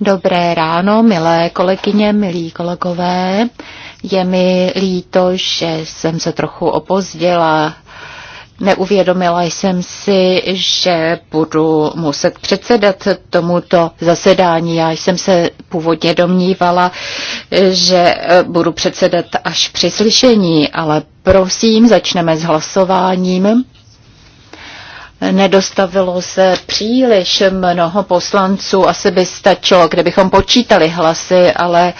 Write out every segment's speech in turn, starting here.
Dobré ráno, milé kolegyně, milí kolegové. Je mi líto, že jsem se trochu opozdila. Neuvědomila jsem si, že budu muset předsedat tomuto zasedání. Já jsem se původně domnívala, že budu předsedat až při slyšení, ale prosím, začneme s hlasováním. Nedostavilo se příliš mnoho poslanců, asi by stačilo, kdybychom počítali hlasy, ale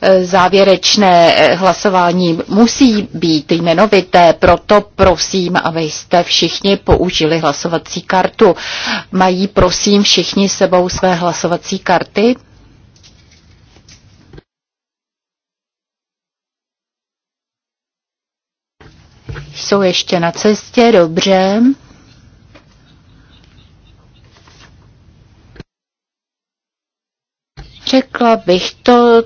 e, závěrečné e, hlasování musí být jmenovité, proto prosím, abyste všichni použili hlasovací kartu. Mají prosím všichni sebou své hlasovací karty? Jsou ještě na cestě, dobře. Řekla bych to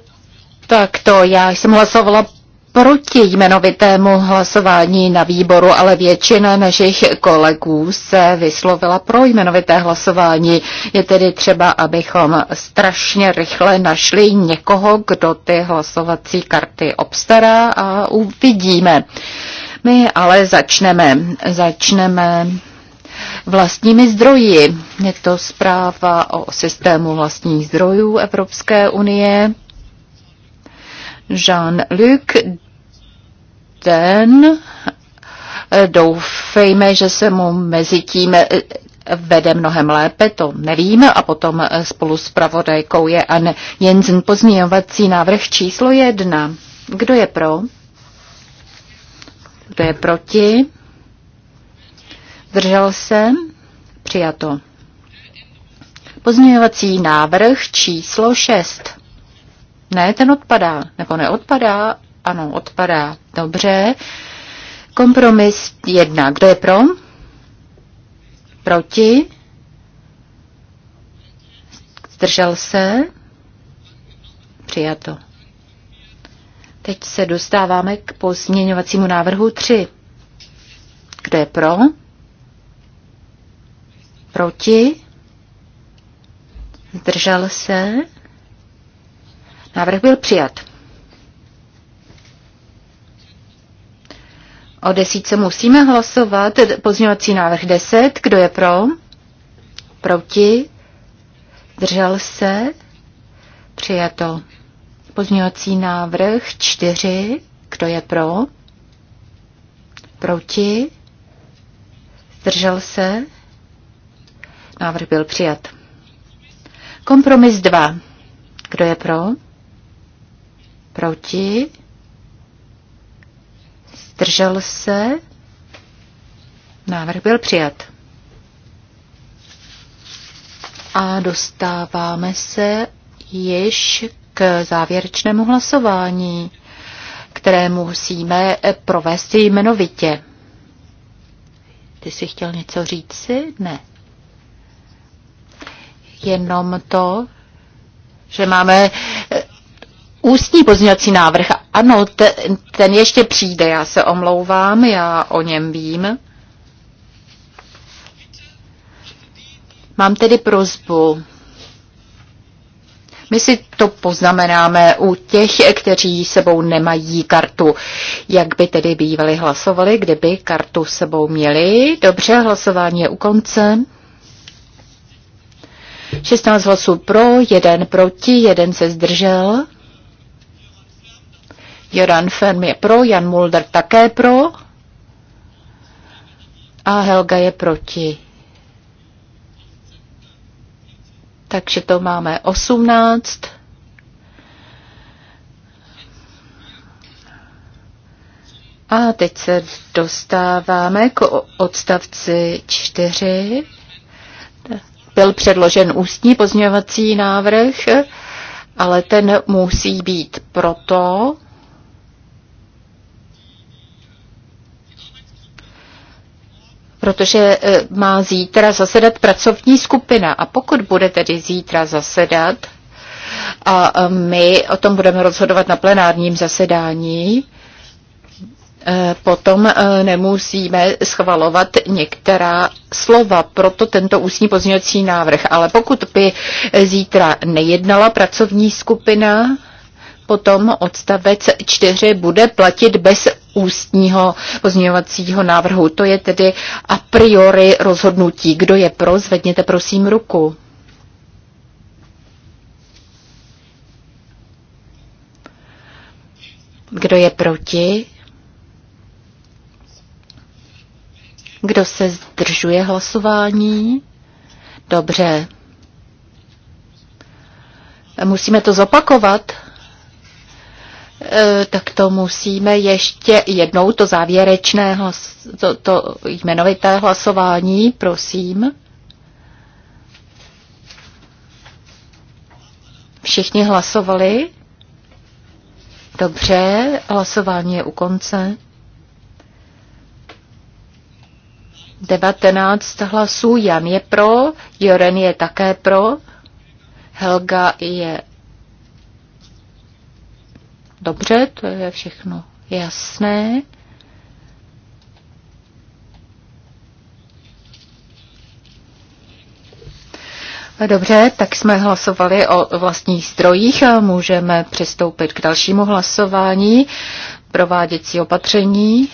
takto. Já jsem hlasovala proti jmenovitému hlasování na výboru, ale většina našich kolegů se vyslovila pro jmenovité hlasování. Je tedy třeba, abychom strašně rychle našli někoho, kdo ty hlasovací karty obstará a uvidíme. My ale začneme. Začneme vlastními zdroji. Je to zpráva o systému vlastních zdrojů Evropské unie. Jean-Luc Den, doufejme, že se mu mezi tím eh, vede mnohem lépe, to nevím. A potom eh, spolu s pravodajkou je Anne Jensen pozměňovací návrh číslo jedna. Kdo je pro? Kdo je proti? Zdržel se? Přijato. Pozměňovací návrh číslo 6. Ne, ten odpadá. Nebo neodpadá? Ano, odpadá. Dobře. Kompromis 1. Kdo je pro? Proti? Zdržel se? Přijato. Teď se dostáváme k pozměňovacímu návrhu 3. Kdo je pro? Proti? Zdržel se? Návrh byl přijat. O desítce musíme hlasovat. Pozměňovací návrh 10. Kdo je pro? Proti? Zdržel se? Přijato. Pozměňovací návrh 4. Kdo je pro? Proti? Zdržel se? Návrh byl přijat. Kompromis 2. Kdo je pro? Proti? Zdržel se? Návrh byl přijat. A dostáváme se již k závěrečnému hlasování, které musíme provést jmenovitě. Ty jsi chtěl něco říct si? Ne jenom to, že máme eh, ústní pozměňovací návrh. Ano, ten, ten ještě přijde, já se omlouvám, já o něm vím. Mám tedy prozbu. My si to poznamenáme u těch, kteří sebou nemají kartu. Jak by tedy bývali hlasovali, kdyby kartu sebou měli? Dobře, hlasování je u konce. 16 hlasů pro, jeden proti, jeden se zdržel. Joran Fern je pro, Jan Mulder také pro a Helga je proti. Takže to máme 18. A teď se dostáváme k odstavci 4 byl předložen ústní pozměňovací návrh, ale ten musí být proto, protože e, má zítra zasedat pracovní skupina. A pokud bude tedy zítra zasedat, a my o tom budeme rozhodovat na plenárním zasedání, potom eh, nemusíme schvalovat některá slova, proto tento ústní pozměňovací návrh. Ale pokud by zítra nejednala pracovní skupina, potom odstavec 4 bude platit bez ústního pozměňovacího návrhu. To je tedy a priori rozhodnutí. Kdo je pro, zvedněte prosím ruku. Kdo je proti? Kdo se zdržuje hlasování? Dobře. Musíme to zopakovat? Eh, tak to musíme ještě jednou to závěrečné hlas, to, to jmenovité hlasování, prosím. Všichni hlasovali? Dobře, hlasování je u konce. 19 hlasů, Jan je pro, Joren je také pro, Helga je dobře, to je všechno jasné. Dobře, tak jsme hlasovali o vlastních zdrojích a můžeme přistoupit k dalšímu hlasování prováděcí opatření.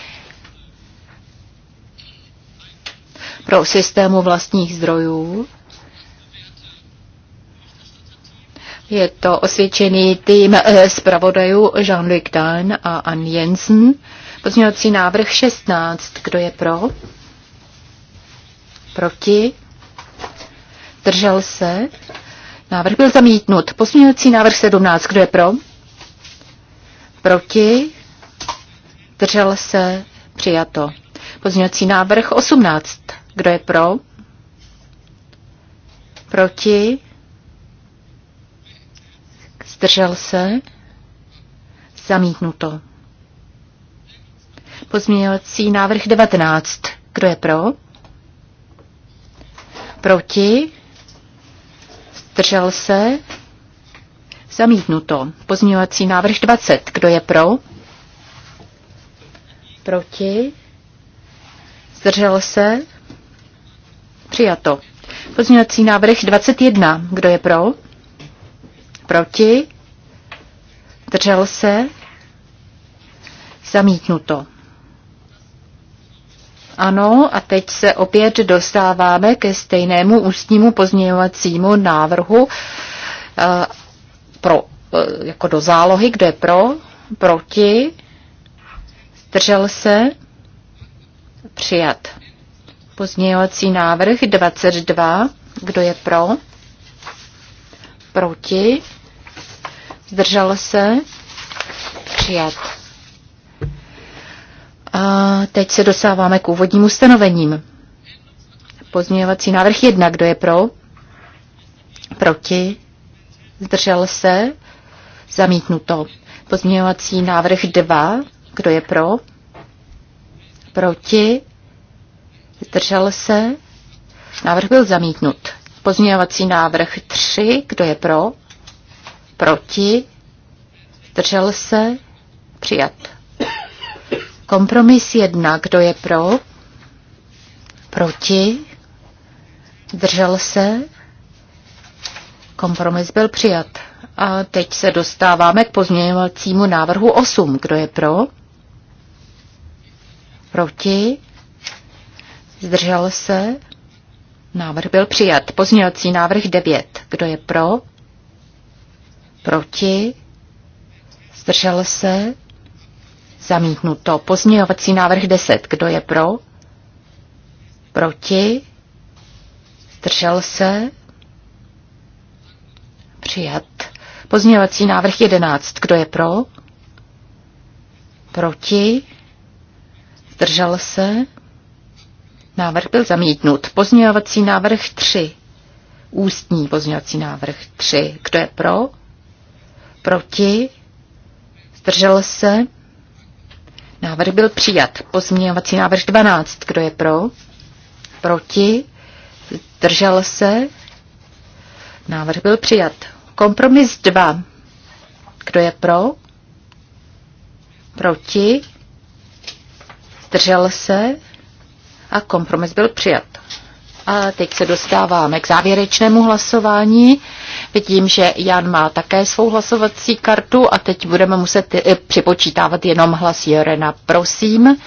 pro systému vlastních zdrojů. Je to osvědčený tým eh, zpravodajů Jean-Luc Dan a Anne Jensen. Pozměňovací návrh 16. Kdo je pro? Proti? Držel se? Návrh byl zamítnut. Pozměňovací návrh 17. Kdo je pro? Proti? Držel se? Přijato. Pozměňovací návrh 18. Kdo je pro? Proti? Zdržel se? Zamítnuto. Pozměňovací návrh 19. Kdo je pro? Proti? Zdržel se? Zamítnuto. Pozměňovací návrh 20. Kdo je pro? Proti? Zdržel se? Přijato. Pozměňovací návrh 21. Kdo je pro? Proti? Držel se? Zamítnuto. Ano, a teď se opět dostáváme ke stejnému ústnímu pozměňovacímu návrhu eh, pro, eh, jako do zálohy, kde pro, proti, zdržel se, přijat. Pozměňovací návrh 22. Kdo je pro? Proti? Zdržel se? Přijat. A teď se dostáváme k úvodním ustanovením. Pozměňovací návrh 1. Kdo je pro? Proti? Zdržel se? Zamítnuto. Pozměňovací návrh 2. Kdo je pro? Proti? Zdržel se? Návrh byl zamítnut. Pozměňovací návrh 3. Kdo je pro? Proti? Zdržel se? Přijat. Kompromis 1. Kdo je pro? Proti? Zdržel se? Kompromis byl přijat. A teď se dostáváme k pozměňovacímu návrhu 8. Kdo je pro? Proti? Zdržel se? Návrh byl přijat. Pozměňovací návrh 9. Kdo je pro? Proti? Zdržel se? Zamítnuto. Pozměňovací návrh 10. Kdo je pro? Proti? Zdržel se? Přijat. Pozměňovací návrh 11. Kdo je pro? Proti? Zdržel se? Návrh byl zamítnut. Pozměňovací návrh 3. Ústní pozměňovací návrh 3. Kdo je pro? Proti? Zdržel se? Návrh byl přijat. Pozměňovací návrh 12. Kdo je pro? Proti? Zdržel se? Návrh byl přijat. Kompromis 2. Kdo je pro? Proti? Zdržel se? a kompromis byl přijat. A teď se dostáváme k závěrečnému hlasování. Vidím, že Jan má také svou hlasovací kartu a teď budeme muset eh, připočítávat jenom hlas Jorena. Prosím,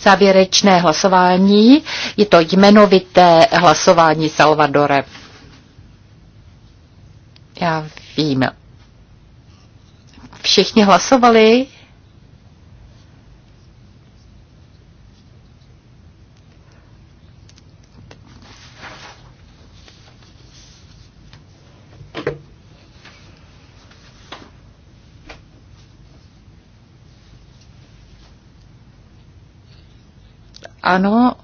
závěrečné hlasování. Je to jmenovité hlasování Salvadore. Já vím. Všichni hlasovali? Ano,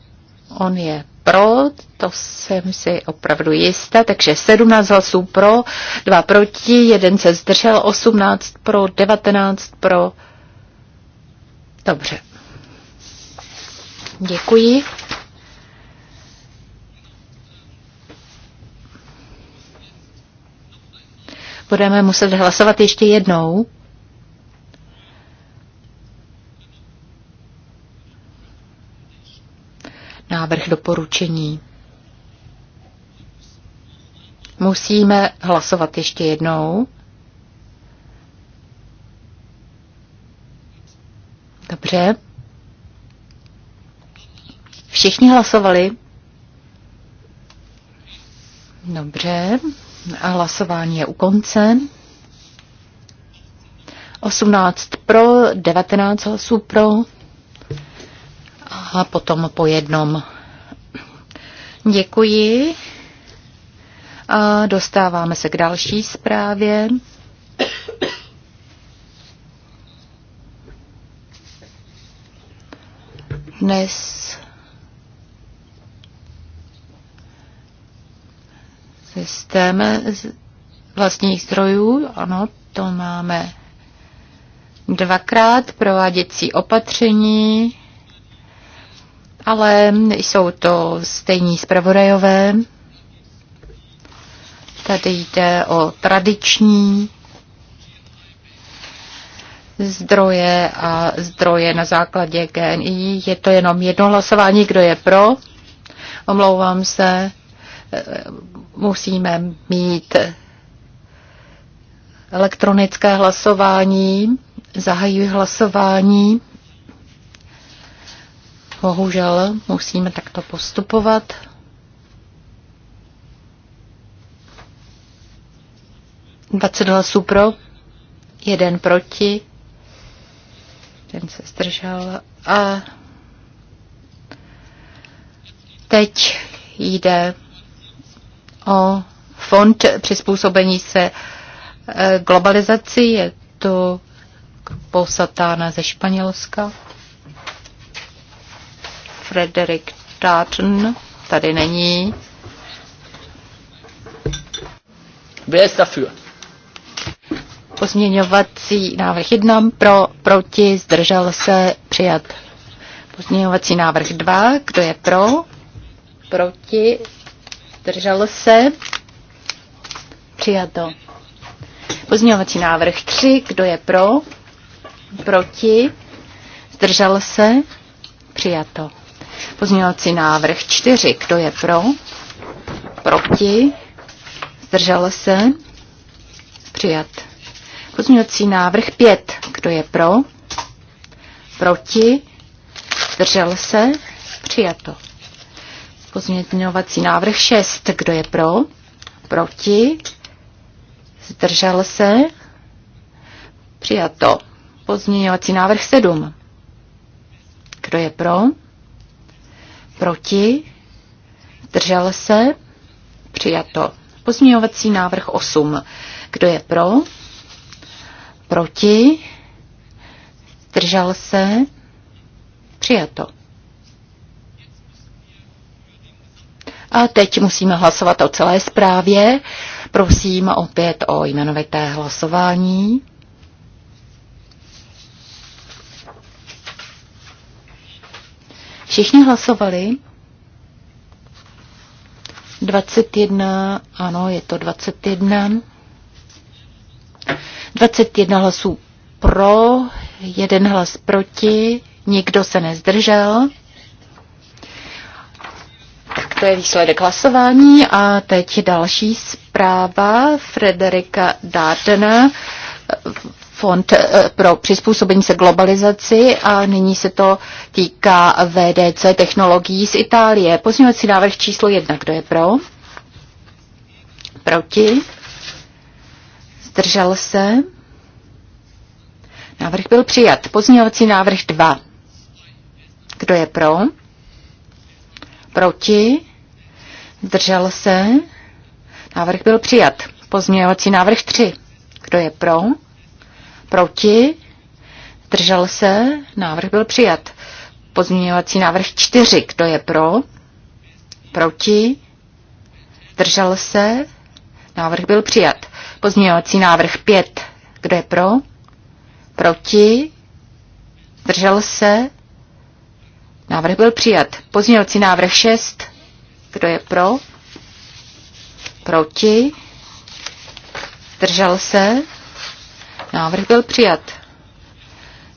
on je pro, to jsem si opravdu jistá, takže 17 hlasů pro, 2 proti, jeden se zdržel, 18 pro, 19 pro. Dobře. Děkuji. Budeme muset hlasovat ještě jednou. návrh doporučení. Musíme hlasovat ještě jednou. Dobře. Všichni hlasovali? Dobře. A hlasování je u konce. 18 pro, 19 hlasů pro, a potom po jednom. Děkuji. A dostáváme se k další zprávě. Dnes systém vlastních zdrojů, ano, to máme dvakrát prováděcí opatření ale jsou to stejní zpravodajové. Tady jde o tradiční zdroje a zdroje na základě GNI. Je to jenom jedno hlasování, kdo je pro. Omlouvám se, musíme mít elektronické hlasování. Zahajuji hlasování. Bohužel musíme takto postupovat. Dvacet hlasů pro, jeden proti, ten se zdržel a teď jde o fond přizpůsobení se eh, globalizaci. Je to posatána ze Španělska. Frederik Darton tady není. Wer ist dafür? Pozměňovací návrh 1 pro, proti, zdržel se, přijat. Pozměňovací návrh 2, kdo je pro, proti, zdržel se, přijato. Pozměňovací návrh 3, kdo je pro, proti, zdržel se, přijato. Pozměňovací návrh 4. Kdo je pro? Proti? Zdržel se? Přijat. Pozměňovací návrh 5. Kdo je pro? Proti? Zdržel se? Přijato. Pozměňovací návrh 6. Kdo je pro? Proti? Zdržel se? Přijato. Pozměňovací návrh 7. Kdo je pro? Proti? Držel se? Přijato. Pozměňovací návrh 8. Kdo je pro? Proti? Držel se? Přijato. A teď musíme hlasovat o celé zprávě. Prosím opět o jmenovité hlasování. Všichni hlasovali. 21, ano, je to 21. 21 hlasů pro, jeden hlas proti, nikdo se nezdržel. Tak to je výsledek hlasování a teď další zpráva Frederika Dardena fond eh, pro přizpůsobení se globalizaci a nyní se to týká VDC technologií z Itálie. Pozměňovací návrh číslo jedna. Kdo je pro? Proti? Zdržel se? Návrh byl přijat. Pozměňovací návrh 2. Kdo je pro? Proti? Zdržel se? Návrh byl přijat. Pozměňovací návrh 3. Kdo je pro? Proti? Držel se? Návrh byl přijat. Pozměňovací návrh 4. Kdo je pro? Proti? Držel se? Návrh byl přijat. Pozměňovací návrh 5. Kdo je pro? Proti? Držel se? Návrh byl přijat. Pozměňovací návrh 6. Kdo je pro? Proti? Držel se? Návrh byl přijat.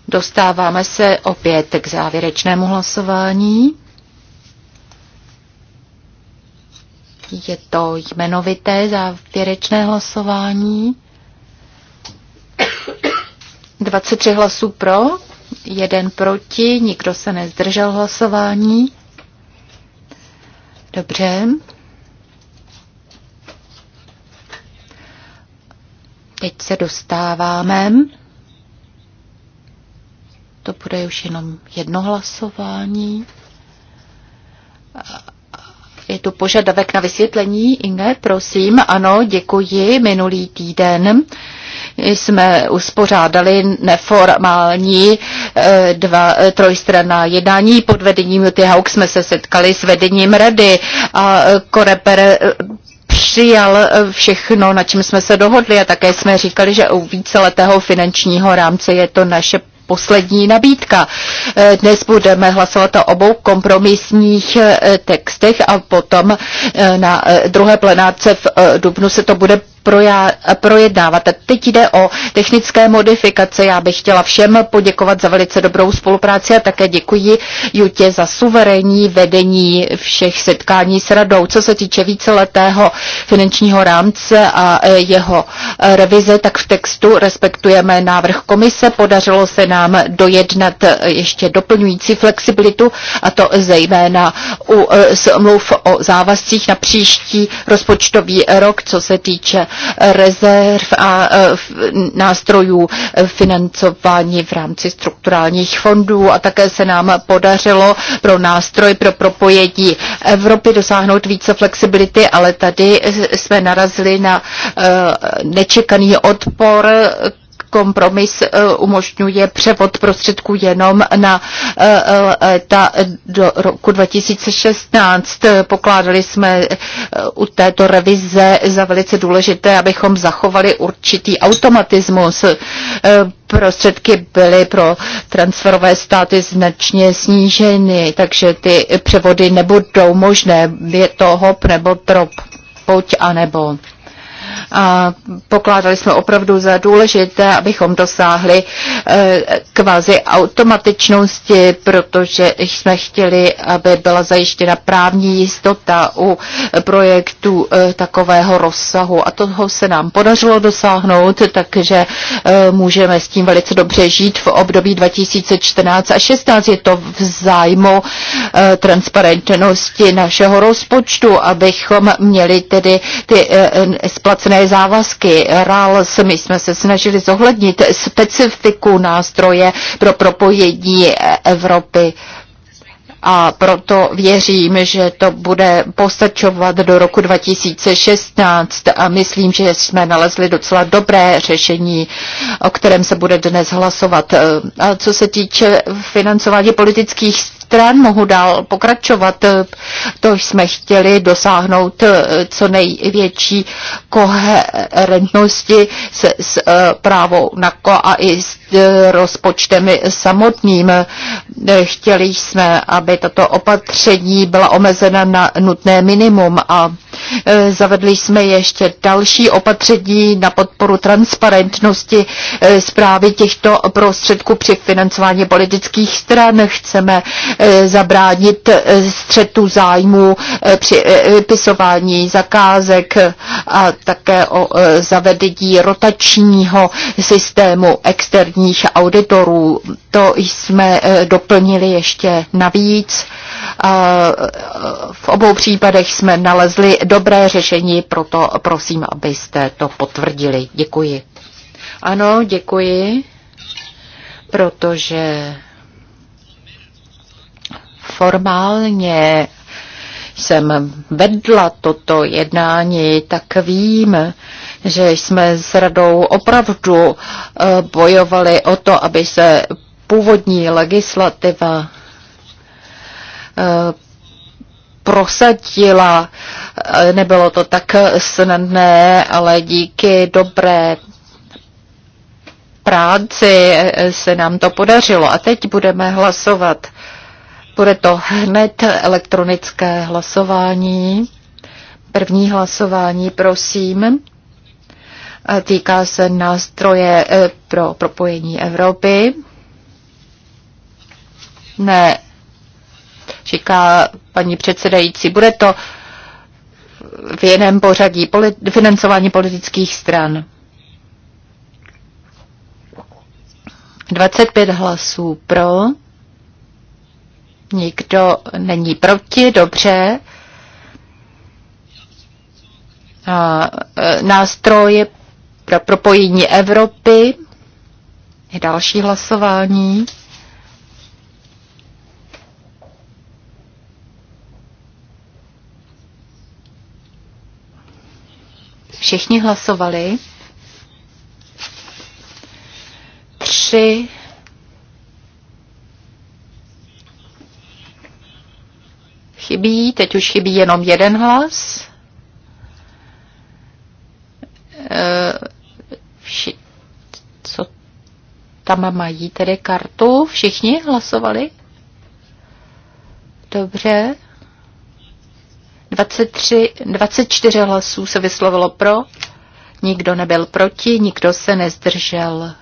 Dostáváme se opět k závěrečnému hlasování. Je to jmenovité závěrečné hlasování. 23 hlasů pro, jeden proti, nikdo se nezdržel hlasování. Dobře, Teď se dostáváme. To bude už jenom jedno hlasování. Je tu požadavek na vysvětlení, Inge, prosím. Ano, děkuji. Minulý týden jsme uspořádali neformální eh, dva, eh, trojstranná jednání. Pod vedením Tyhauk jsme se setkali s vedením rady a Koreper eh, přijal eh, všechno, na čem jsme se dohodli a také jsme říkali, že u víceletého finančního rámce je to naše poslední nabídka. Eh, dnes budeme hlasovat o obou kompromisních eh, textech a potom na druhé plenáce v Dubnu se to bude proja- projednávat. Teď jde o technické modifikace. Já bych chtěla všem poděkovat za velice dobrou spolupráci a také děkuji Jutě za suverénní vedení všech setkání s radou. Co se týče víceletého finančního rámce a eh, jeho eh, revize, tak v textu respektujeme návrh komise. Podařilo se nám dojednat eh, ještě doplňující flexibilitu a to zejména u smluv o závazcích na příští rozpočtový rok, co se týče rezerv a e, nástrojů financování v rámci strukturálních fondů a také se nám podařilo pro nástroj pro propojení Evropy dosáhnout více flexibility, ale tady jsme narazili na e, nečekaný odpor, kompromis eh, umožňuje převod prostředků jenom na eh, eh, ta do roku 2016. Pokládali jsme u této revize za velice důležité, abychom zachovali určitý automatismus prostředky byly pro transferové státy značně sníženy, takže ty převody nebudou možné. Je to hop nebo trop, Pojď a nebo pokládali jsme opravdu za důležité, abychom dosáhli eh, kvazi automatičnosti, protože jsme chtěli, aby byla zajištěna právní jistota u projektů eh, takového rozsahu a toho se nám podařilo dosáhnout, takže eh, můžeme s tím velice dobře žít v období 2014 a 16. Je to v zájmu transparentnosti našeho rozpočtu, abychom měli tedy ty splacené obecné závazky. RALS, my jsme se snažili zohlednit specifiku nástroje pro propojení Evropy a proto věřím, že to bude postačovat do roku 2016 a myslím, že jsme nalezli docela dobré řešení, o kterém se bude dnes hlasovat. A co se týče financování politických stran. Mohu dál pokračovat. To jsme chtěli dosáhnout eh, co největší koherentnosti s, s eh, právou NAKO a i s eh, rozpočtem samotným. Chtěli jsme, aby tato opatření byla omezena na nutné minimum a zavedli jsme ještě další opatření na podporu transparentnosti zprávy těchto prostředků při financování politických stran. Chceme Eh, zabránit eh, střetu zájmu eh, při vypisování zakázek a také o zavedení rotačního systému externích auditorů. To jsme doplnili ještě navíc. V obou případech jsme nalezli dobré řešení, proto prosím, abyste to potvrdili. Děkuji. Ano, děkuji, protože formálně jsem vedla toto jednání, tak vím, že jsme s radou opravdu eh, bojovali o to, aby se původní legislativa eh, prosadila. Eh, nebylo to tak snadné, ale díky dobré práci se nám to podařilo. A teď budeme hlasovat. Bude to hned elektronické hlasování. První hlasování, prosím. Týká se nástroje e, pro propojení Evropy. Ne, říká paní předsedající, bude to v jiném pořadí politi- financování politických stran. 25 hlasů pro, Nikdo není proti, dobře. A, e, nástroj pro propojení Evropy. Je další hlasování. Všichni hlasovali. Tři chybí, teď už chybí jenom jeden hlas. Eh, vši, co tam mají tedy kartu? Všichni hlasovali? Dobře. 23, 24 hlasů se vyslovilo pro, nikdo nebyl proti, nikdo se nezdržel.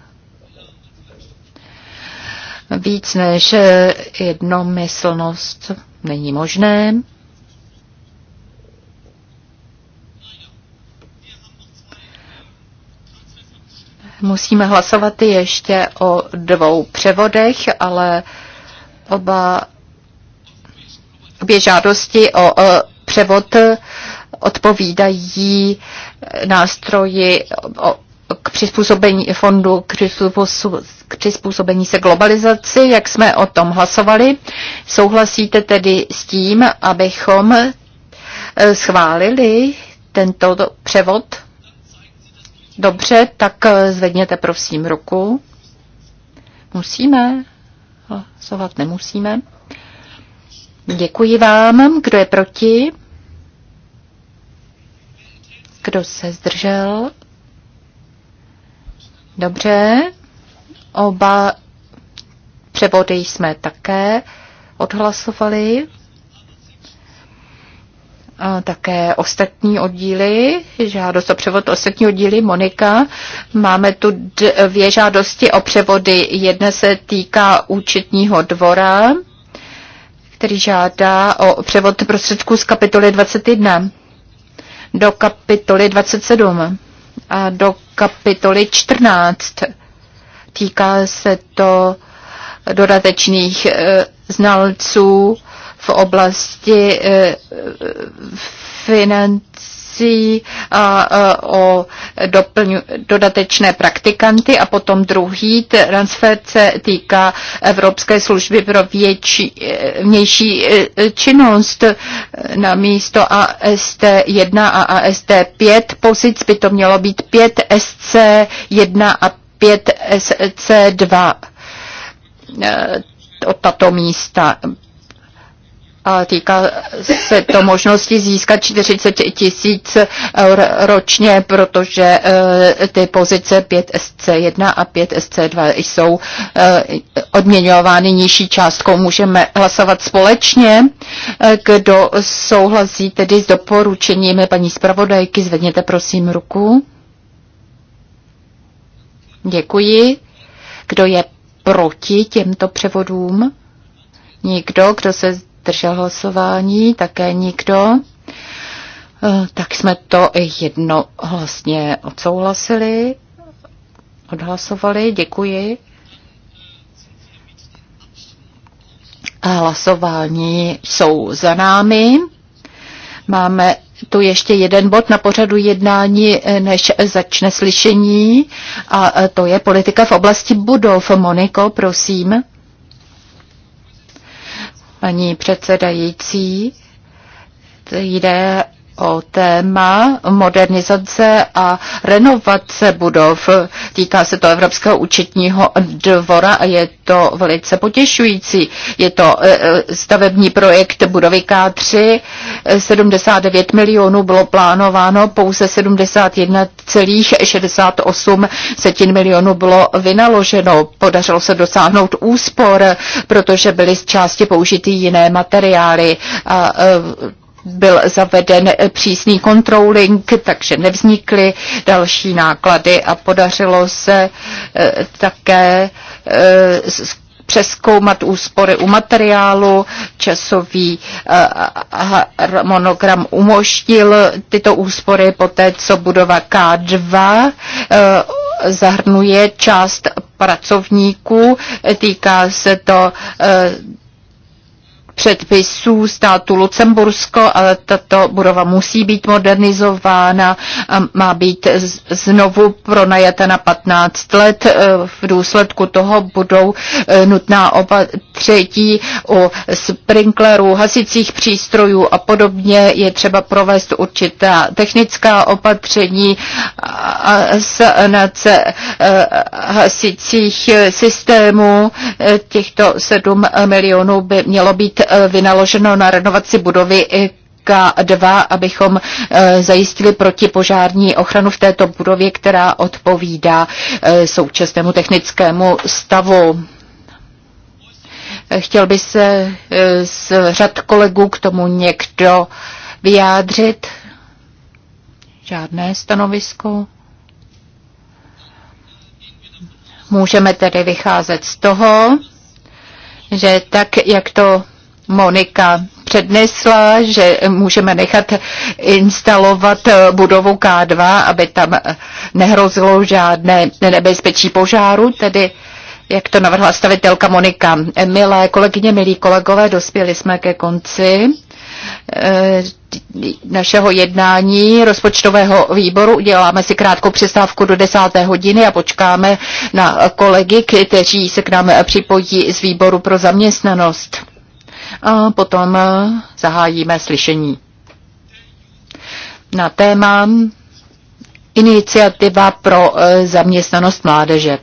Víc než jednomyslnost není možné. Musíme hlasovat ještě o dvou převodech, ale oba obě žádosti o, o převod odpovídají nástroji o k přizpůsobení fondu k přizpůsobení se globalizaci, jak jsme o tom hlasovali. Souhlasíte tedy s tím, abychom eh, schválili tento převod? Dobře, tak eh, zvedněte prosím ruku. Musíme? Hlasovat nemusíme. Děkuji vám. Kdo je proti? Kdo se zdržel? Dobře, oba převody jsme také odhlasovali. A také ostatní oddíly, žádost o převod ostatní oddíly, Monika. Máme tu dvě žádosti o převody. Jedna se týká účetního dvora, který žádá o převod prostředků z kapitoly 21 do kapitoly 27 a do kapitoly 14. Týká se to dodatečných e, znalců v oblasti e, financí revizí a o doplňu, dodatečné praktikanty a potom druhý transfer se týká Evropské služby pro větší, e, vnější e, činnost na místo AST1 a AST5 pozic by to mělo být 5 SC1 a 5 SC2 e, o tato místa a týká se to možnosti získat 40 tisíc eur ročně, protože eh, ty pozice 5SC1 a 5SC2 jsou eh, odměňovány nižší částkou. Můžeme hlasovat společně. Eh, kdo souhlasí tedy s doporučeními paní zpravodajky, zvedněte prosím ruku. Děkuji. Kdo je proti těmto převodům? Nikdo, kdo se zdržel hlasování, také nikdo. Eh, tak jsme to i jedno vlastně odsouhlasili, odhlasovali, děkuji. A hlasování jsou za námi. Máme tu ještě jeden bod na pořadu jednání, eh, než začne slyšení, a eh, to je politika v oblasti budov. Moniko, prosím. Paní předsedající, jde o téma modernizace a renovace budov. Týká se to Evropského účetního dvora a je to velice potěšující. Je to e, e, stavební projekt budovy K3. 79 milionů bylo plánováno, pouze 71,68 setin milionů bylo vynaloženo. Podařilo se dosáhnout úspor, protože byly z části použity jiné materiály. A e, byl zaveden eh, přísný controlling, takže nevznikly další náklady a podařilo se eh, také eh, přeskoumat úspory u materiálu, časový harmonogram umožnil tyto úspory poté, co budova K2 zahrnuje část pracovníků, týká se to předpisů státu Lucembursko, ale tato budova musí být modernizována a má být znovu pronajata na 15 let. E, v důsledku toho budou e, nutná třetí u sprinklerů, hasicích přístrojů a podobně. Je třeba provést určitá technická opatření a sanace e, hasicích systémů. Těchto 7 milionů by mělo být Eh, vynaloženo na renovaci budovy K2, abychom eh, zajistili protipožární ochranu v této budově, která odpovídá eh, současnému technickému stavu. Chtěl by se z řad kolegů k tomu někdo vyjádřit? Žádné stanovisko? Můžeme tedy vycházet z toho, že tak, jak to Monika přednesla, že můžeme nechat instalovat budovu K2, aby tam nehrozilo žádné nebezpečí požáru, tedy jak to navrhla stavitelka Monika. Milé kolegyně, milí kolegové, dospěli jsme ke konci eh, našeho jednání rozpočtového výboru. Uděláme si krátkou přestávku do desáté hodiny a počkáme na kolegy, kteří se k nám připojí z výboru pro zaměstnanost a potom eh, zahájíme slyšení na téma iniciativa pro eh, zaměstnanost mládeže.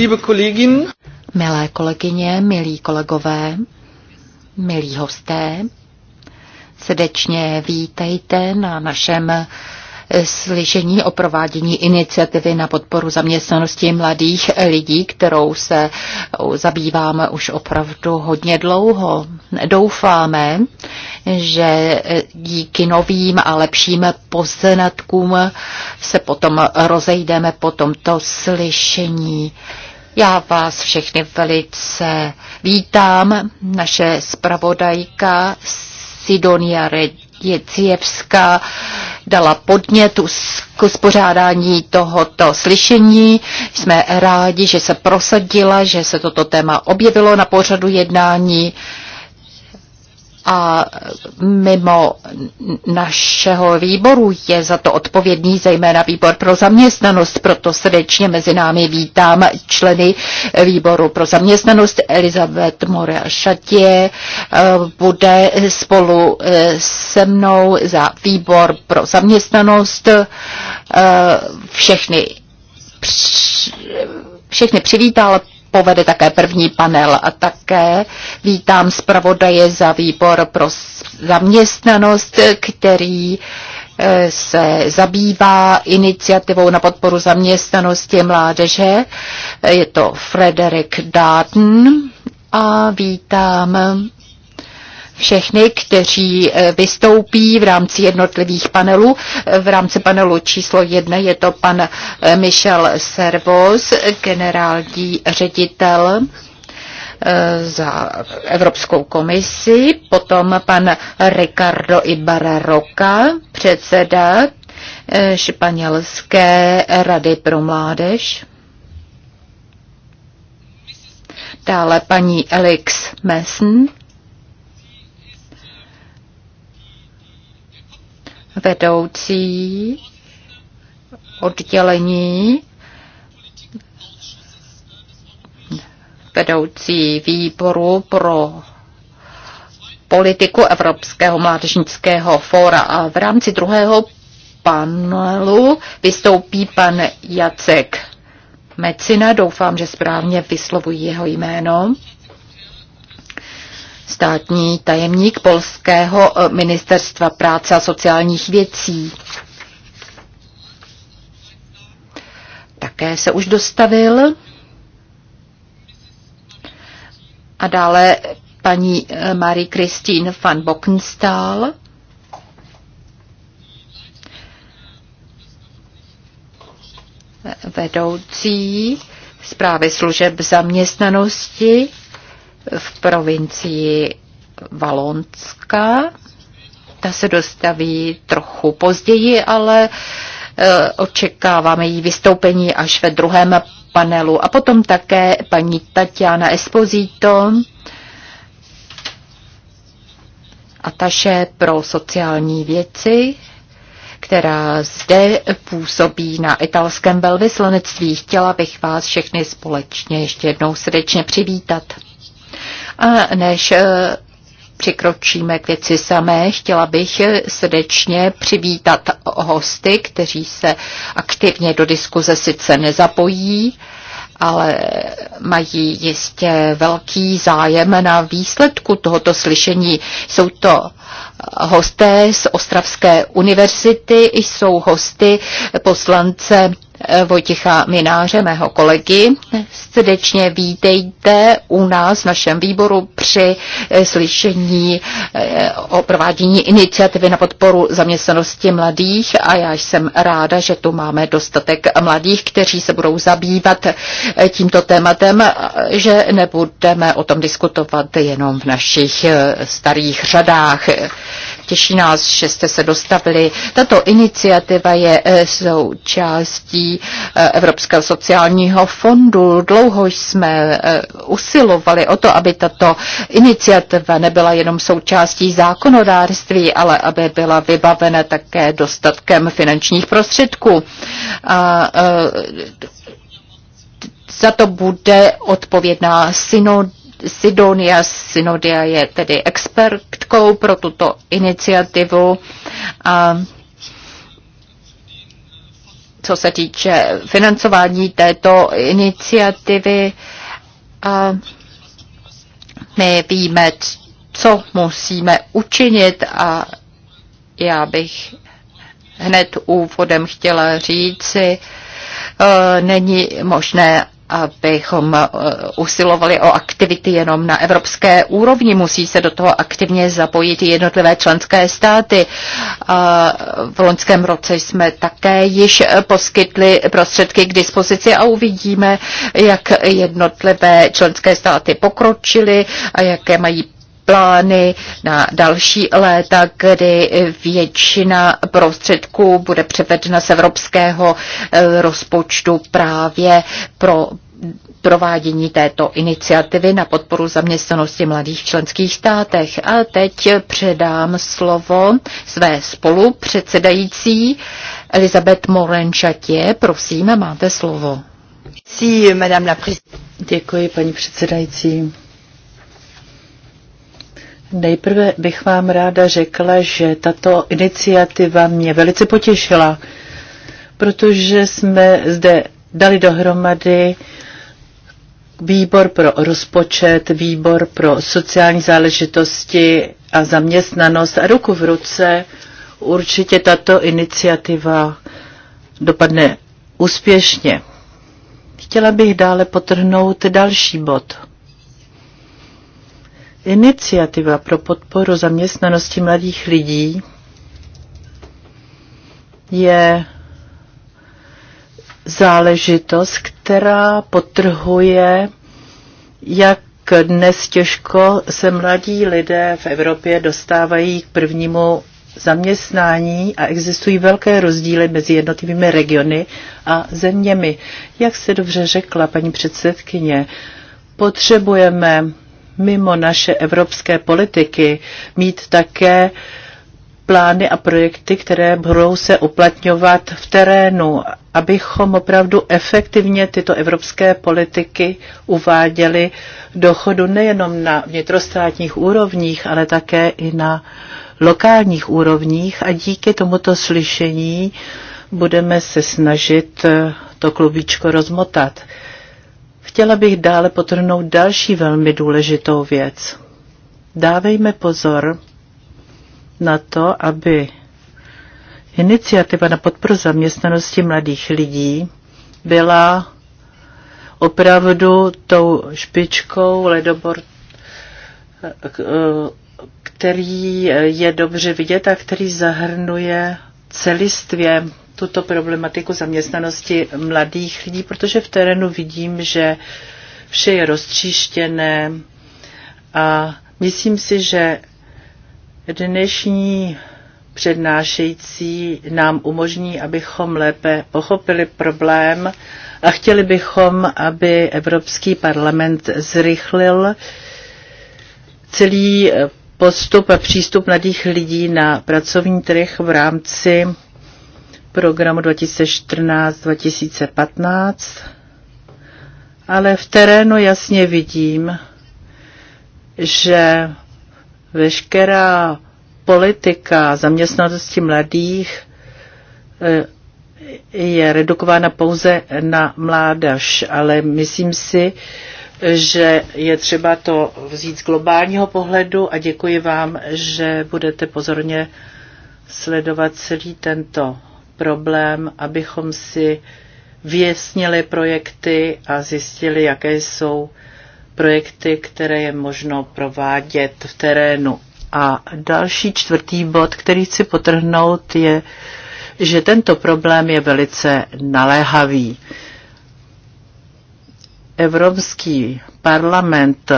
liebe Kolleginnen, Milé kolegyně, milí kolegové, milí hosté, srdečně vítejte na našem eh, slyšení o provádění iniciativy na podporu zaměstnanosti mladých lidí, kterou se zabýváme už opravdu hodně dlouho. Doufáme, že eh, díky novým a lepším poznatkům se potom rozejdeme po tomto slyšení. Já vás všechny velice vítám. Naše zpravodajka Sidonia Jecievská dala podnět k uspořádání tohoto slyšení. Jsme rádi, že se prosadila, že se toto téma objevilo na pořadu jednání a mimo našeho výboru je za to odpovědný zejména výbor pro zaměstnanost, proto srdečně mezi námi vítám členy výboru pro zaměstnanost Elizabeth Morea Šatě eh, bude spolu eh, se mnou za výbor pro zaměstnanost eh, všechny všechny přivítal povede také první panel a také vítám zpravodaje za výbor pro zaměstnanost, který eh, se zabývá iniciativou na podporu zaměstnanosti mládeže. Je to Frederick Darden a vítám všechny, kteří eh, vystoupí v rámci jednotlivých panelů. Eh, v rámci panelu číslo jedna je to pan eh, Michel Servos, generální ředitel za Evropskou komisi, potom pan Ricardo Ibarra Roca, předseda Španělské rady pro mládež. Dále paní Elix Messen, vedoucí oddělení, vedoucí výboru pro politiku Evropského mládežnického fóra. A v rámci druhého panelu vystoupí pan Jacek Mecina. Doufám, že správně vyslovuji jeho jméno státní tajemník Polského eh, ministerstva práce a sociálních věcí. Také se už dostavil. A dále paní eh, Marie Christine van Bockenstahl. vedoucí zprávy služeb zaměstnanosti v provincii Valonska. Ta se dostaví trochu později, ale eh, očekáváme její vystoupení až ve druhém panelu. A potom také paní Tatiana Esposito, ataše pro sociální věci, která zde působí na italském velvyslanectví. Chtěla bych vás všechny společně ještě jednou srdečně přivítat. A než eh, přikročíme k věci samé, chtěla bych eh, srdečně přivítat hosty, kteří se aktivně do diskuze sice nezapojí, ale mají jistě velký zájem na výsledku tohoto slyšení. Jsou to eh, hosté z Ostravské univerzity, jsou hosty poslance Eh, Vojticha Mináře, mého kolegy. Srdečně vítejte u nás v našem výboru při eh, slyšení eh, o provádění iniciativy na podporu zaměstnanosti mladých a já jsem ráda, že tu máme dostatek mladých, kteří se budou zabývat tímto tématem, že nebudeme o tom diskutovat jenom v našich starých řadách. Těší nás, že jste se dostavili. Tato iniciativa je eh, součástí eh, Evropského sociálního fondu. Dlouho jsme eh, usilovali o to, aby tato iniciativa nebyla jenom součástí zákonodárství, ale aby byla vybavena také dostatkem finančních prostředků. A, za to bude odpovědná synoda Sidonia Synodia je tedy expertkou pro tuto iniciativu. A co se týče financování této iniciativy, a my víme, co musíme učinit a já bych hned úvodem chtěla říci, e, není možné, abychom eh, usilovali o aktivity jenom na evropské úrovni. Musí se do toho aktivně zapojit i jednotlivé členské státy. A v loňském roce jsme také již poskytli prostředky k dispozici a uvidíme, jak jednotlivé členské státy pokročily a jaké mají plány na další léta, kdy většina prostředků bude převedena z evropského eh, rozpočtu právě pro provádění této iniciativy na podporu zaměstnanosti mladých v členských státech. A teď předám slovo své spolupředsedající Elizabeth Morenčatě. Prosím, máte slovo. Děkuji, paní předsedající. Nejprve bych vám ráda řekla, že tato iniciativa mě velice potěšila, protože jsme zde dali dohromady výbor pro rozpočet, výbor pro sociální záležitosti a zaměstnanost a ruku v ruce určitě tato iniciativa dopadne úspěšně. Chtěla bych dále potrhnout další bod. Iniciativa pro podporu zaměstnanosti mladých lidí je záležitost, která potrhuje, jak dnes těžko se mladí lidé v Evropě dostávají k prvnímu zaměstnání a existují velké rozdíly mezi jednotlivými regiony a zeměmi. Jak se dobře řekla paní předsedkyně, potřebujeme mimo naše evropské politiky mít také plány a projekty, které budou se uplatňovat v terénu, abychom opravdu efektivně tyto evropské politiky uváděli do chodu nejenom na vnitrostátních úrovních, ale také i na lokálních úrovních a díky tomuto slyšení budeme se snažit to klubičko rozmotat. Chtěla bych dále potrhnout další velmi důležitou věc. Dávejme pozor na to, aby iniciativa na podporu zaměstnanosti mladých lidí byla opravdu tou špičkou ledobor, který je dobře vidět a který zahrnuje celistvě tuto problematiku zaměstnanosti mladých lidí, protože v terénu vidím, že vše je roztříštěné a myslím si, že dnešní přednášející nám umožní, abychom lépe pochopili problém a chtěli bychom, aby Evropský parlament zrychlil celý postup a přístup mladých lidí na pracovní trh v rámci programu 2014-2015, ale v terénu jasně vidím, že veškerá politika zaměstnanosti mladých eh, je redukována pouze na mládež, ale myslím si, že je třeba to vzít z globálního pohledu a děkuji vám, že budete pozorně sledovat celý tento problém, abychom si vyjasnili projekty a zjistili, jaké jsou projekty, které je možno provádět v terénu. A další čtvrtý bod, který chci potrhnout, je, že tento problém je velice naléhavý. Evropský parlament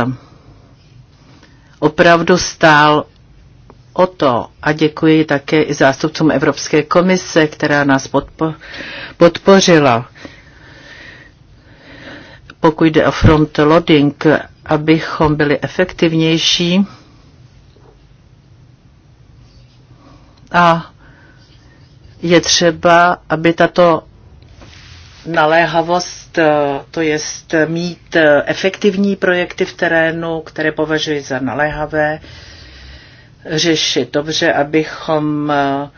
opravdu stál o to a děkuji také i zástupcům Evropské komise, která nás podpo- podpořila. Pokud jde o front loading, abychom byli efektivnější a je třeba, aby tato naléhavost, to jest mít efektivní projekty v terénu, které považuji za naléhavé, řešit. Dobře, abychom eh,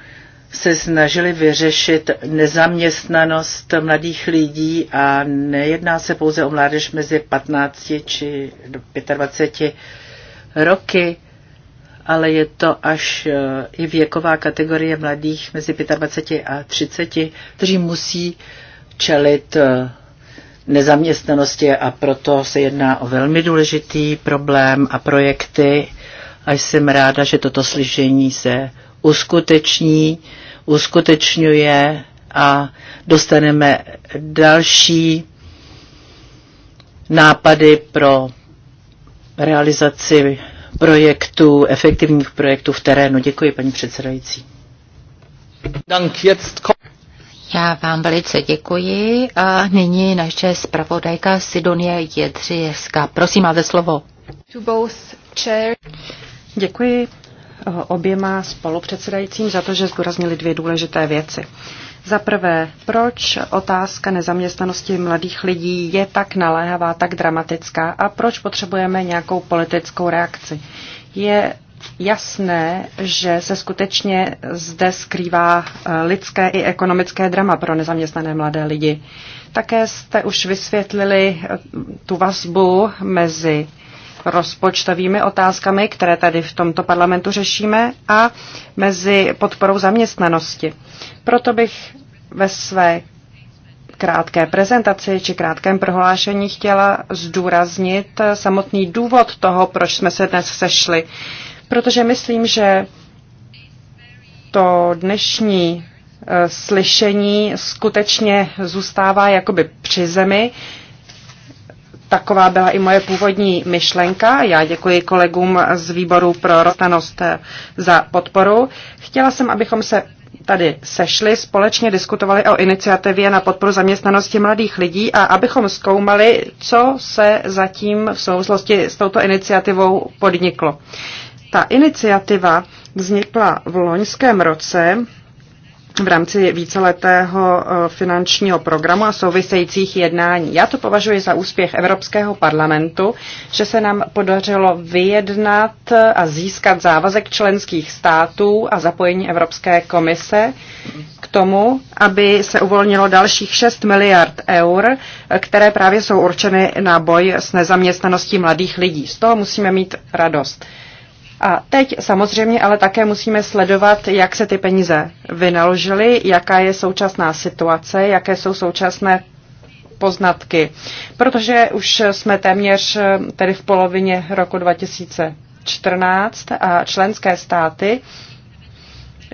se snažili vyřešit nezaměstnanost mladých lidí a nejedná se pouze o mládež mezi 15 či 25 roky, ale je to až eh, i věková kategorie mladých mezi 25 a 30, kteří musí čelit eh, nezaměstnanosti a proto se jedná o velmi důležitý problém a projekty a jsem ráda, že toto slyšení se uskuteční, uskutečňuje a dostaneme další nápady pro realizaci projektů, efektivních projektů v terénu. Děkuji, paní předsedající. Já vám velice děkuji a nyní naše zpravodajka Sidonie Jedřijevská. Prosím, máte slovo. Děkuji eh, oběma spolupředsedajícím za to, že zdůraznili dvě důležité věci. Za prvé, proč otázka nezaměstnanosti mladých lidí je tak naléhavá, tak dramatická a proč potřebujeme nějakou politickou reakci? Je jasné, že se skutečně zde skrývá eh, lidské i ekonomické drama pro nezaměstnané mladé lidi. Také jste už vysvětlili eh, tu vazbu mezi rozpočtovými otázkami, které tady v tomto parlamentu řešíme, a mezi podporou zaměstnanosti. Proto bych ve své krátké prezentaci či krátkém prohlášení chtěla zdůraznit samotný důvod toho, proč jsme se dnes sešli. Protože myslím, že to dnešní eh, slyšení skutečně zůstává jakoby při zemi taková byla i moje původní myšlenka. Já děkuji kolegům z výboru pro rostanost za podporu. Chtěla jsem, abychom se tady sešli, společně diskutovali o iniciativě na podporu zaměstnanosti mladých lidí a abychom zkoumali, co se zatím v souvislosti s touto iniciativou podniklo. Ta iniciativa vznikla v loňském roce v rámci víceletého e, finančního programu a souvisejících jednání. Já to považuji za úspěch Evropského parlamentu, že se nám podařilo vyjednat a získat závazek členských států a zapojení Evropské komise k tomu, aby se uvolnilo dalších 6 miliard eur, které právě jsou určeny na boj s nezaměstnaností mladých lidí. Z toho musíme mít radost. A teď samozřejmě ale také musíme sledovat, jak se ty peníze vynaložily, jaká je současná situace, jaké jsou současné poznatky. Protože už jsme téměř tedy v polovině roku 2014 a členské státy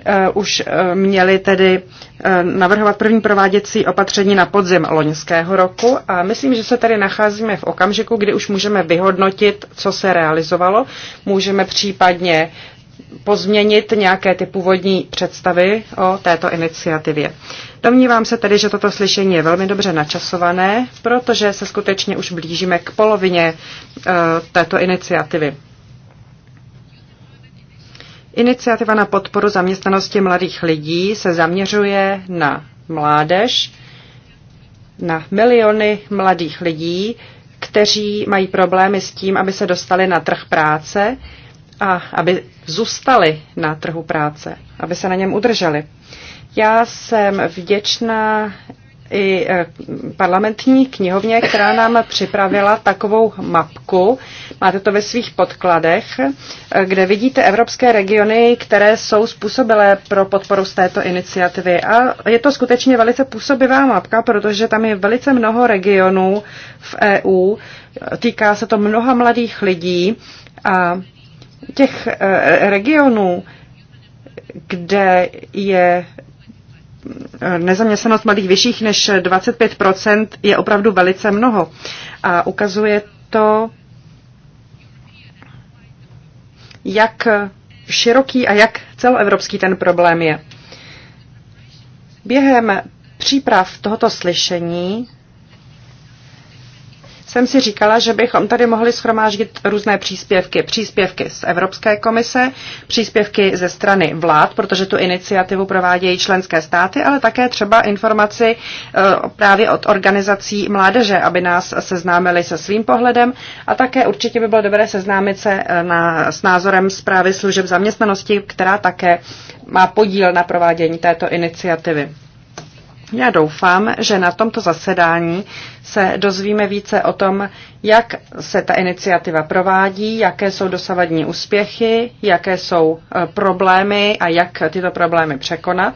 Eh, už eh, měli tedy eh, navrhovat první prováděcí opatření na podzim loňského roku a myslím, že se tady nacházíme v okamžiku, kdy už můžeme vyhodnotit, co se realizovalo, můžeme případně pozměnit nějaké ty původní představy o této iniciativě. Domnívám se tedy, že toto slyšení je velmi dobře načasované, protože se skutečně už blížíme k polovině uh, této iniciativy. Iniciativa na podporu zaměstnanosti mladých lidí se zaměřuje na mládež, na miliony mladých lidí, kteří mají problémy s tím, aby se dostali na trh práce a aby zůstali na trhu práce, aby se na něm udrželi. Já jsem vděčná i e, parlamentní knihovně, která nám připravila takovou mapku. Máte to ve svých podkladech, e, kde vidíte evropské regiony, které jsou způsobilé pro podporu z této iniciativy. A je to skutečně velice působivá mapka, protože tam je velice mnoho regionů v EU. Týká se to mnoha mladých lidí a těch e, regionů, kde je nezaměstnanost mladých vyšších než 25% je opravdu velice mnoho. A ukazuje to, jak široký a jak celoevropský ten problém je. Během příprav tohoto slyšení jsem si říkala, že bychom tady mohli schromáždit různé příspěvky. Příspěvky z Evropské komise, příspěvky ze strany vlád, protože tu iniciativu provádějí členské státy, ale také třeba informaci eh, právě od organizací mládeže, aby nás seznámili se svým pohledem a také určitě by bylo dobré seznámit se eh, na, s názorem zprávy služeb zaměstnanosti, která také má podíl na provádění této iniciativy. Já doufám, že na tomto zasedání se dozvíme více o tom, jak se ta iniciativa provádí, jaké jsou dosavadní úspěchy, jaké jsou eh, problémy a jak tyto problémy překonat.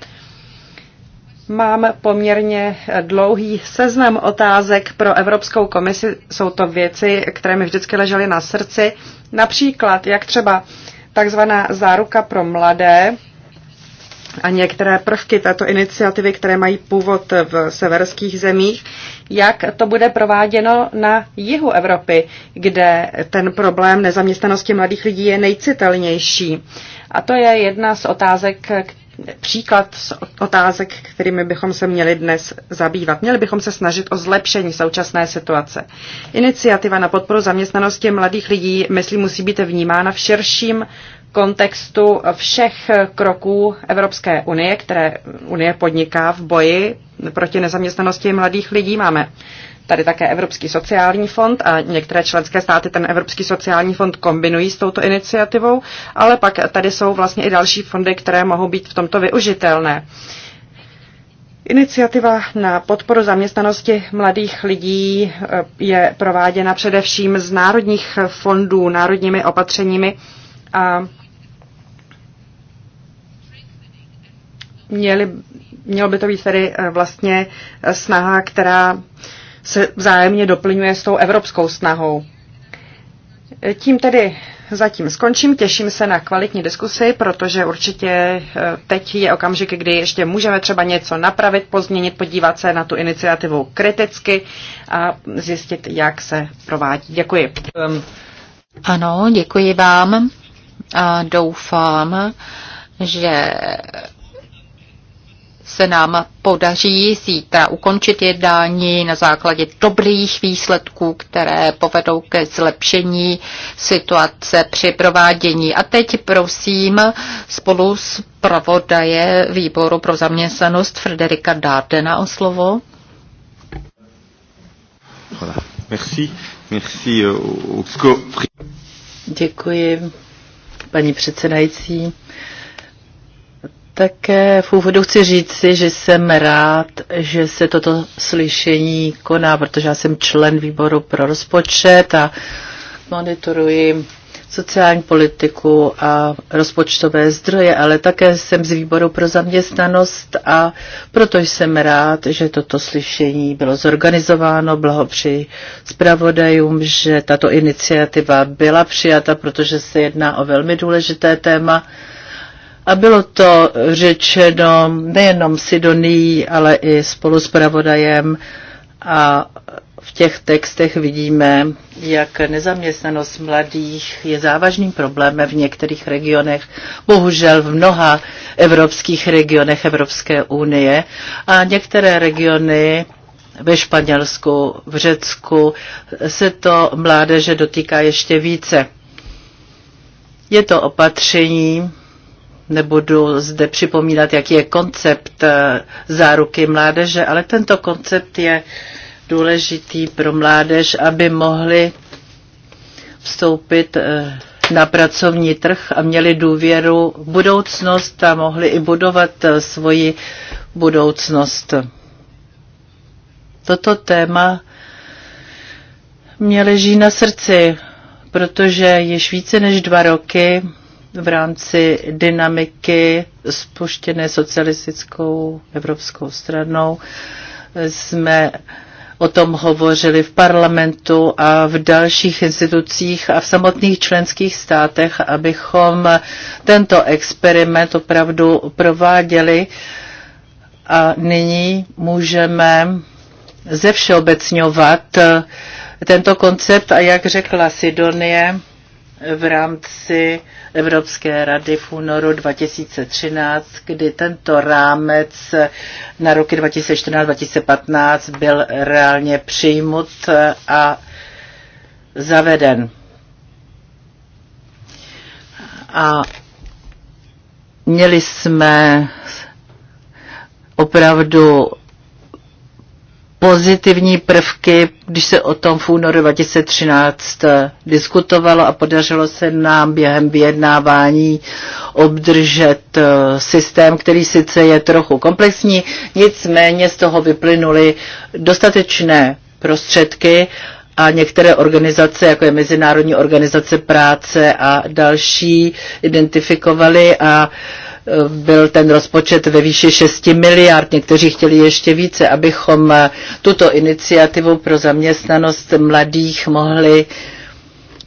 Mám poměrně eh, dlouhý seznam otázek pro Evropskou komisi. Jsou to věci, které mi vždycky ležely na srdci. Například, jak třeba takzvaná záruka pro mladé, a některé prvky této iniciativy, které mají původ v severských zemích, jak to bude prováděno na jihu Evropy, kde ten problém nezaměstnanosti mladých lidí je nejcitelnější. A to je jedna z otázek, příklad z otázek, kterými bychom se měli dnes zabývat. Měli bychom se snažit o zlepšení současné situace. Iniciativa na podporu zaměstnanosti mladých lidí, myslím, musí být vnímána v širším kontextu všech kroků Evropské unie, které Unie podniká v boji proti nezaměstnanosti mladých lidí. Máme tady také Evropský sociální fond a některé členské státy ten Evropský sociální fond kombinují s touto iniciativou, ale pak tady jsou vlastně i další fondy, které mohou být v tomto využitelné. Iniciativa na podporu zaměstnanosti mladých lidí eh, je prováděna především z národních fondů, národními opatřeními a měli, mělo by to být tedy eh, vlastně eh, snaha, která se vzájemně doplňuje s tou evropskou snahou. Eh, tím tedy zatím skončím. Těším se na kvalitní diskusi, protože určitě teď je okamžik, kdy ještě můžeme třeba něco napravit, pozměnit, podívat se na tu iniciativu kriticky a zjistit, jak se provádí. Děkuji. Ano, děkuji vám a doufám, že se nám podaří zítra ukončit jednání na základě dobrých výsledků, které povedou ke zlepšení situace při provádění. A teď prosím spolu s pravodaje výboru pro zaměstnanost Frederika Dardena o slovo. Merci. Merci. Euh, Děkuji, paní předsedající. Také v úvodu chci říci, že jsem rád, že se toto slyšení koná, protože já jsem člen výboru pro rozpočet a monitoruji sociální politiku a rozpočtové zdroje, ale také jsem z výboru pro zaměstnanost a proto jsem rád, že toto slyšení bylo zorganizováno. Blahopři zpravodajům, že tato iniciativa byla přijata, protože se jedná o velmi důležité téma a bylo to řečeno nejenom Sidonii, ale i spolu s pravodajem a v těch textech vidíme, jak nezaměstnanost mladých je závažným problémem v některých regionech, bohužel v mnoha evropských regionech Evropské unie. A některé regiony ve Španělsku, v Řecku se to mládeže dotýká ještě více. Je to opatření, Nebudu zde připomínat, jaký je koncept eh, záruky mládeže, ale tento koncept je důležitý pro mládež, aby mohli vstoupit eh, na pracovní trh a měli důvěru v budoucnost a mohli i budovat eh, svoji budoucnost. Toto téma mě leží na srdci, protože již více než dva roky v rámci dynamiky spuštěné socialistickou evropskou stranou jsme o tom hovořili v parlamentu a v dalších institucích a v samotných členských státech, abychom tento experiment opravdu prováděli. A nyní můžeme zevšeobecňovat tento koncept a jak řekla Sidonie, v rámci Evropské rady v únoru 2013, kdy tento rámec na roky 2014-2015 byl reálně přijmut a zaveden. A měli jsme opravdu pozitivní prvky, když se o tom v únoru 2013 eh, diskutovalo a podařilo se nám během vyjednávání obdržet eh, systém, který sice je trochu komplexní, nicméně z toho vyplynuly dostatečné prostředky a některé organizace, jako je Mezinárodní organizace práce a další, identifikovaly a uh, byl ten rozpočet ve výši 6 miliard, někteří chtěli ještě více, abychom eh, tuto iniciativu pro zaměstnanost mladých mohli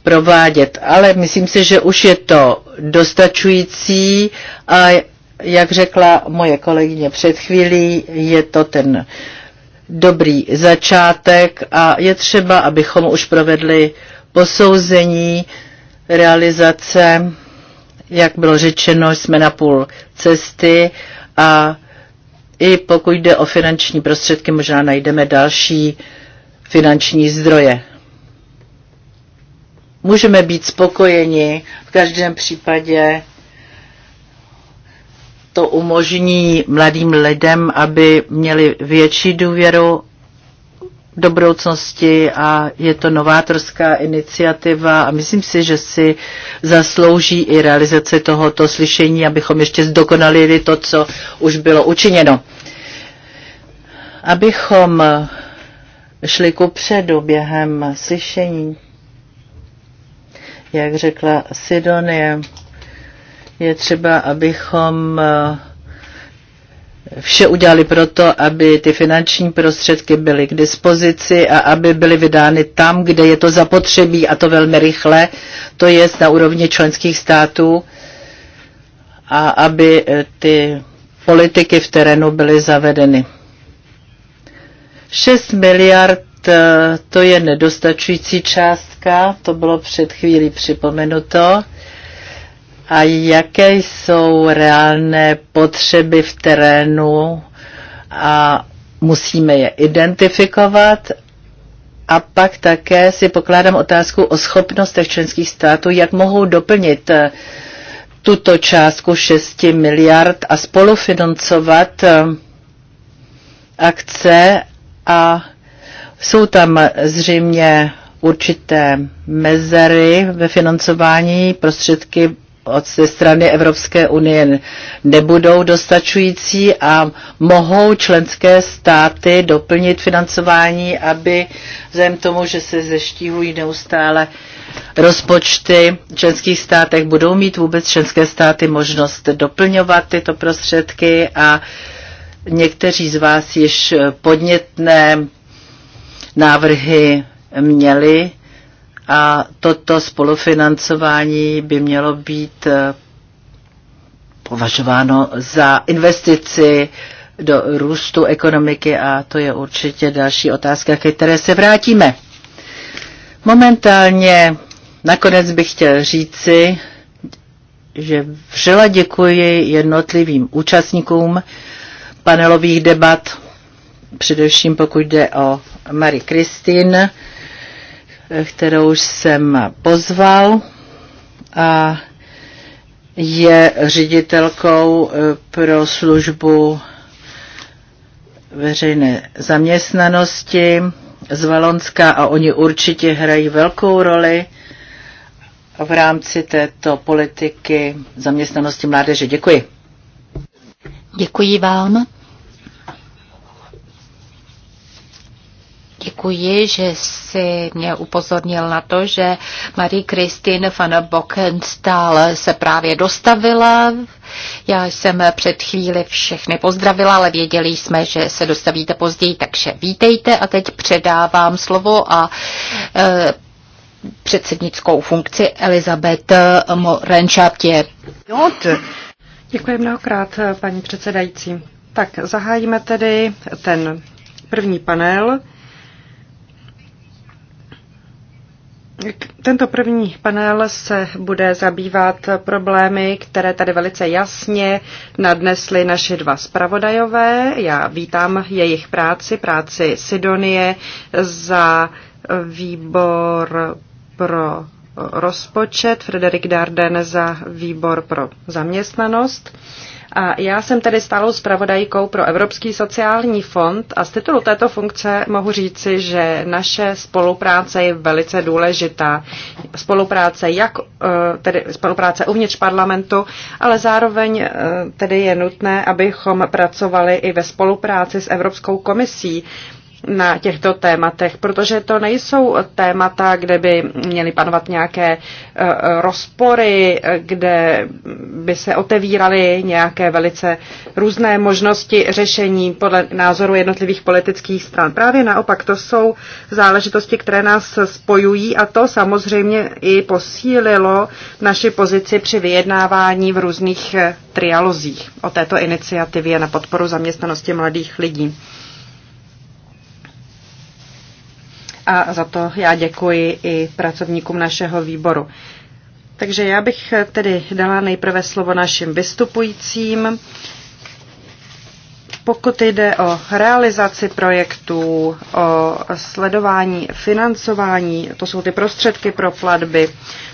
provádět. Ale myslím si, že už je to dostačující a jak řekla moje kolegyně před chvílí, je to ten dobrý začátek a je třeba, abychom už provedli posouzení realizace jak bylo řečeno, jsme na půl cesty a i pokud jde o finanční prostředky, možná najdeme další finanční zdroje. Můžeme být spokojeni, v každém případě to umožní mladým lidem, aby měli větší důvěru do budoucnosti a je to novátorská iniciativa a myslím si, že si zaslouží i realizace tohoto slyšení, abychom ještě zdokonalili to, co už bylo učiněno. Abychom šli ku předu během slyšení, jak řekla Sidonie, je třeba, abychom vše udělali proto, aby ty finanční prostředky byly k dispozici a aby byly vydány tam, kde je to zapotřebí a to velmi rychle, to je na úrovni členských států a aby eh, ty politiky v terénu byly zavedeny. 6 miliard eh, to je nedostačující částka, to bylo před chvílí připomenuto a jaké jsou reálné potřeby v terénu a musíme je identifikovat a pak také si pokládám otázku o schopnostech členských států, jak mohou doplnit eh, tuto částku 6 miliard a spolufinancovat eh, akce a jsou tam zřejmě určité mezery ve financování, prostředky od ze strany Evropské unie nebudou dostačující a mohou členské státy doplnit financování, aby vzhledem tomu, že se zeštíhují neustále rozpočty v členských státech, budou mít vůbec členské státy možnost doplňovat tyto prostředky a někteří z vás již podnětné návrhy měli a toto spolufinancování by mělo být eh, považováno za investici do růstu ekonomiky a to je určitě další otázka, ke které se vrátíme. Momentálně nakonec bych chtěl říci, že vřela děkuji jednotlivým účastníkům panelových debat, především pokud jde o Marie Kristin, kterou jsem pozval a je ředitelkou eh, pro službu veřejné zaměstnanosti z Valonska a oni určitě hrají velkou roli v rámci této politiky zaměstnanosti mládeže. Děkuji. Děkuji vám. Děkuji, že si mě upozornil na to, že Marie Christine van Bockenstal se právě dostavila. Já jsem před chvíli všechny pozdravila, ale věděli jsme, že se dostavíte později, takže vítejte a teď předávám slovo a e, předsednickou funkci Elizabeth Morenčatě. Děkuji mnohokrát, paní předsedající. Tak zahájíme tedy ten první panel Tento první panel se bude zabývat problémy, které tady velice jasně nadnesly naše dva zpravodajové. Já vítám jejich práci, práci Sidonie za výbor pro rozpočet, Frederik Darden za výbor pro zaměstnanost. A já jsem tedy stálou zpravodajkou pro Evropský sociální fond a z titulu této funkce mohu říci, že naše spolupráce je velice důležitá. Spolupráce jak eh, tedy spolupráce uvnitř parlamentu, ale zároveň eh, tedy je nutné, abychom pracovali i ve spolupráci s Evropskou komisí, na těchto tématech, protože to nejsou témata, kde by měly panovat nějaké e, e, rozpory, kde by se otevíraly nějaké velice různé možnosti řešení podle názoru jednotlivých politických stran. Právě naopak to jsou záležitosti, které nás spojují a to samozřejmě i posílilo naši pozici při vyjednávání v různých e, trialozích o této iniciativě na podporu zaměstnanosti mladých lidí. a za to já děkuji i pracovníkům našeho výboru. Takže já bych tedy dala nejprve slovo našim vystupujícím. Pokud jde o realizaci projektů, o sledování financování, to jsou ty prostředky pro platby,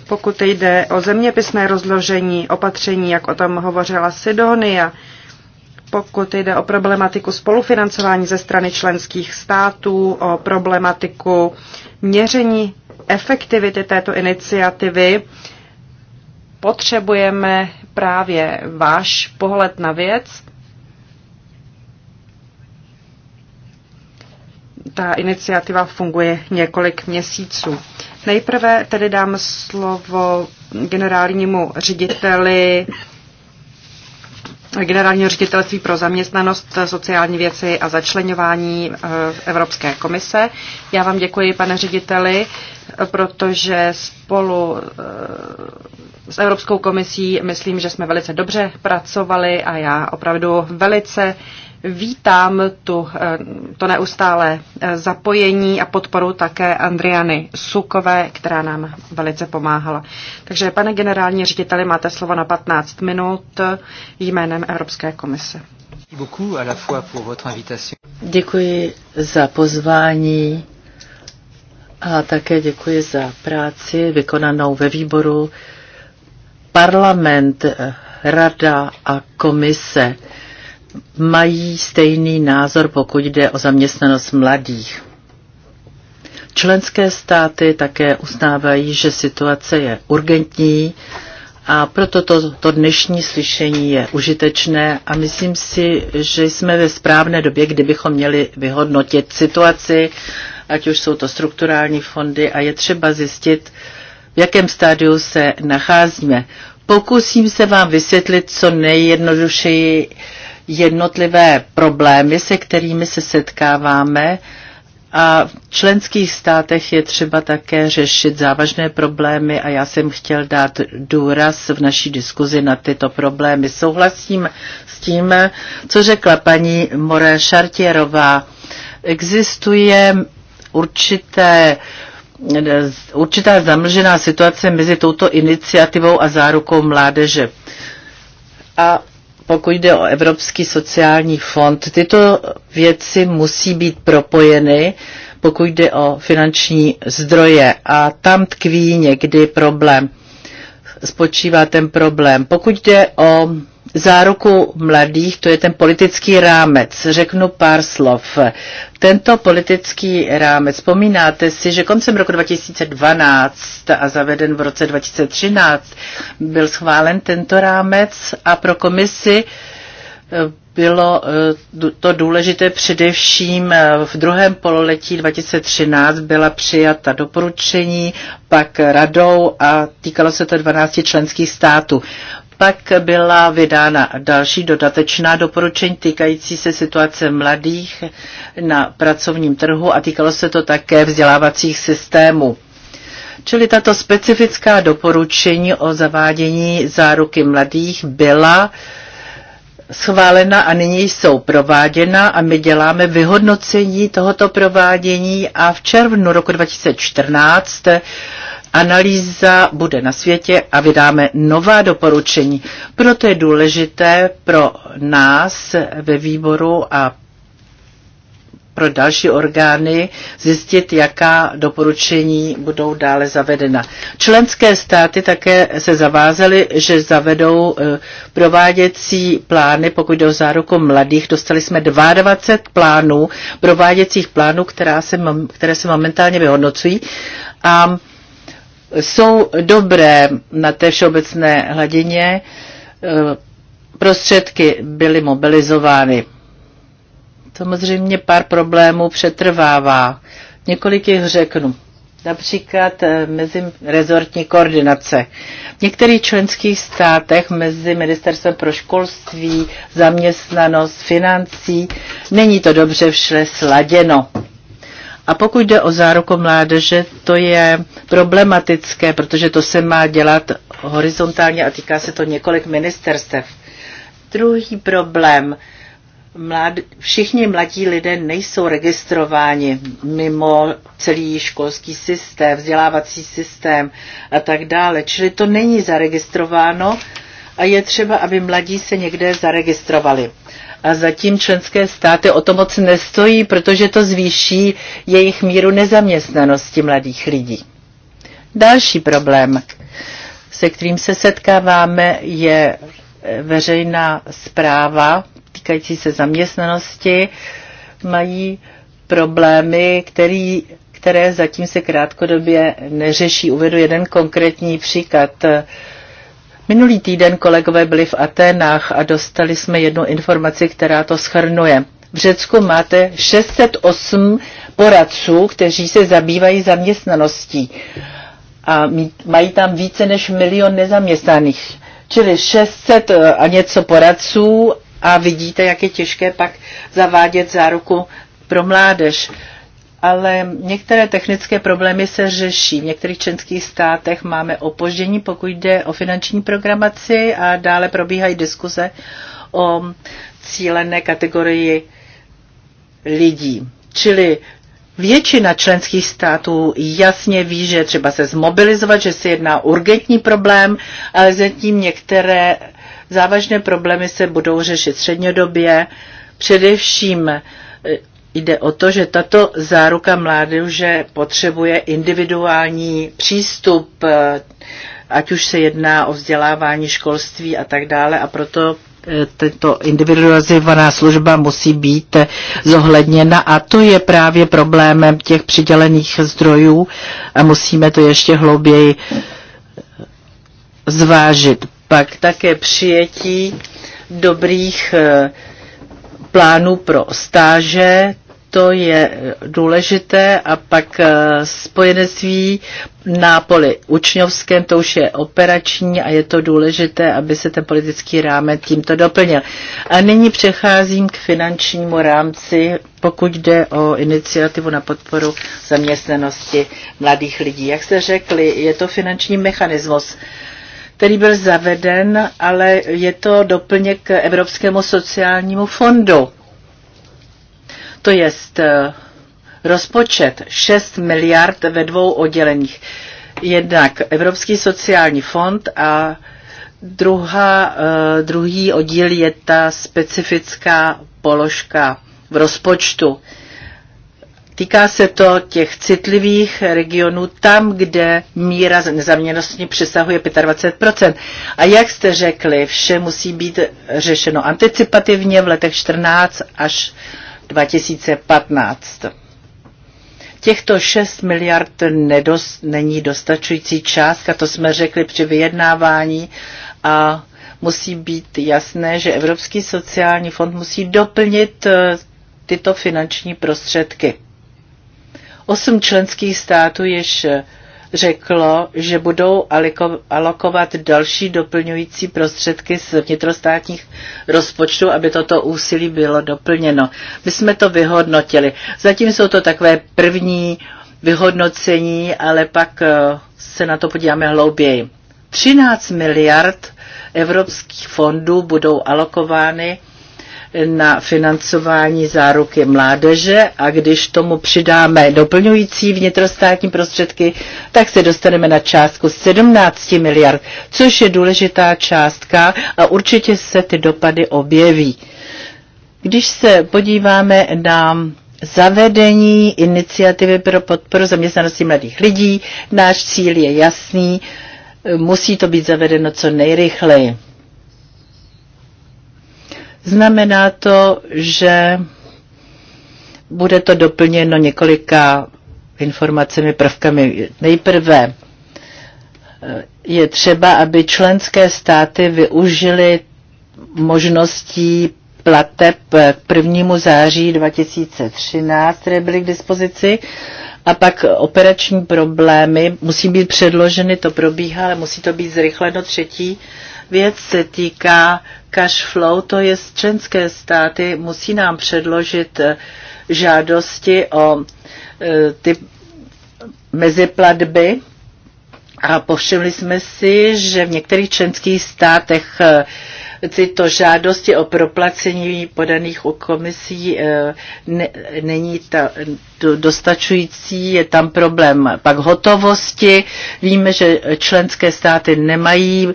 pokud jde o zeměpisné rozložení opatření, jak o tom hovořila Sidonia, pokud jde o problematiku spolufinancování ze strany členských států, o problematiku měření efektivity této iniciativy, potřebujeme právě váš pohled na věc. Ta iniciativa funguje několik měsíců. Nejprve tedy dám slovo generálnímu řediteli generálního ředitelství pro zaměstnanost, sociální věci a začlenování eh, Evropské komise. Já vám děkuji, pane řediteli, protože spolu eh, s Evropskou komisí myslím, že jsme velice dobře pracovali a já opravdu velice Vítám tu, eh, to neustálé eh, zapojení a podporu také Andriany Sukové, která nám velice pomáhala. Takže, pane generální řediteli, máte slovo na 15 minut jménem Evropské komise. Děkuji za pozvání a také děkuji za práci vykonanou ve výboru parlament, rada a komise mají stejný názor, pokud jde o zaměstnanost mladých. Členské státy také uznávají, že situace je urgentní a proto to, to dnešní slyšení je užitečné a myslím si, že jsme ve správné době, kdybychom měli vyhodnotit situaci, ať už jsou to strukturální fondy a je třeba zjistit, v jakém stádiu se nacházíme. Pokusím se vám vysvětlit co nejjednodušeji, jednotlivé problémy, se kterými se setkáváme, a v členských státech je třeba také řešit závažné problémy a já jsem chtěl dát důraz v naší diskuzi na tyto problémy. Souhlasím s tím, co řekla paní More Šartěrová. Existuje určité určitá zamlžená situace mezi touto iniciativou a zárukou mládeže. A pokud jde o Evropský sociální fond, tyto věci musí být propojeny, pokud jde o finanční zdroje. A tam tkví někdy problém. Spočívá ten problém. Pokud jde o záruku mladých, to je ten politický rámec. Řeknu pár slov. Tento politický rámec, vzpomínáte si, že koncem roku 2012 a zaveden v roce 2013 byl schválen tento rámec a pro komisi eh, bylo eh, to důležité především eh, v druhém pololetí 2013 byla přijata doporučení, pak radou a týkalo se to 12 členských států. Pak byla vydána další dodatečná doporučení týkající se situace mladých na pracovním trhu a týkalo se to také vzdělávacích systémů. Čili tato specifická doporučení o zavádění záruky mladých byla schválena a nyní jsou prováděna a my děláme vyhodnocení tohoto provádění a v červnu roku 2014 Analýza bude na světě a vydáme nová doporučení. Proto je důležité pro nás ve výboru a pro další orgány zjistit, jaká doporučení budou dále zavedena. Členské státy také se zavázaly, že zavedou eh, prováděcí plány, pokud jde o záruku mladých. Dostali jsme 22 plánů, prováděcích plánů, která se, které se momentálně vyhodnocují. A jsou dobré na té všeobecné hladině. E, prostředky byly mobilizovány. Samozřejmě pár problémů přetrvává. Několik jich řeknu. Například e, mezi rezortní koordinace. V některých členských státech mezi ministerstvem pro školství, zaměstnanost, financí není to dobře vše sladěno. A pokud jde o záruku mládeže, to je problematické, protože to se má dělat horizontálně a týká se to několik ministerstev. Druhý problém. Mlad, všichni mladí lidé nejsou registrováni mimo celý školský systém, vzdělávací systém a tak dále. Čili to není zaregistrováno a je třeba, aby mladí se někde zaregistrovali a zatím členské státy o to moc nestojí, protože to zvýší jejich míru nezaměstnanosti mladých lidí. Další problém, se kterým se setkáváme, je veřejná zpráva týkající se zaměstnanosti. Mají problémy, který, které zatím se krátkodobě neřeší. Uvedu jeden konkrétní příklad. Minulý týden kolegové byli v Aténách a dostali jsme jednu informaci, která to schrnuje. V Řecku máte 608 poradců, kteří se zabývají zaměstnaností a mají tam více než milion nezaměstnaných. Čili 600 eh, a něco poradců a vidíte, jak je těžké pak zavádět záruku pro mládež ale některé technické problémy se řeší. V některých členských státech máme opoždění, pokud jde o finanční programaci a dále probíhají diskuze o cílené kategorii lidí. Čili Většina členských států jasně ví, že třeba se zmobilizovat, že se jedná urgentní problém, ale zatím některé závažné problémy se budou řešit střednědobě, především Jde o to, že tato záruka mládeže potřebuje individuální přístup, eh, ať už se jedná o vzdělávání, školství a tak dále a proto eh, tento individualizovaná služba musí být eh, zohledněna a to je právě problémem těch přidělených zdrojů a musíme to ještě hlouběji zvážit. Pak také přijetí dobrých plánů pro stáže, to je důležité a pak eh, spojenectví na poli učňovském, to už je operační a je to důležité, aby se ten politický rámec tímto doplnil. A nyní přecházím k finančnímu rámci, pokud jde o iniciativu na podporu zaměstnanosti mladých lidí. Jak jste řekli, je to finanční mechanismus který byl zaveden, ale je to doplněk k Evropskému sociálnímu fondu to je eh, rozpočet 6 miliard ve dvou odděleních. Jednak Evropský sociální fond a druhá, eh, druhý oddíl je ta specifická položka v rozpočtu. Týká se to těch citlivých regionů tam, kde míra nezaměnosti přesahuje 25%. A jak jste řekli, vše musí být řešeno anticipativně v letech 14 až 2015. Těchto 6 miliard nedos, není dostačující částka, to jsme řekli při vyjednávání a musí být jasné, že Evropský sociální fond musí doplnit eh, tyto finanční prostředky. Osm členských států již řeklo, že budou alokovat další doplňující prostředky z vnitrostátních rozpočtů, aby toto úsilí bylo doplněno. My jsme to vyhodnotili. Zatím jsou to takové první vyhodnocení, ale pak eh, se na to podíváme hlouběji. 13 miliard evropských fondů budou alokovány na financování záruky mládeže a když tomu přidáme doplňující vnitrostátní prostředky, tak se dostaneme na částku 17 miliard, což je důležitá částka a určitě se ty dopady objeví. Když se podíváme na zavedení iniciativy pro podporu zaměstnanosti mladých lidí, náš cíl je jasný, musí to být zavedeno co nejrychleji. Znamená to, že bude to doplněno několika informacemi, prvkami. Nejprve je třeba, aby členské státy využily možností plateb k 1. září 2013, které byly k dispozici. A pak operační problémy musí být předloženy, to probíhá, ale musí to být zrychleno. Třetí věc se týká cash flow, to je členské státy, musí nám předložit eh, žádosti o eh, ty meziplatby a povšimli jsme si, že v některých členských státech eh, tyto žádosti o proplacení podaných u komisí ne, není ta, dostačující, je tam problém pak hotovosti. Víme, že členské státy nemají uh,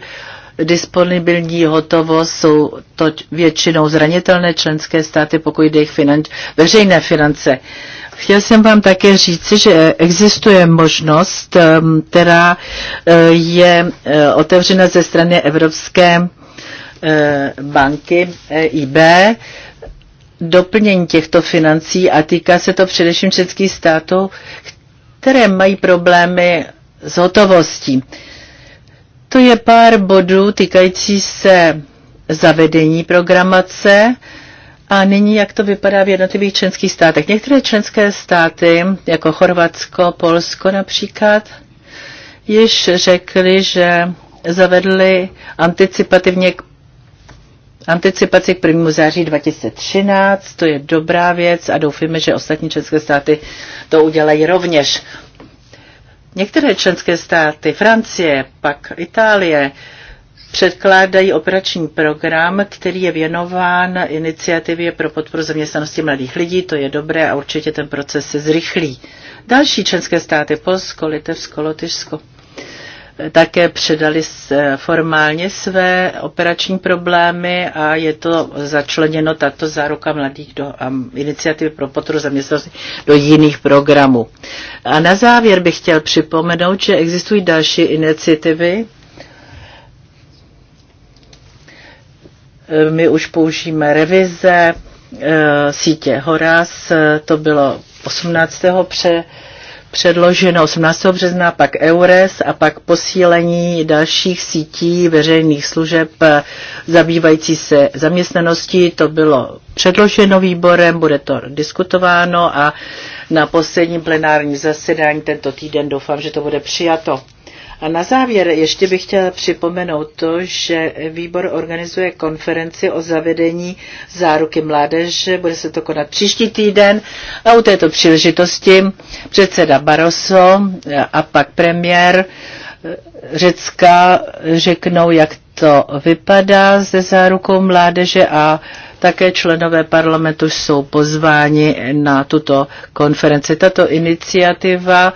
disponibilní hotovost, jsou to většinou zranitelné členské státy, pokud jde jich finanč, veřejné finance. Chtěl jsem vám také říci, že existuje možnost, která e, je e, otevřena ze strany Evropské e, banky EIB, doplnění těchto financí a týká se to především českých států, které mají problémy s hotovostí. To je pár bodů týkající se zavedení programace. A nyní, jak to vypadá v jednotlivých členských státech. Některé členské státy, jako Chorvatsko, Polsko například, již řekli, že zavedli anticipativně k anticipaci k 1. září 2013, to je dobrá věc a doufíme, že ostatní české státy to udělají rovněž. Některé členské státy, Francie, pak Itálie, předkládají operační program, který je věnován iniciativě pro podporu zaměstnanosti mladých lidí. To je dobré a určitě ten proces se zrychlí. Další členské státy, Polsko, Litevsko, Lotyšsko, také předali eh, formálně své operační problémy a je to začleněno tato záruka mladých do um, iniciativy pro potru zaměstnanosti do jiných programů. A na závěr bych chtěl připomenout, že existují další iniciativy. Eh, my už použijeme revize eh, sítě Horas, to bylo 18. pře předloženo 18. března, pak EURES a pak posílení dalších sítí veřejných služeb zabývající se zaměstnaností. To bylo předloženo výborem, bude to diskutováno a na posledním plenárním zasedání tento týden doufám, že to bude přijato. A na závěr ještě bych chtěla připomenout to, že výbor organizuje konferenci o zavedení záruky mládeže. Bude se to konat příští týden a u této příležitosti předseda Barroso eh, a pak premiér eh, Řecka řeknou, jak to vypadá se zárukou mládeže a také členové parlamentu jsou pozváni na tuto konferenci. Tato iniciativa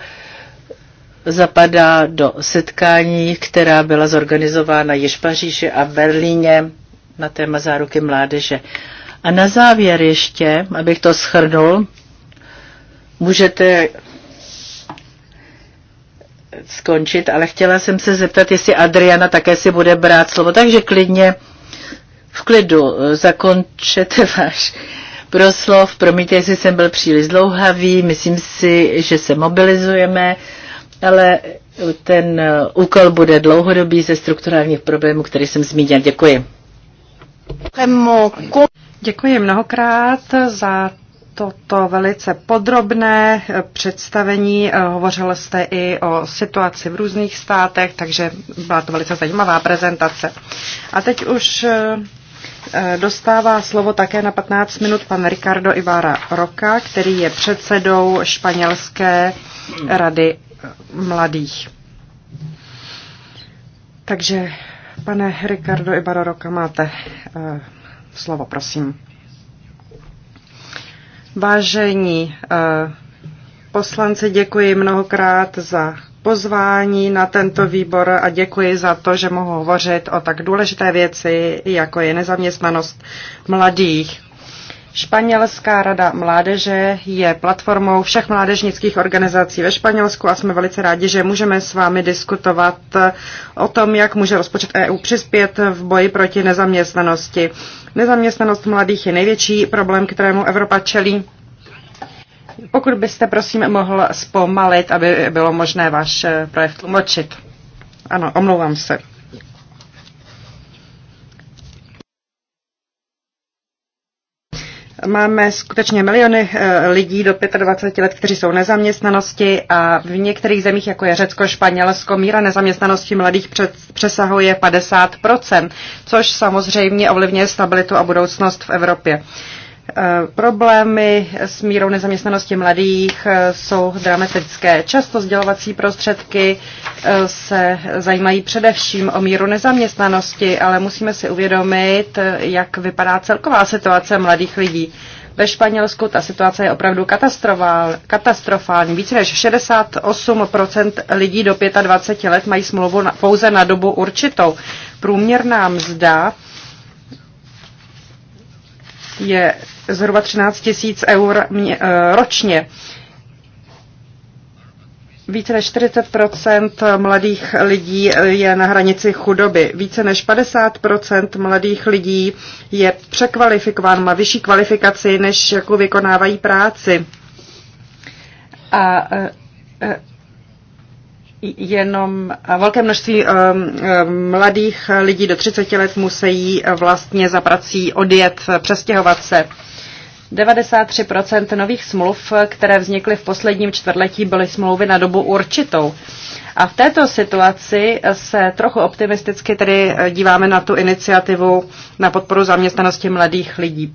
zapadá do setkání, která byla zorganizována již v Paříži a v Berlíně na téma záruky mládeže. A na závěr ještě, abych to shrnul, můžete skončit, ale chtěla jsem se zeptat, jestli Adriana také si bude brát slovo. Takže klidně, v klidu, eh, zakončete váš proslov. Promiňte, jestli jsem byl příliš dlouhavý, myslím si, že se mobilizujeme ale ten eh, úkol bude dlouhodobý ze strukturálních problémů, který jsem zmínil. Děkuji. Děkuji mnohokrát za toto velice podrobné eh, představení. Eh, hovořil jste i o situaci v různých státech, takže byla to velice zajímavá prezentace. A teď už dostává slovo také na 15 minut pan Ricardo Ivara Roca, který je předsedou španělské rady mladých. Takže, pane Ricardo Ibaroroka, máte uh, slovo, prosím. Vážení uh, poslanci, děkuji mnohokrát za pozvání na tento výbor a děkuji za to, že mohu hovořit o tak důležité věci, jako je nezaměstnanost mladých. Španělská rada mládeže je platformou všech mládežnických organizací ve Španělsku a jsme velice rádi, že můžeme s vámi diskutovat o tom, jak může rozpočet EU přispět v boji proti nezaměstnanosti. Nezaměstnanost mladých je největší problém, kterému Evropa čelí. Pokud byste, prosím, mohl zpomalit, aby bylo možné váš projev tlumočit. Ano, omlouvám se. Máme skutečně miliony eh, lidí do 25 let, kteří jsou nezaměstnanosti a v některých zemích, jako je Řecko, Španělsko, míra nezaměstnanosti mladých přesahuje 50%, což samozřejmě ovlivňuje stabilitu a budoucnost v Evropě. Eh, problémy s mírou nezaměstnanosti mladých eh, jsou dramatické. Často sdělovací prostředky eh, se zajímají především o míru nezaměstnanosti, ale musíme si uvědomit, jak vypadá celková situace mladých lidí. Ve Španělsku ta situace je opravdu katastrofální. Více než 68% lidí do 25 let mají smlouvu pouze na dobu určitou. Průměrná mzda je zhruba 13 tisíc eur eh, ročně. Více než 40 mladých lidí eh, je na hranici chudoby. Více než 50 mladých lidí je překvalifikován, má vyšší kvalifikaci, než jakou vykonávají práci. A eh, jenom velké množství eh, eh, mladých lidí do 30 let musí eh, vlastně za prací odjet, přestěhovat se. 93% nových smluv, které vznikly v posledním čtvrtletí, byly smlouvy na dobu určitou. A v této situaci se trochu optimisticky tedy díváme na tu iniciativu na podporu zaměstnanosti mladých lidí.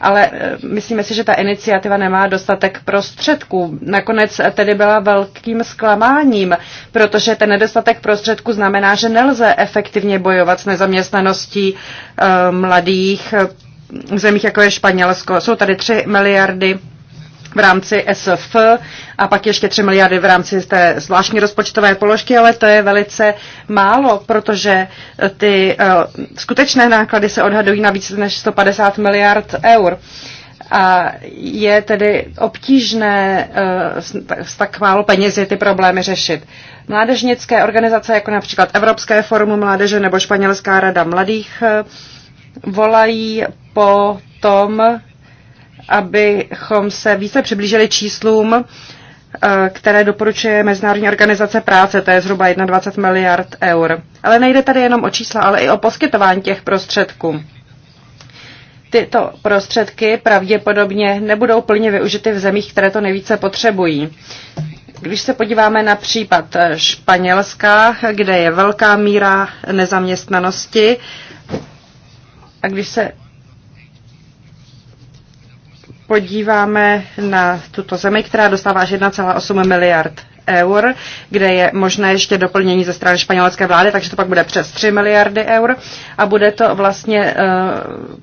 Ale eh, myslíme si, že ta iniciativa nemá dostatek prostředků. Nakonec tedy byla velkým zklamáním, protože ten nedostatek prostředků znamená, že nelze efektivně bojovat s nezaměstnaností eh, mladých zemích, jako je Španělsko. Jsou tady 3 miliardy v rámci SF a pak ještě 3 miliardy v rámci té zvláštní rozpočtové položky, ale to je velice málo, protože ty uh, skutečné náklady se odhadují na více než 150 miliard eur. A je tedy obtížné uh, s tak málo penězi ty problémy řešit. Mládežnické organizace, jako například Evropské forum mládeže nebo Španělská rada mladých, uh, volají po tom, abychom se více přiblížili číslům, eh, které doporučuje Mezinárodní organizace práce, to je zhruba 21 miliard eur. Ale nejde tady jenom o čísla, ale i o poskytování těch prostředků. Tyto prostředky pravděpodobně nebudou plně využity v zemích, které to nejvíce potřebují. Když se podíváme na případ Španělska, kde je velká míra nezaměstnanosti, a když se podíváme na tuto zemi, která dostává až 1,8 miliard eur, kde je možné ještě doplnění ze strany španělské vlády, takže to pak bude přes 3 miliardy eur a bude to vlastně eh,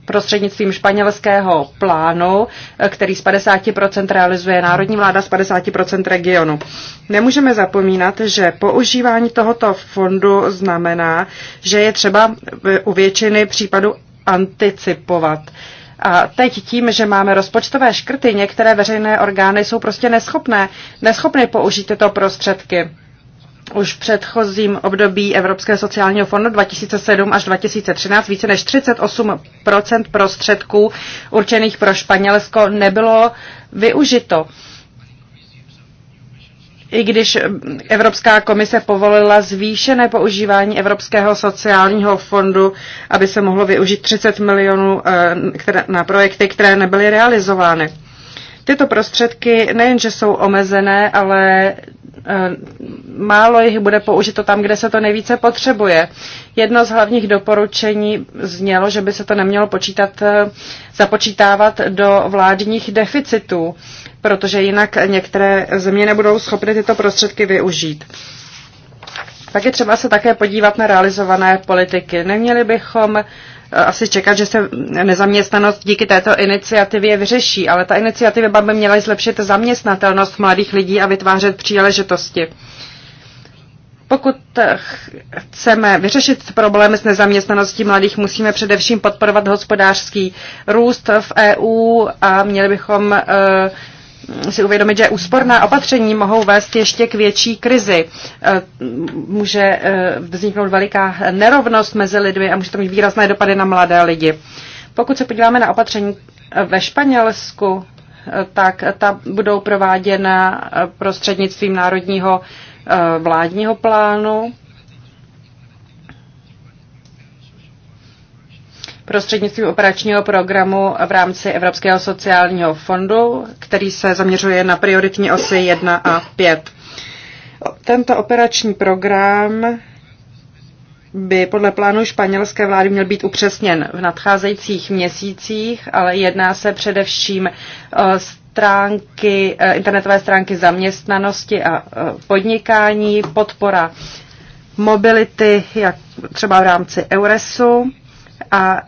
prostřednictvím španělského plánu, eh, který z 50% realizuje národní vláda, z 50% regionu. Nemůžeme zapomínat, že používání tohoto fondu znamená, že je třeba u většiny případů anticipovat. Uh, a teď tím, že máme rozpočtové škrty, některé veřejné orgány jsou prostě neschopné, neschopné použít tyto prostředky. Už v předchozím období Evropského sociálního fondu 2007 až 2013 více než 38 prostředků určených pro Španělsko nebylo využito i když Evropská komise povolila zvýšené používání Evropského sociálního fondu, aby se mohlo využít 30 milionů eh, na projekty, které nebyly realizovány. Tyto prostředky nejenže jsou omezené, ale eh, málo jich bude použito tam, kde se to nejvíce potřebuje. Jedno z hlavních doporučení znělo, že by se to nemělo počítat, eh, započítávat do vládních deficitů protože jinak některé země nebudou schopny tyto prostředky využít. Tak je třeba se také podívat na realizované politiky. Neměli bychom eh, asi čekat, že se nezaměstnanost díky této iniciativě vyřeší, ale ta iniciativa by měla zlepšit zaměstnatelnost mladých lidí a vytvářet příležitosti. Pokud eh, chceme vyřešit problémy s nezaměstnaností mladých, musíme především podporovat hospodářský růst v EU a měli bychom eh, si uvědomit, že úsporná opatření mohou vést ještě k větší krizi. E, může e, vzniknout veliká nerovnost mezi lidmi a může to mít výrazné dopady na mladé lidi. Pokud se podíváme na opatření e, ve Španělsku, tak ta budou prováděna prostřednictvím národního vládního plánu prostřednictvím operačního programu v rámci Evropského sociálního fondu, který se zaměřuje na prioritní osy 1 a 5. Tento operační program by podle plánu španělské vlády měl být upřesněn v nadcházejících měsících, ale jedná se především stránky, e, internetové stránky zaměstnanosti a e, podnikání, podpora mobility, jak třeba v rámci Euresu a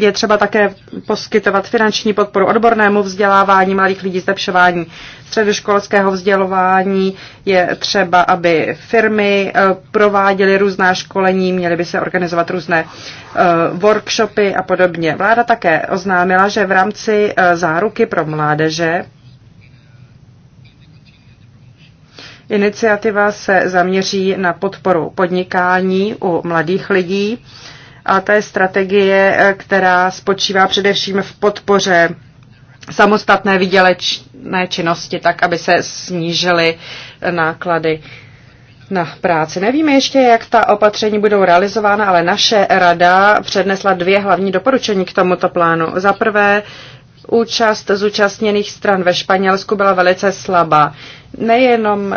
je třeba také poskytovat finanční podporu odbornému vzdělávání malých lidí, zlepšování středoškolského vzdělování. Je třeba, aby firmy eh, prováděly různá školení, měly by se organizovat různé eh, workshopy a podobně. Vláda také oznámila, že v rámci eh, záruky pro mládeže Iniciativa se zaměří na podporu podnikání u mladých lidí a té strategie, eh, která spočívá především v podpoře samostatné výdělečné činnosti, tak aby se snížily eh, náklady na práci. Nevíme ještě, jak ta opatření budou realizována, ale naše rada přednesla dvě hlavní doporučení k tomuto plánu. Za prvé, účast zúčastněných stran ve Španělsku byla velice slabá. Nejenom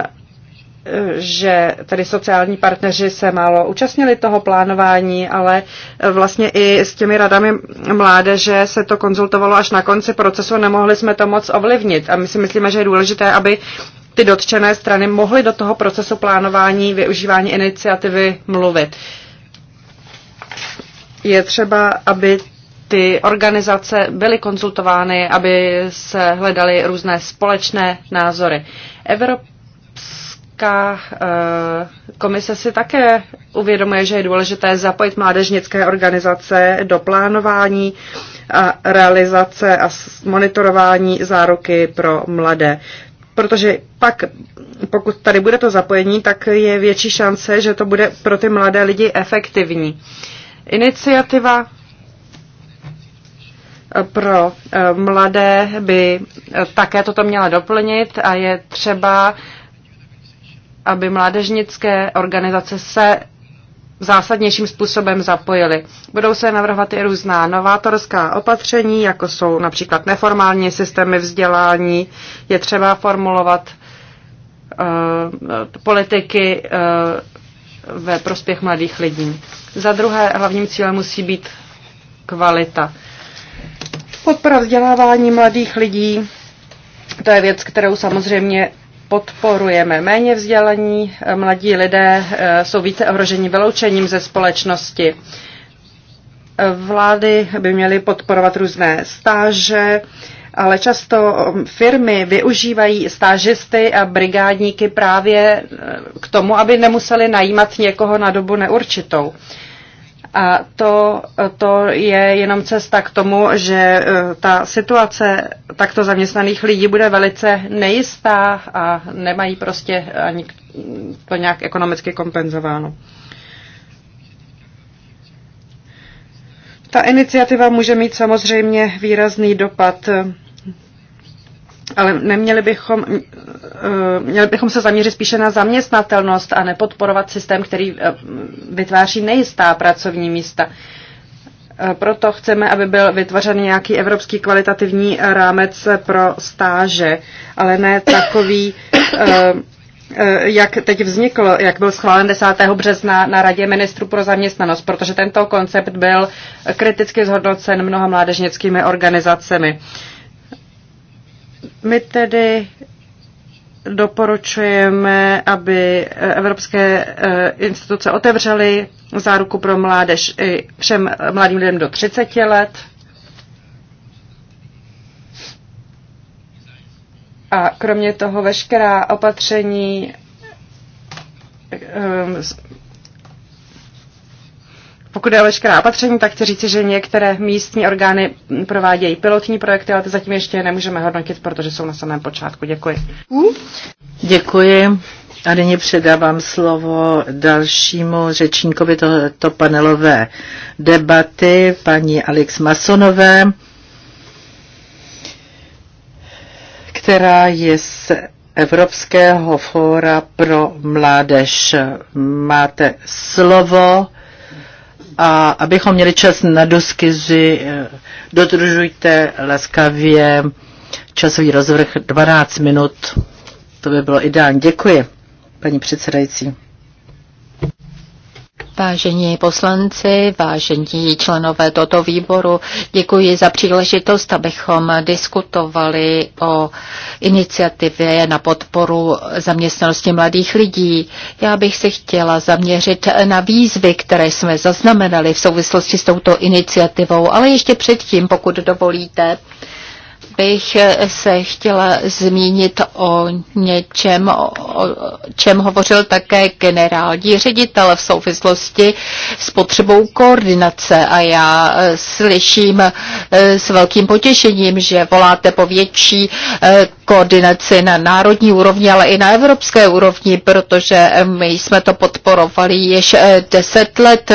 že tedy sociální partneři se málo účastnili toho plánování, ale vlastně i s těmi radami mládeže se to konzultovalo až na konci procesu, nemohli jsme to moc ovlivnit. A my si myslíme, že je důležité, aby ty dotčené strany mohly do toho procesu plánování, využívání iniciativy mluvit. Je třeba, aby ty organizace byly konzultovány, aby se hledaly různé společné názory. Evropa Evropská eh, komise si také uvědomuje, že je důležité zapojit mládežnické organizace do plánování a realizace a monitorování záruky pro mladé. Protože pak, pokud tady bude to zapojení, tak je větší šance, že to bude pro ty mladé lidi efektivní. Iniciativa eh, pro eh, mladé by také toto měla doplnit a je třeba aby mládežnické organizace se zásadnějším způsobem zapojili. Budou se navrhovat i různá novátorská opatření, jako jsou například neformální systémy vzdělání. Je třeba formulovat uh, politiky uh, ve prospěch mladých lidí. Za druhé, hlavním cílem musí být kvalita. Podpora vzdělávání mladých lidí, to je věc, kterou samozřejmě podporujeme. Méně vzdělaní eh, mladí lidé eh, jsou více ohroženi vyloučením ze společnosti. Eh, vlády by měly podporovat různé stáže, ale často mm, firmy využívají stážisty a brigádníky právě k tomu, aby nemuseli najímat někoho na dobu neurčitou. A to, to je jenom cesta k tomu, že e, ta situace takto zaměstnaných lidí bude velice nejistá a nemají prostě ani to nějak ekonomicky kompenzováno. Ta iniciativa může mít samozřejmě výrazný dopad e, ale neměli bychom, eh, měli bychom se zaměřit spíše na zaměstnatelnost a nepodporovat systém, který eh, vytváří nejistá pracovní místa. Eh, proto chceme, aby byl vytvořen nějaký evropský kvalitativní rámec pro stáže, ale ne takový, jak teď vznikl, jak byl schválen 10. března na Radě ministrů pro zaměstnanost, protože tento koncept byl kriticky zhodnocen mnoha mládežnickými organizacemi. Uh, my tedy doporučujeme, aby eh, evropské eh, instituce otevřely záruku pro mládež i všem mladým lidem do 30 let. A kromě toho veškerá opatření eh, pokud je o veškerá opatření, tak chci říci, že některé místní orgány provádějí pilotní projekty, ale to zatím ještě nemůžeme hodnotit, protože jsou na samém počátku. Děkuji. Děkuji. A nyní předávám slovo dalšímu řečníkovi tohoto panelové debaty, paní Alex Masonové, která je z Evropského fóra pro mládež. Máte slovo a abychom měli čas na doskyzy, eh, dodržujte laskavě časový rozvrh 12 minut. To by bylo ideální. Děkuji, paní předsedající. Vážení poslanci, vážení členové tohoto výboru, děkuji za příležitost, abychom diskutovali o iniciativě na podporu zaměstnanosti mladých lidí. Já bych se chtěla zaměřit na výzvy, které jsme zaznamenali v souvislosti s touto iniciativou, ale ještě předtím, pokud dovolíte, bych eh, se chtěla zmínit o něčem, o čem hovořil také generální ředitel v souvislosti s potřebou koordinace. A já eh, slyším eh, s velkým potěšením, že voláte po větší koordinaci na národní úrovni, ale i na evropské úrovni, protože my jsme to podporovali již deset let.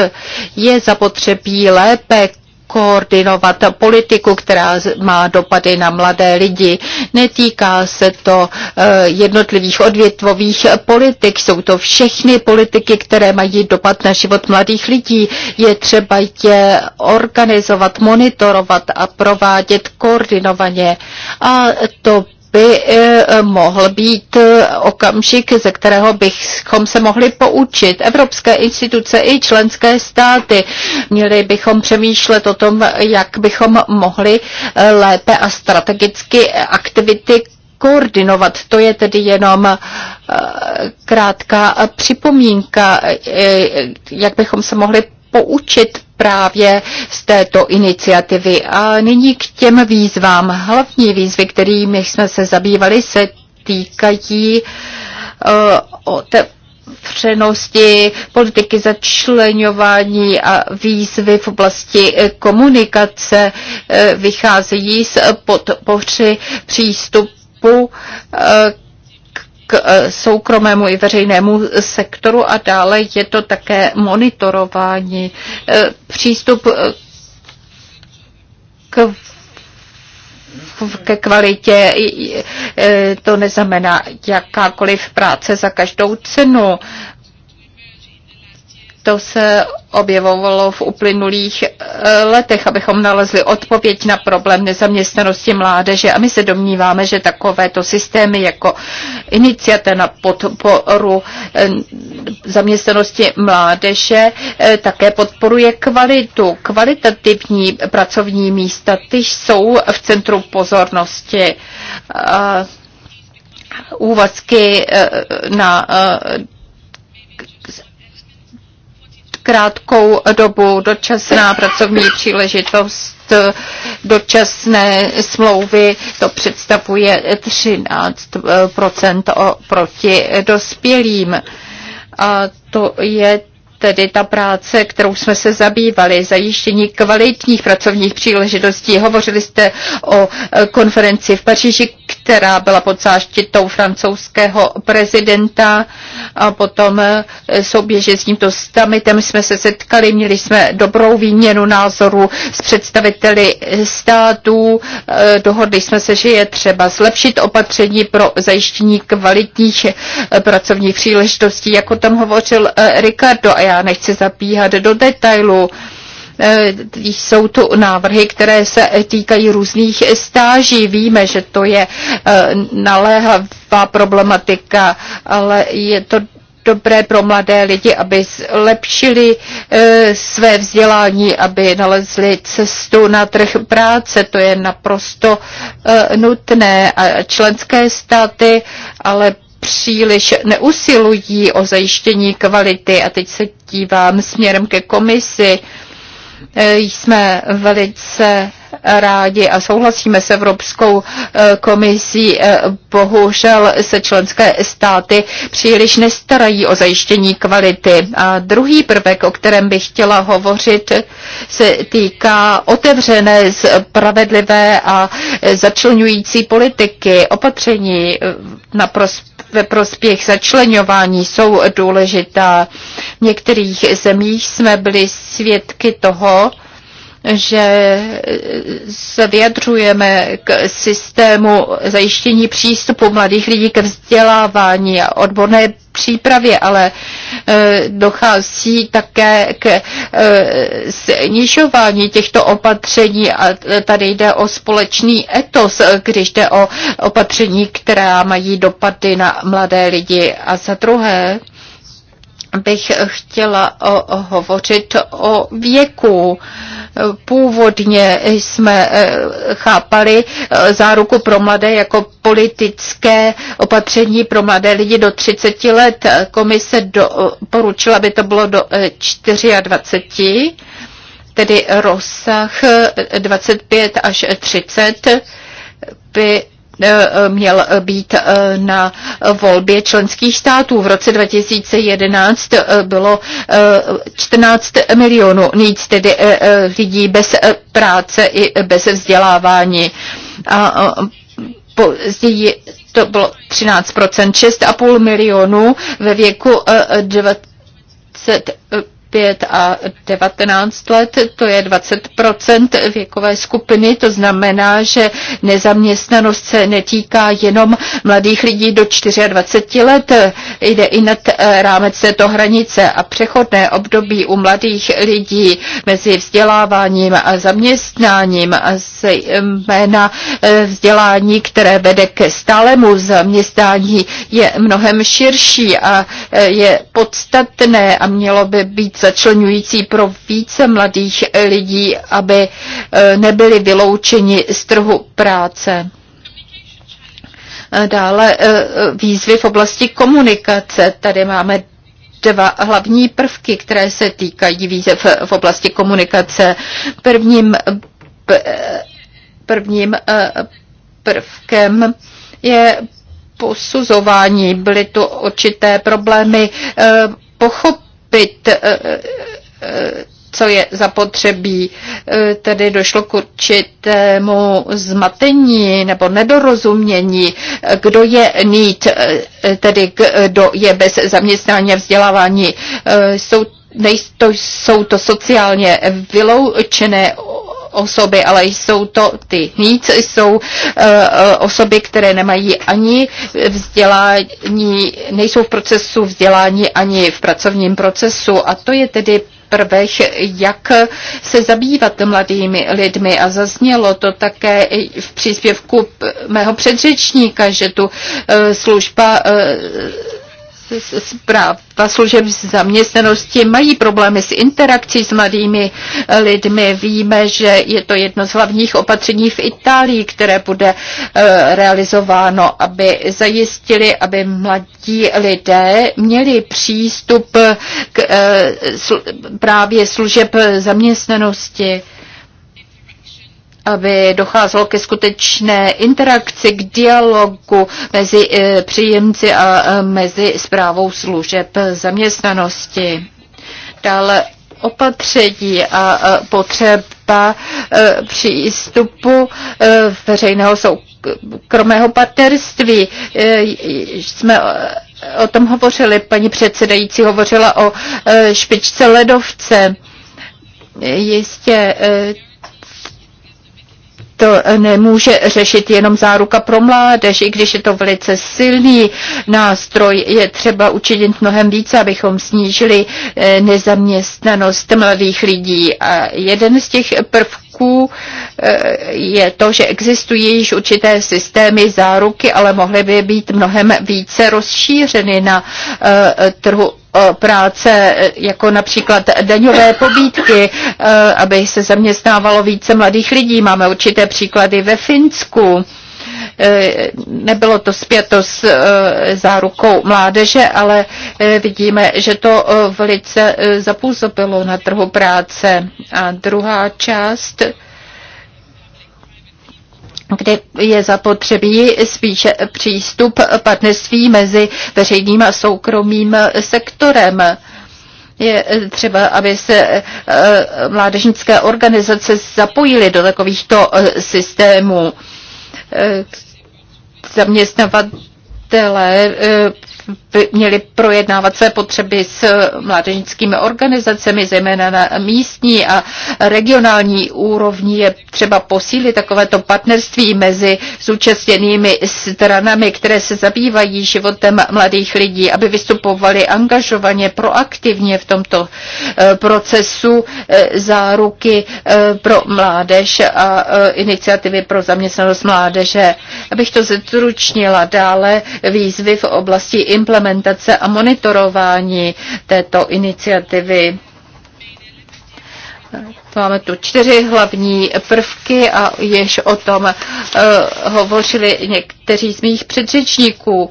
Je zapotřebí lépe koordinovat politiku, která má dopady na mladé lidi. Netýká se to eh, jednotlivých odvětvových politik, jsou to všechny politiky, které mají dopad na život mladých lidí. Je třeba je organizovat, monitorovat a provádět koordinovaně. A to by eh, mohl být eh, okamžik, ze kterého bychom se mohli poučit. Evropské instituce i členské státy. Měli bychom přemýšlet o tom, jak bychom mohli eh, lépe a strategicky aktivity koordinovat. To je tedy jenom krátká připomínka, jak bychom se mohli poučit právě z této iniciativy. A nyní k těm výzvám. Hlavní výzvy, kterými jsme se zabývali, se týkají uh, eh, přenosti, politiky začlenování a výzvy v oblasti eh, komunikace eh, vycházejí z podpoři přístupu k eh, soukromému i veřejnému sektoru a dále je to také monitorování, eh, přístup eh, k ke kvalitě to neznamená jakákoliv práce za každou cenu. To se objevovalo v uplynulých eh, letech, abychom nalezli odpověď na problém nezaměstnanosti mládeže. A my se domníváme, že takovéto systémy jako iniciate na podporu eh, zaměstnanosti mládeže eh, také podporuje kvalitu. Kvalitativní pracovní místa, ty jsou v centru pozornosti. Úvazky na krátkou dobu, dočasná pracovní příležitost, dočasné smlouvy, to představuje 13 eh, oproti dospělým. A to je tedy ta práce, kterou jsme se zabývali, zajištění kvalitních pracovních příležitostí. Hovořili jste o e, konferenci v Paříži, která byla pod záštitou francouzského prezidenta a potom e, souběžně s tímto stamitem jsme se setkali, měli jsme dobrou výměnu názorů s představiteli států, e, dohodli jsme se, že je třeba zlepšit opatření pro zajištění kvalitních pracovních příležitostí, jako tam hovořil Ricardo a já nechci zapíhat do detailu. Eh, jsou tu návrhy, které se týkají různých stáží. Víme, že to je eh, naléhavá problematika, ale je to dobré pro mladé lidi, aby zlepšili e, své vzdělání, aby nalezli cestu na trh práce. To je naprosto e, nutné. A členské státy ale příliš neusilují o zajištění kvality. A teď se dívám směrem ke komisi. E, jsme velice rádi a souhlasíme s Evropskou e, komisí. E, bohužel se členské státy příliš nestarají o zajištění kvality. A druhý prvek, o kterém bych chtěla hovořit, se týká otevřené, spravedlivé a začlňující politiky, opatření na prospěch ve prospěch začlenování jsou důležitá. V některých zemích jsme byli svědky toho, že se vyjadřujeme k systému zajištění přístupu mladých lidí ke vzdělávání a odborné přípravě, ale e, dochází také k e, snižování těchto opatření a tady jde o společný etos, když jde o opatření, která mají dopady na mladé lidi. A za druhé, bych chtěla hovořit o věku. Původně jsme e, chápali e, záruku pro mladé jako politické opatření pro mladé lidi do 30 let. Komise e, poručila aby to bylo do 24, tedy rozsah 25 až 30 by Eh, měl být eh, na volbě členských států. V roce 2011 eh, bylo 14 milionů nic tedy lidí bez práce i bez vzdělávání. A později to bylo 13%, 6,5 milionů ve věku 20 5 a 19 let, to je 20 věkové skupiny, to znamená, že nezaměstnanost se netýká jenom mladých lidí do 24 let, jde i nad eh, rámec této hranice a přechodné období u mladých lidí mezi vzděláváním a zaměstnáním a zejména eh, vzdělání, které vede ke stálemu zaměstnání, je mnohem širší a eh, je podstatné a mělo by být začlenující pro více mladých lidí, aby e, nebyli vyloučeni z trhu práce. E, dále e, výzvy v oblasti komunikace. Tady máme dva hlavní prvky, které se týkají výzev v oblasti komunikace. Prvním, prvním prvkem je posuzování. Byly tu určité problémy pochopení pochopit, eh, eh, eh, co je zapotřebí. tedy došlo k určitému zmatení nebo nedorozumění, kdo je nít, tedy kdo je bez zaměstnání a vzdělávání. Jsou, nejsto, jsou to sociálně vyloučené osoby, ale jsou to ty nic, jsou eh, eh, osoby, které nemají ani vzdělání, nejsou v procesu vzdělání ani v pracovním procesu a to je tedy prvech, jak se zabývat mladými lidmi. A zaznělo to také v příspěvku mého předřečníka, že tu eh, služba zpráva služeb zaměstnanosti mají problémy s interakcí s mladými eh, lidmi. Víme, že je to jedno z hlavních opatření v Itálii, které bude eh, realizováno, aby zajistili, aby mladí lidé měli přístup k eh, právě služeb zaměstnanosti aby docházelo ke skutečné interakci, k dialogu mezi eh, příjemci a eh, mezi zprávou služeb zaměstnanosti. Dále opatření a eh, potřeba přístupu veřejného soukromého partnerství. Jsme o tom hovořili, paní předsedající hovořila o špičce ledovce. Jistě to nemůže řešit jenom záruka pro mládež, i když je to velice silný nástroj, je třeba učinit mnohem více, abychom snížili eh, nezaměstnanost mladých lidí. A jeden z těch prvků eh, je to, že existují již určité systémy záruky, ale mohly by být mnohem více rozšířeny na eh, trhu práce, eh, jako například daňové pobídky, eh, aby se zaměstnávalo více mladých lidí. Máme určité příklady ve Finsku eh, nebylo to zpěto s zárukou mládeže, ale vidíme, že to velice zapůsobilo na trhu práce. A druhá část kdy je zapotřebí spíše přístup partnerství mezi veřejným a soukromým sektorem. Je třeba, aby se eh, mládežnické organizace zapojily do takovýchto eh, systémů. Eh, zaměstnavatele měli projednávat své potřeby s mládežnickými organizacemi, zejména na místní a regionální úrovni je třeba posílit takovéto partnerství mezi zúčastněnými stranami, které se zabývají životem mladých lidí, aby vystupovali angažovaně, proaktivně v tomto eh, procesu eh, záruky eh, pro mládež a iniciativy pro zaměstnanost mládeže. Abych to zručnila dále, výzvy v oblasti implementace a monitorování této iniciativy. Máme tu čtyři hlavní prvky a jež o tom uh, hovořili někteří z mých předřečníků.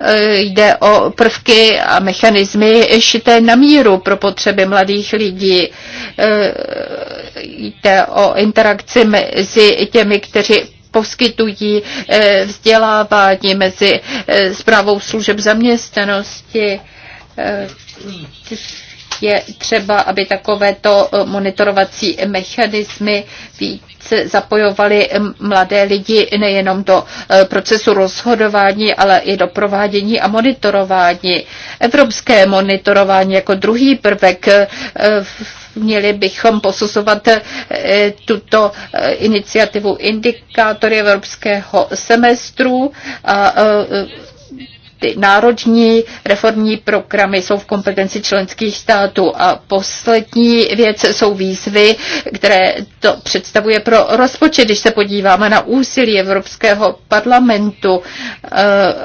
Eh, jde o prvky a mechanismy šité na míru pro potřeby mladých lidí. Eh, jde o interakci mezi těmi, kteří poskytují eh, vzdělávání mezi eh, zprávou služeb zaměstnanosti eh, je třeba, aby takovéto eh, monitorovací mechanismy více zapojovali eh, mladé lidi nejenom do eh, procesu rozhodování, ale i do provádění a monitorování. Evropské monitorování jako druhý prvek měli bychom posuzovat tuto iniciativu indikátory evropského semestru a ty národní reformní programy jsou v kompetenci členských států. A poslední věc jsou výzvy, které to představuje pro rozpočet. Když se podíváme na úsilí Evropského parlamentu, eh,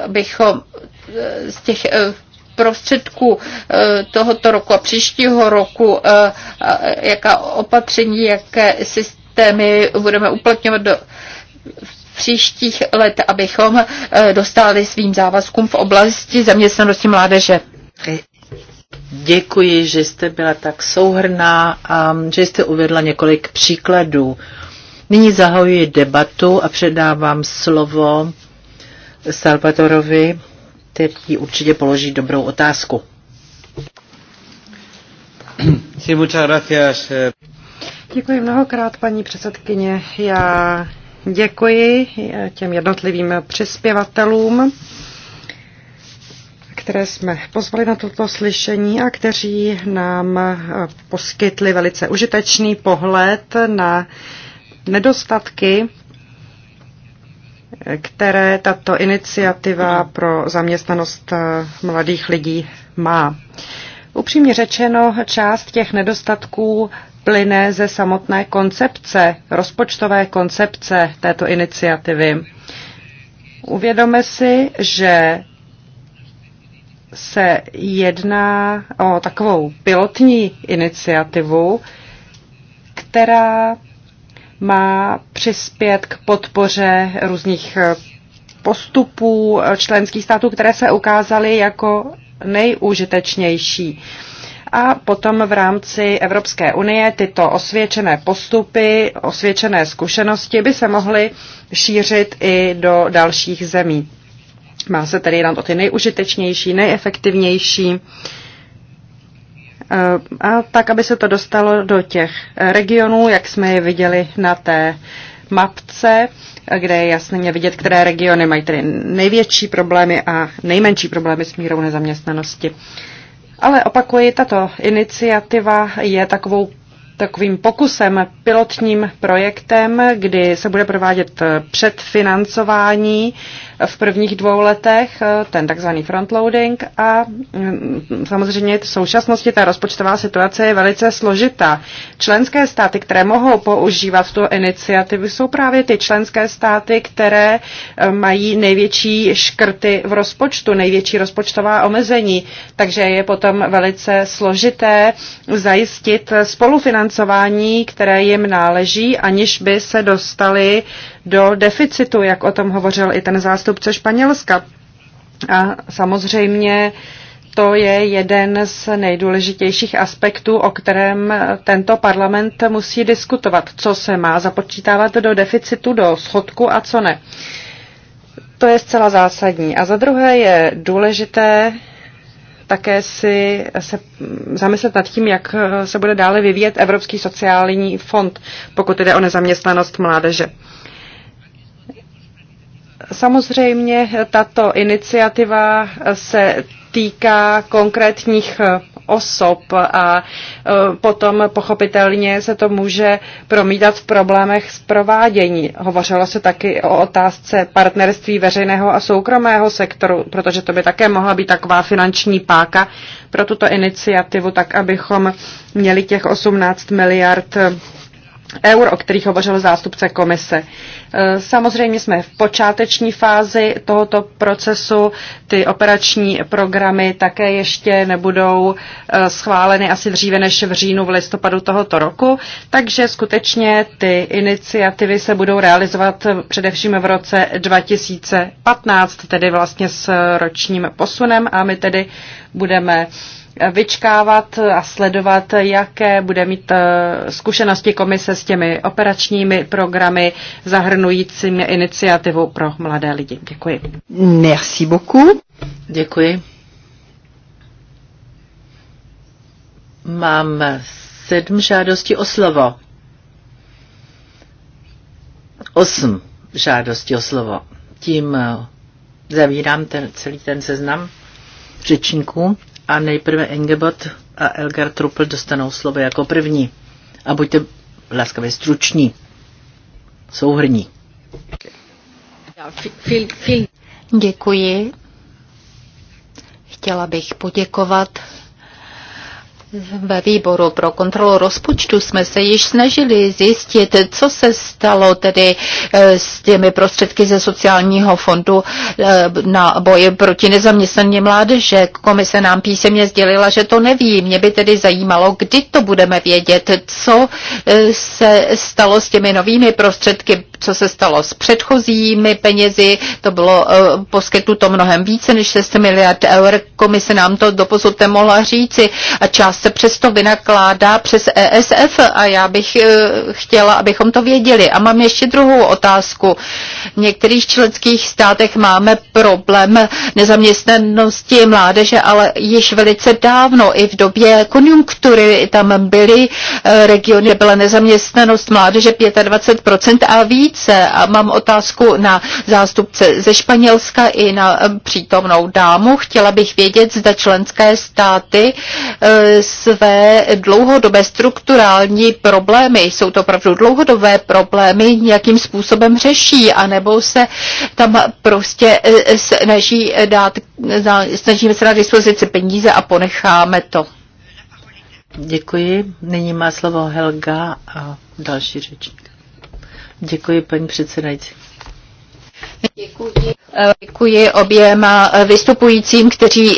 bychom eh, z těch eh, prostředků tohoto roku a příštího roku, jaká opatření, jaké systémy budeme uplatňovat do, v příštích let, abychom eh, dostali svým závazkům v oblasti zaměstnanosti mládeže. Děkuji, že jste byla tak souhrná a že jste uvedla několik příkladů. Nyní zahajuji debatu a předávám slovo Salvatorovi, který určitě položí dobrou otázku. Eh. Děkuji mnohokrát, paní předsedkyně. Já Děkuji těm jednotlivým přispěvatelům, které jsme pozvali na toto slyšení a kteří nám poskytli velice užitečný pohled na nedostatky, které tato iniciativa pro zaměstnanost mladých lidí má. Upřímně řečeno, část těch nedostatků plyne ze samotné koncepce, rozpočtové koncepce této iniciativy. Uvědome si, že se jedná o takovou pilotní iniciativu, která má přispět k podpoře různých postupů členských států, které se ukázaly jako nejúžitečnější a potom v rámci Evropské unie tyto osvědčené postupy, osvědčené zkušenosti by se mohly šířit i do dalších zemí. Má se tedy jednat o ty nejužitečnější, nejefektivnější e, a tak, aby se to dostalo do těch regionů, jak jsme je viděli na té mapce, kde je jasně vidět, které regiony mají tedy největší problémy a nejmenší problémy s mírou nezaměstnanosti. Ale opakuji, tato iniciativa je takovou takovým pokusem, pilotním projektem, kdy se bude provádět předfinancování v prvních dvou letech, eh, ten takzvaný frontloading a mm, samozřejmě v současnosti ta rozpočtová situace je velice složitá. Členské státy, které mohou používat tu iniciativu, jsou právě ty členské státy, které eh, mají největší škrty v rozpočtu, největší rozpočtová omezení, takže je potom velice složité zajistit spolufinancování, které jim náleží, aniž by se dostali do deficitu, jak o tom hovořil i ten zástupce Španělska. A samozřejmě to je jeden z nejdůležitějších aspektů, o kterém tento parlament musí diskutovat, co se má započítávat do deficitu, do schodku a co ne. To je zcela zásadní. A za druhé je důležité také si se zamyslet nad tím, jak se bude dále vyvíjet Evropský sociální fond, pokud jde o nezaměstnanost mládeže. Samozřejmě tato iniciativa se týká konkrétních osob a e, potom pochopitelně se to může promítat v problémech s provádění. Hovořilo se taky o otázce partnerství veřejného a soukromého sektoru, protože to by také mohla být taková finanční páka pro tuto iniciativu, tak abychom měli těch 18 miliard eur, o kterých hovořil zástupce komise. E, samozřejmě jsme v počáteční fázi tohoto procesu. Ty operační programy také ještě nebudou e, schváleny asi dříve než v říjnu v listopadu tohoto roku, takže skutečně ty iniciativy se budou realizovat především v roce 2015, tedy vlastně s ročním posunem a my tedy budeme uh, vyčkávat a sledovat, jaké bude mít eh, zkušenosti komise s těmi operačními programy zahrnujícími iniciativu pro mladé lidi. Děkuji. Merci beaucoup. Děkuji. Mám sedm žádostí o slovo. Osm žádostí o slovo. Tím eh, zavírám ten, celý ten seznam řečníků a nejprve Engebot a Elgar Truppel dostanou slovo jako první. A buďte laskavě struční. Souhrní. Děkuji. Chtěla bych poděkovat ve výboru pro kontrolu rozpočtu jsme se již snažili zjistit, co se stalo tedy eh, s těmi prostředky ze sociálního fondu eh, na boje proti nezaměstnaní mládeže. Komise nám písemně sdělila, že to neví. Mě by tedy zajímalo, kdy to budeme vědět, co eh, se stalo s těmi novými prostředky co se stalo s předchozími penězi. To bylo eh, poskytnuto mnohem více než 6 miliard eur. Komise nám to doposud nemohla říci a část se přesto vynakládá přes ESF a já bych eh, chtěla, abychom to věděli. A mám ještě druhou otázku. V některých členských státech máme problém nezaměstnanosti mládeže, ale již velice dávno i v době konjunktury tam byly eh, regiony, byla nezaměstnanost mládeže 25% a víc více. A mám otázku na zástupce ze Španělska i na eh, přítomnou dámu. Chtěla bych vědět, zda členské státy eh, své dlouhodobé strukturální problémy, jsou to opravdu dlouhodobé problémy, nějakým způsobem řeší, anebo se tam prostě eh, snaží dát, snažíme se na dispozici peníze a ponecháme to. Děkuji. Nyní má slovo Helga a další řečník. Děkuji, paní předsedající. Děkuji, děkuji oběma vystupujícím, kteří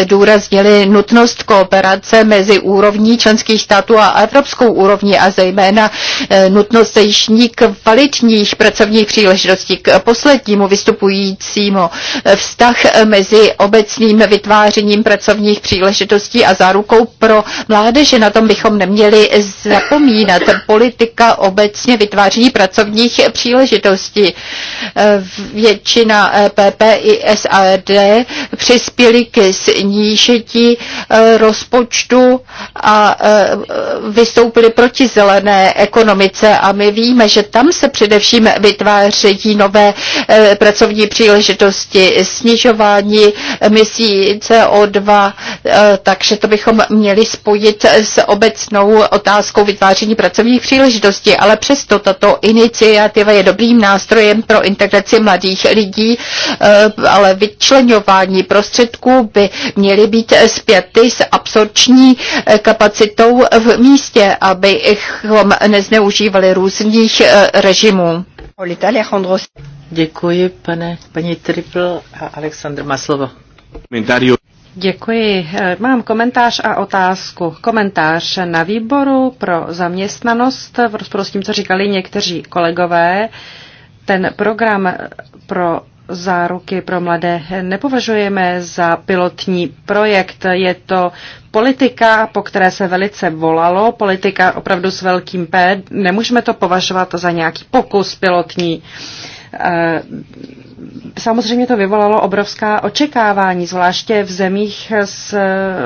zdůraznili nutnost kooperace mezi úrovní členských států a evropskou úrovní a zejména eh, nutnost zajištění kvalitních pracovních příležitostí. K poslednímu vystupujícímu eh, vztah mezi obecným vytvářením pracovních příležitostí a zárukou pro mládeže. Na tom bychom neměli zapomínat. Politika obecně vytváření pracovních příležitostí eh, většina EPP i SAD přispěli ke snížení e, rozpočtu a e, vystoupili proti zelené ekonomice a my víme, že tam se především vytvářejí nové e, pracovní příležitosti, snižování emisí CO2, takže to bychom měli spojit s obecnou otázkou vytváření pracovních příležitostí, ale přesto tato iniciativa je dobrým nástrojem pro integraci mladých lidí, eh, ale vyčlenování prostředků by měly být zpěty s absorční eh, kapacitou v místě, abychom nezneužívali různých eh, režimů. Děkuji, pane, paní Triple a Aleksandr Maslovo. Děkuji. Mám komentář a otázku. Komentář na výboru pro zaměstnanost v rozporu s tím, co říkali někteří kolegové ten program pro záruky pro mladé nepovažujeme za pilotní projekt. Je to politika, po které se velice volalo, politika opravdu s velkým P. Nemůžeme to považovat za nějaký pokus pilotní. Eh, samozřejmě to vyvolalo obrovská očekávání, zvláště v zemích s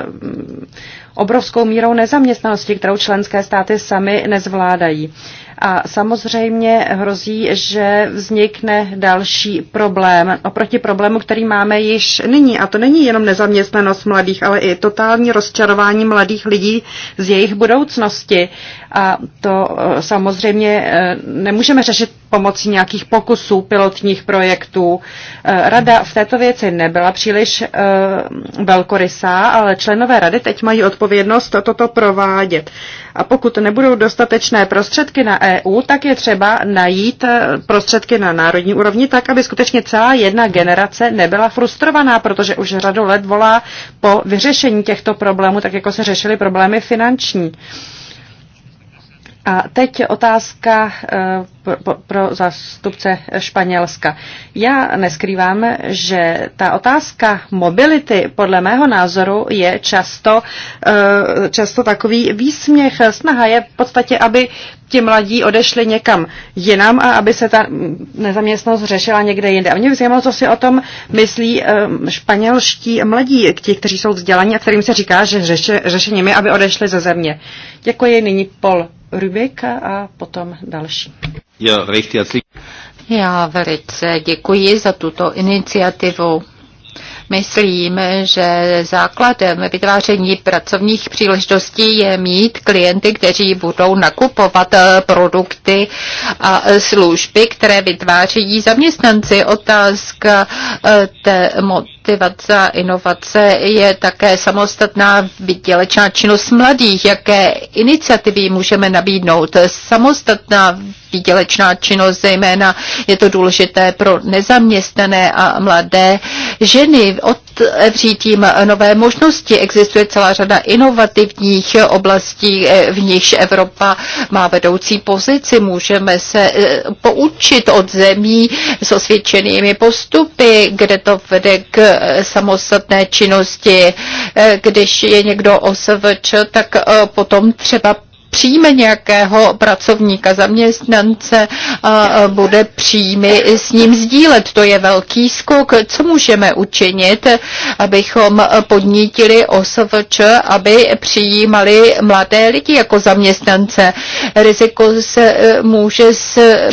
mm, obrovskou mírou nezaměstnanosti, kterou členské státy sami nezvládají. A samozřejmě hrozí, že vznikne další problém oproti problému, který máme již nyní. A to není jenom nezaměstnanost mladých, ale i totální rozčarování mladých lidí z jejich budoucnosti. A to eh, samozřejmě eh, nemůžeme řešit pomocí nějakých pokusů, pilotních projektů. Eh, Rada v této věci nebyla příliš velkorysá, ale členové rady teď mají odpovědnost toto provádět. A pokud nebudou dostatečné prostředky na EU, tak je třeba najít prostředky na národní úrovni, tak aby skutečně celá jedna generace nebyla frustrovaná, protože už řadu let volá po vyřešení těchto problémů, tak jako se řešily problémy finanční. Uh, a teď otázka eh, pro zástupce Španělska. Já neskrývám, že ta otázka mobility podle mého názoru je často, eh, často takový výsměch. Snaha je v podstatě, aby ti mladí odešli někam jinam a aby se ta nezaměstnost řešila někde jinde. A mě zajímalo, co si o tom myslí eh, španělští mladí, ti, kteří jsou vzdělaní a kterým se říká, že řeši, řešením je, aby odešli ze země. Děkuji nyní pol Rubik a potom další. Já velice děkuji za tuto iniciativu. Myslím, že základem vytváření pracovních příležitostí je mít klienty, kteří budou nakupovat eh, produkty a eh, služby, které vytváří zaměstnanci. Otázka eh, té motivace inovace je také samostatná výdělečná činnost mladých. Jaké iniciativy můžeme nabídnout? Samostatná výdělečná činnost, zejména je to důležité pro nezaměstnané a mladé ženy. Otevřít jim nové možnosti. Existuje celá řada inovativních oblastí, v nichž Evropa má vedoucí pozici. Můžeme se eh, poučit od zemí s osvědčenými postupy, kde to vede k samostatné činnosti. Eh, když je někdo OSVČ, tak eh, potom třeba příjme nějakého pracovníka, zaměstnance a eh, bude příjmy s ním sdílet. To je velký skok. Co můžeme učinit, abychom podnítili OSVČ, aby přijímali mladé lidi jako zaměstnance? Riziko se může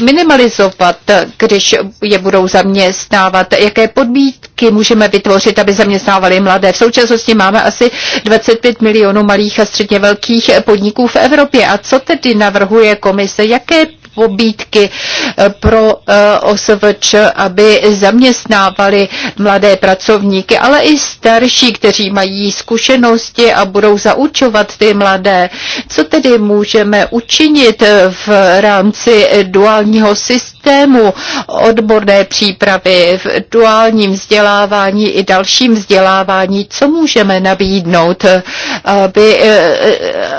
minimalizovat, když je budou zaměstnávat. Jaké podmínky podniky můžeme vytvořit, aby zaměstnávali mladé. V současnosti máme asi 25 milionů malých a středně velkých podniků v Evropě. A co tedy navrhuje komise? Jaké pobídky eh, pro eh, OSVČ, aby zaměstnávali mladé pracovníky, ale i starší, kteří mají zkušenosti a budou zaučovat ty mladé. Co tedy můžeme učinit eh, v rámci duálního systému? systému odborné přípravy, v duálním vzdělávání i dalším vzdělávání, co můžeme nabídnout, aby eh, eh,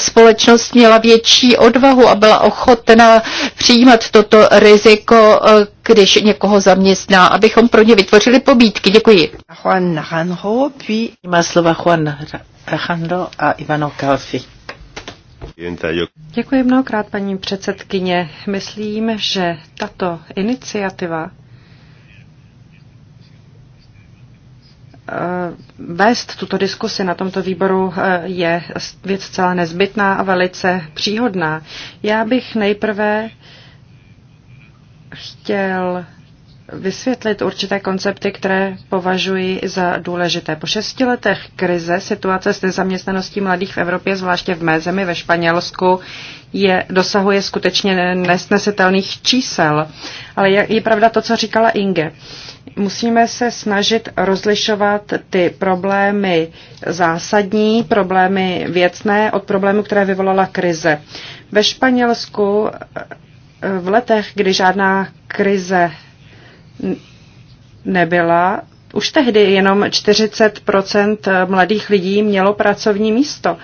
společnost měla větší odvahu a byla ochotná přijímat toto riziko, eh, když někoho zaměstná, abychom pro ně vytvořili pobídky. Děkuji. Juan Hanho, pí... Má slova Juan Naranjo a Ivano Kalfi. Děkuji mnohokrát, paní předsedkyně. Myslím, že tato iniciativa eh, vést tuto diskusi na tomto výboru eh, je věc celá nezbytná a velice příhodná. Já bych nejprve chtěl vysvětlit určité koncepty, které považuji za důležité. Po šesti letech krize situace s nezaměstnaností mladých v Evropě, zvláště v mé zemi ve Španělsku, je, dosahuje skutečně nesnesitelných čísel. Ale je, je pravda to, co říkala Inge. Musíme se snažit rozlišovat ty problémy zásadní, problémy věcné od problémů, které vyvolala krize. Ve Španělsku v letech, kdy žádná krize nebyla. Už tehdy jenom 40 mladých lidí mělo pracovní místo.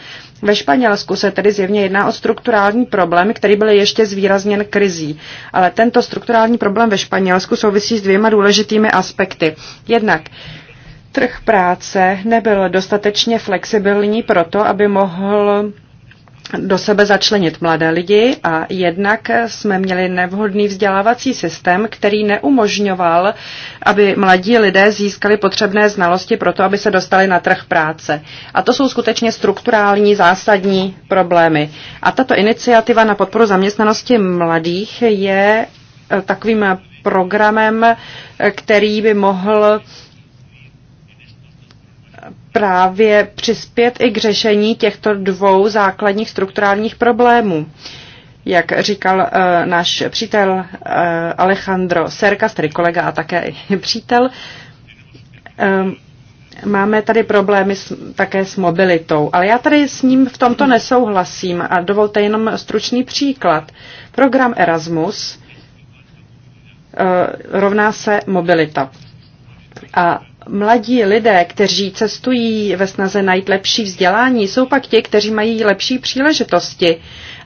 Ve Španělsku se tedy zjevně jedná o strukturální problém, který byl ještě zvýrazněn krizí. Ale tento strukturální problém ve Španělsku souvisí s dvěma důležitými aspekty. Jednak trh práce nebyl dostatečně flexibilní proto, aby mohl do sebe začlenit mladé lidi a jednak jsme měli nevhodný vzdělávací systém, který neumožňoval, aby mladí lidé získali potřebné znalosti pro to, aby se dostali na trh práce. A to jsou skutečně strukturální zásadní problémy. A tato iniciativa na podporu zaměstnanosti mladých je eh, takovým programem, eh, který by mohl právě přispět i k řešení těchto dvou základních strukturálních problémů. Jak říkal uh, náš přítel uh, Alejandro Serka, tedy kolega a také přítel, um, Máme tady problémy s, také s mobilitou, ale já tady s ním v tomto nesouhlasím a dovolte jenom stručný příklad. Program Erasmus uh, rovná se mobilita. A mladí lidé, kteří cestují ve snaze najít lepší vzdělání, jsou pak ti, kteří mají lepší příležitosti.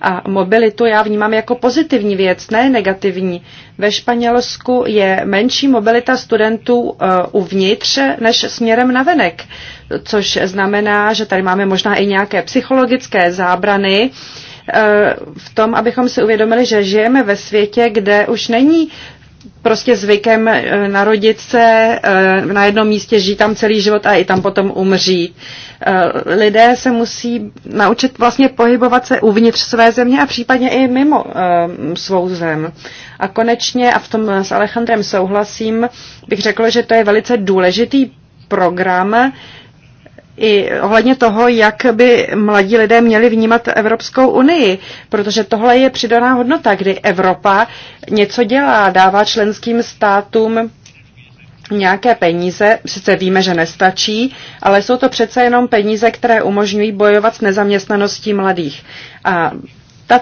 A mobilitu já vnímám jako pozitivní věc, ne negativní. Ve Španělsku je menší mobilita studentů eh, uvnitř než směrem na venek, což znamená, že tady máme možná i nějaké psychologické zábrany eh, v tom, abychom si uvědomili, že žijeme ve světě, kde už není prostě zvykem eh, narodit se eh, na jednom místě, žít tam celý život a i tam potom umřít. Eh, lidé se musí naučit vlastně pohybovat se uvnitř své země a případně i mimo svou zem. A konečně, a v tom s Alejandrem souhlasím, bych řekla, že to je velice důležitý program, i ohledně toho, jak by mladí lidé měli vnímat Evropskou unii, protože tohle je přidaná hodnota, kdy Evropa něco dělá, dává členským státům nějaké peníze, sice víme, že nestačí, ale jsou to přece jenom peníze, které umožňují bojovat s nezaměstnaností mladých. A ta,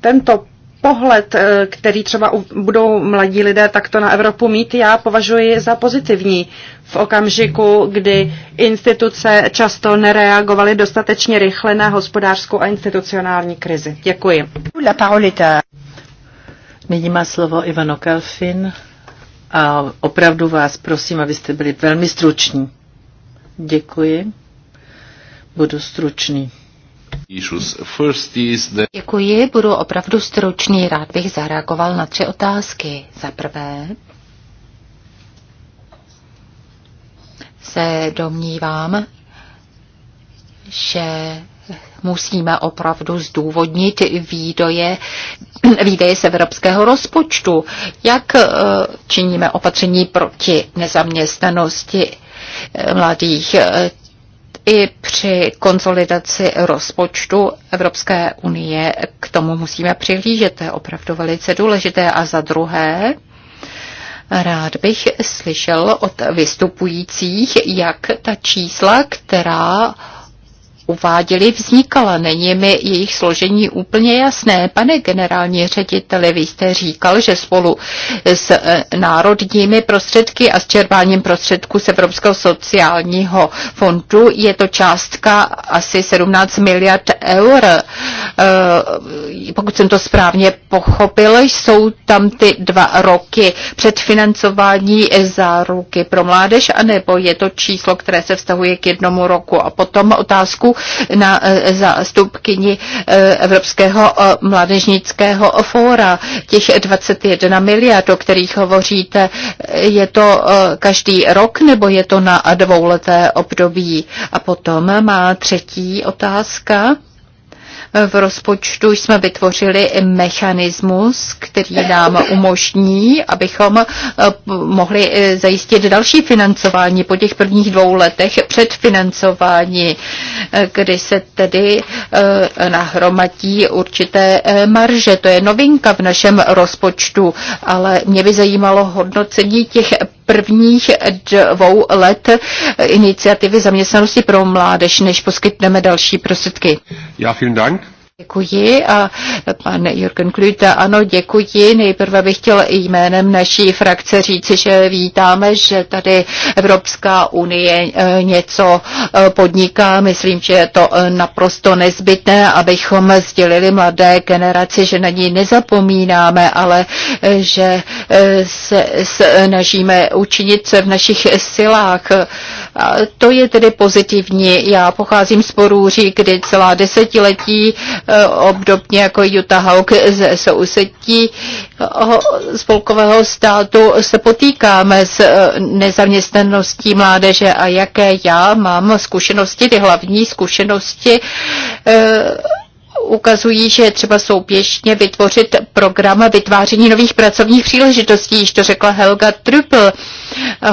tento pohled, eh, který třeba budou mladí lidé takto na Evropu mít, já považuji za pozitivní. V okamžiku, kdy instituce často nereagovaly dostatečně rychle na hospodářskou a institucionální krizi. Děkuji. Nyní má slovo Ivano Kalfin a opravdu vás prosím, abyste byli velmi struční. Děkuji. Budu stručný. Děkuji, budu opravdu stručný, rád bych zareagoval na tři otázky. Za prvé, se domnívám, že musíme opravdu zdůvodnit výdoje, výdaje z evropského rozpočtu. Jak eh, činíme opatření proti nezaměstnanosti mladých, eh, i při konsolidaci rozpočtu Evropské unie k tomu musíme přihlížet. To je opravdu velice důležité. A za druhé, rád bych slyšel od vystupujících, jak ta čísla, která uváděli, vznikala. Není mi jejich složení úplně jasné. Pane generální řediteli, vy jste říkal, že spolu s e, národními prostředky a s čerpáním prostředků z Evropského sociálního fondu je to částka asi 17 miliard eur. E, pokud jsem to správně pochopil, jsou tam ty dva roky předfinancování záruky pro mládež, anebo je to číslo, které se vztahuje k jednomu roku. A potom otázku, na eh, zástupkyni eh, Evropského eh, mládežnického fóra. Těch 21 miliard, o kterých hovoříte, je to každý rok nebo je to na dvouleté období? A potom má třetí otázka. V rozpočtu jsme vytvořili mechanismus, který nám umožní, abychom eh, mohli eh, zajistit další financování po těch prvních dvou letech před financování, eh, kdy se tedy nahromadí určité marže. To je novinka v našem rozpočtu, ale mě by zajímalo hodnocení těch prvních dvou let iniciativy zaměstnanosti pro mládež, než poskytneme další prostředky. Já vielen Dank. Děkuji a pan Jürgen Klüta, ano, děkuji. Nejprve bych chtěl jménem naší frakce říci, že vítáme, že tady Evropská unie eh, něco eh, podniká. Myslím, že je to eh, naprosto nezbytné, abychom sdělili mladé generaci, že na ní nezapomínáme, ale že se snažíme učinit se v našich silách. A to je tedy pozitivní. Já pocházím z Porůří, kdy celá desetiletí Eh, obdobně jako Jutta Hauk ze sousedí eh, spolkového státu se potýkáme s eh, nezaměstnaností mládeže a jaké já mám zkušenosti, ty hlavní zkušenosti ukazují, že je třeba souběžně vytvořit program vytváření nových pracovních příležitostí, již to řekla Helga Trüppel.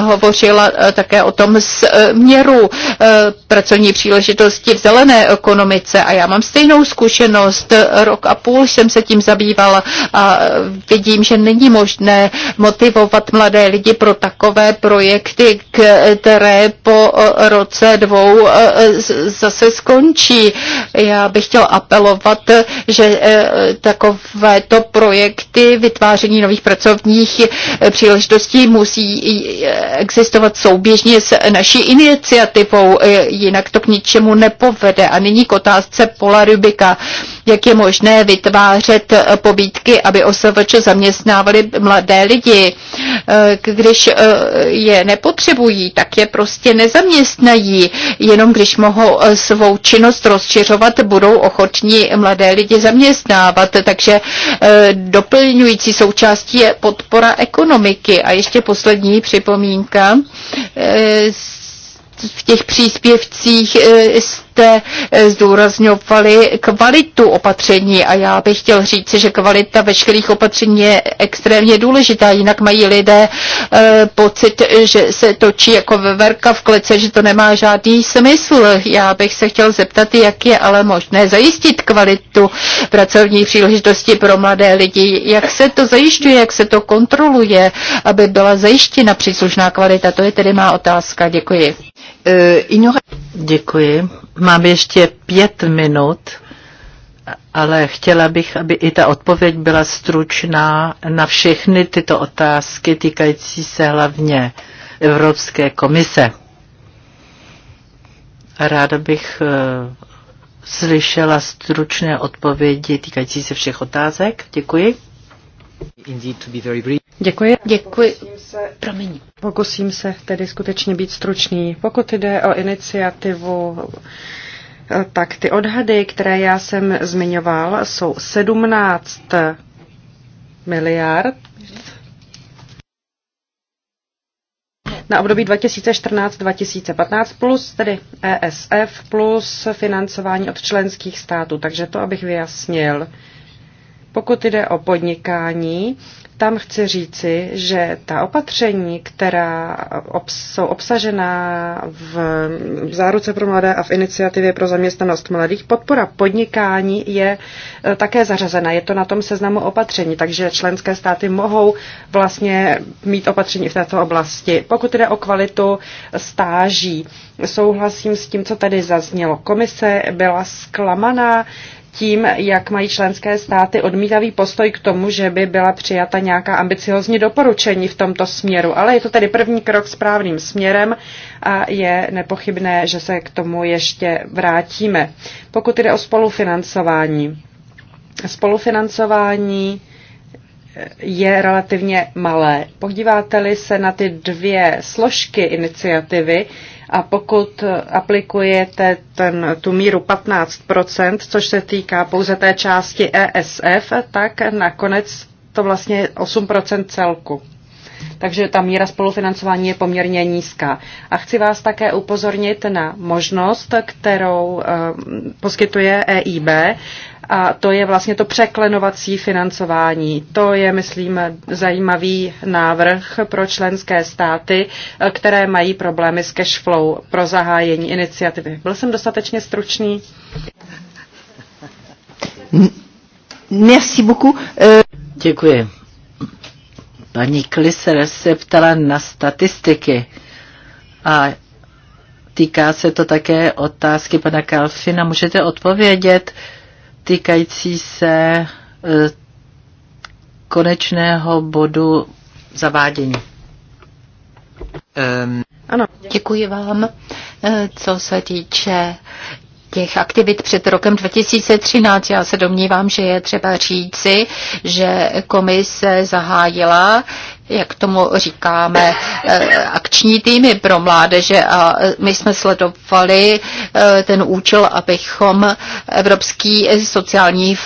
Hovořila eh, také o tom směru eh, eh, pracovní příležitosti v zelené ekonomice a já mám stejnou zkušenost. Rok a půl jsem se tím zabývala a vidím, že není možné motivovat mladé lidi pro takové projekty, které po roce dvou zase skončí. Já bych chtěl apelovat, že takovéto projekty vytváření nových pracovních příležitostí musí existovat souběžně s naší iniciativou, e, jinak to k ničemu nepovede. A nyní k otázce Pola Rubika jak je možné vytvářet eh, pobídky, aby OSVČ zaměstnávali mladé lidi. Eh, když eh, je nepotřebují, tak je prostě nezaměstnají. Jenom když mohou svou činnost rozšiřovat, budou ochotní mladé lidi zaměstnávat. Takže doplňující součástí je podpora ekonomiky. A ještě poslední připomínka v těch příspěvcích eh, jste eh, zdůrazňovali kvalitu opatření a já bych chtěl říct, že kvalita veškerých opatření je extrémně důležitá, jinak mají lidé eh, pocit, že se točí jako veverka v klece, že to nemá žádný smysl. Já bych se chtěl zeptat, jak je ale možné zajistit kvalitu pracovní příležitosti pro mladé lidi. Jak se to zajišťuje, jak se to kontroluje, aby byla zajištěna příslušná kvalita? To je tedy má otázka. Děkuji. Eh, Děkuji. Mám ještě pět minut, ale chtěla bych, aby i ta odpověď byla stručná na všechny tyto otázky týkající se hlavně Evropské komise. Ráda bych eh, slyšela stručné odpovědi týkající se všech otázek. Děkuji. Děkuji. Děkuji. Promiň. Pokusím se tedy skutečně být stručný. Pokud jde o iniciativu tak ty odhady, které já jsem zmiňoval, jsou 17 miliard na období 2014-2015 plus tedy ESF plus financování od členských států. Takže to, abych vyjasnil. Pokud jde o podnikání, tam chci říci, že ta opatření, která obs- jsou obsažená v, v záruce pro mladé a v iniciativě pro zaměstnanost mladých, podpora podnikání je e, také zařazena. Je to na tom seznamu opatření, takže členské státy mohou vlastně mít opatření v této oblasti. Pokud jde o kvalitu stáží, souhlasím s tím, co tady zaznělo. Komise byla zklamaná tím, jak mají členské státy odmítavý postoj k tomu, že by byla přijata nějaká ambiciozní doporučení v tomto směru. Ale je to tedy první krok správným směrem a je nepochybné, že se k tomu ještě vrátíme. Pokud jde o spolufinancování. Spolufinancování je relativně malé. Podíváte-li se na ty dvě složky iniciativy a pokud aplikujete ten, tu míru 15%, což se týká pouze té části ESF, tak nakonec to vlastně 8% celku. Takže ta míra spolufinancování je poměrně nízká. A chci vás také upozornit na možnost, kterou eh, poskytuje EIB a to je vlastně to překlenovací financování. To je, myslím, zajímavý návrh pro členské státy, které mají problémy s cash flow pro zahájení iniciativy. Byl jsem dostatečně stručný? Merci beaucoup. Eh, Děkuji. Paní Kliser se ptala na statistiky a týká se to také otázky pana Kalfina. Můžete odpovědět? Uh, týkající se e, konečného bodu zavádění. Um. Ano, děkuji vám. E, co se týče těch aktivit před rokem 2013. Já se domnívám, že je třeba říci, že komise zahájila jak tomu říkáme, eh, akční týmy pro mládeže a my jsme sledovali eh, ten účel, abychom Evropský sociální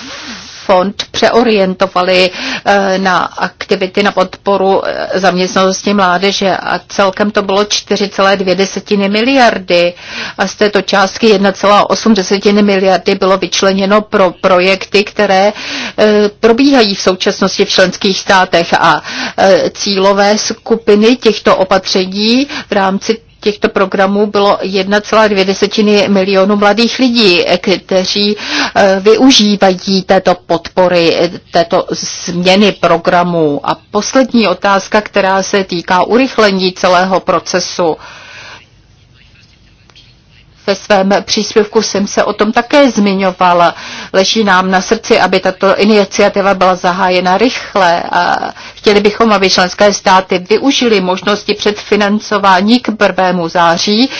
fond přeorientovali eh, na aktivity na podporu eh, zaměstnanosti mládeže a celkem to bylo 4,2 miliardy a z této částky 1,8 miliardy bylo vyčleněno pro projekty, které eh, probíhají v současnosti v členských státech a cílové skupiny těchto opatření v rámci těchto programů bylo 1,2 milionu mladých lidí, kteří eh, využívají této podpory, této změny programů. A poslední otázka, která se týká urychlení celého procesu ve svém příspěvku jsem se o tom také zmiňovala. Leží nám na srdci, aby tato iniciativa byla zahájena rychle a chtěli bychom, aby členské státy využili možnosti předfinancování k 1. září,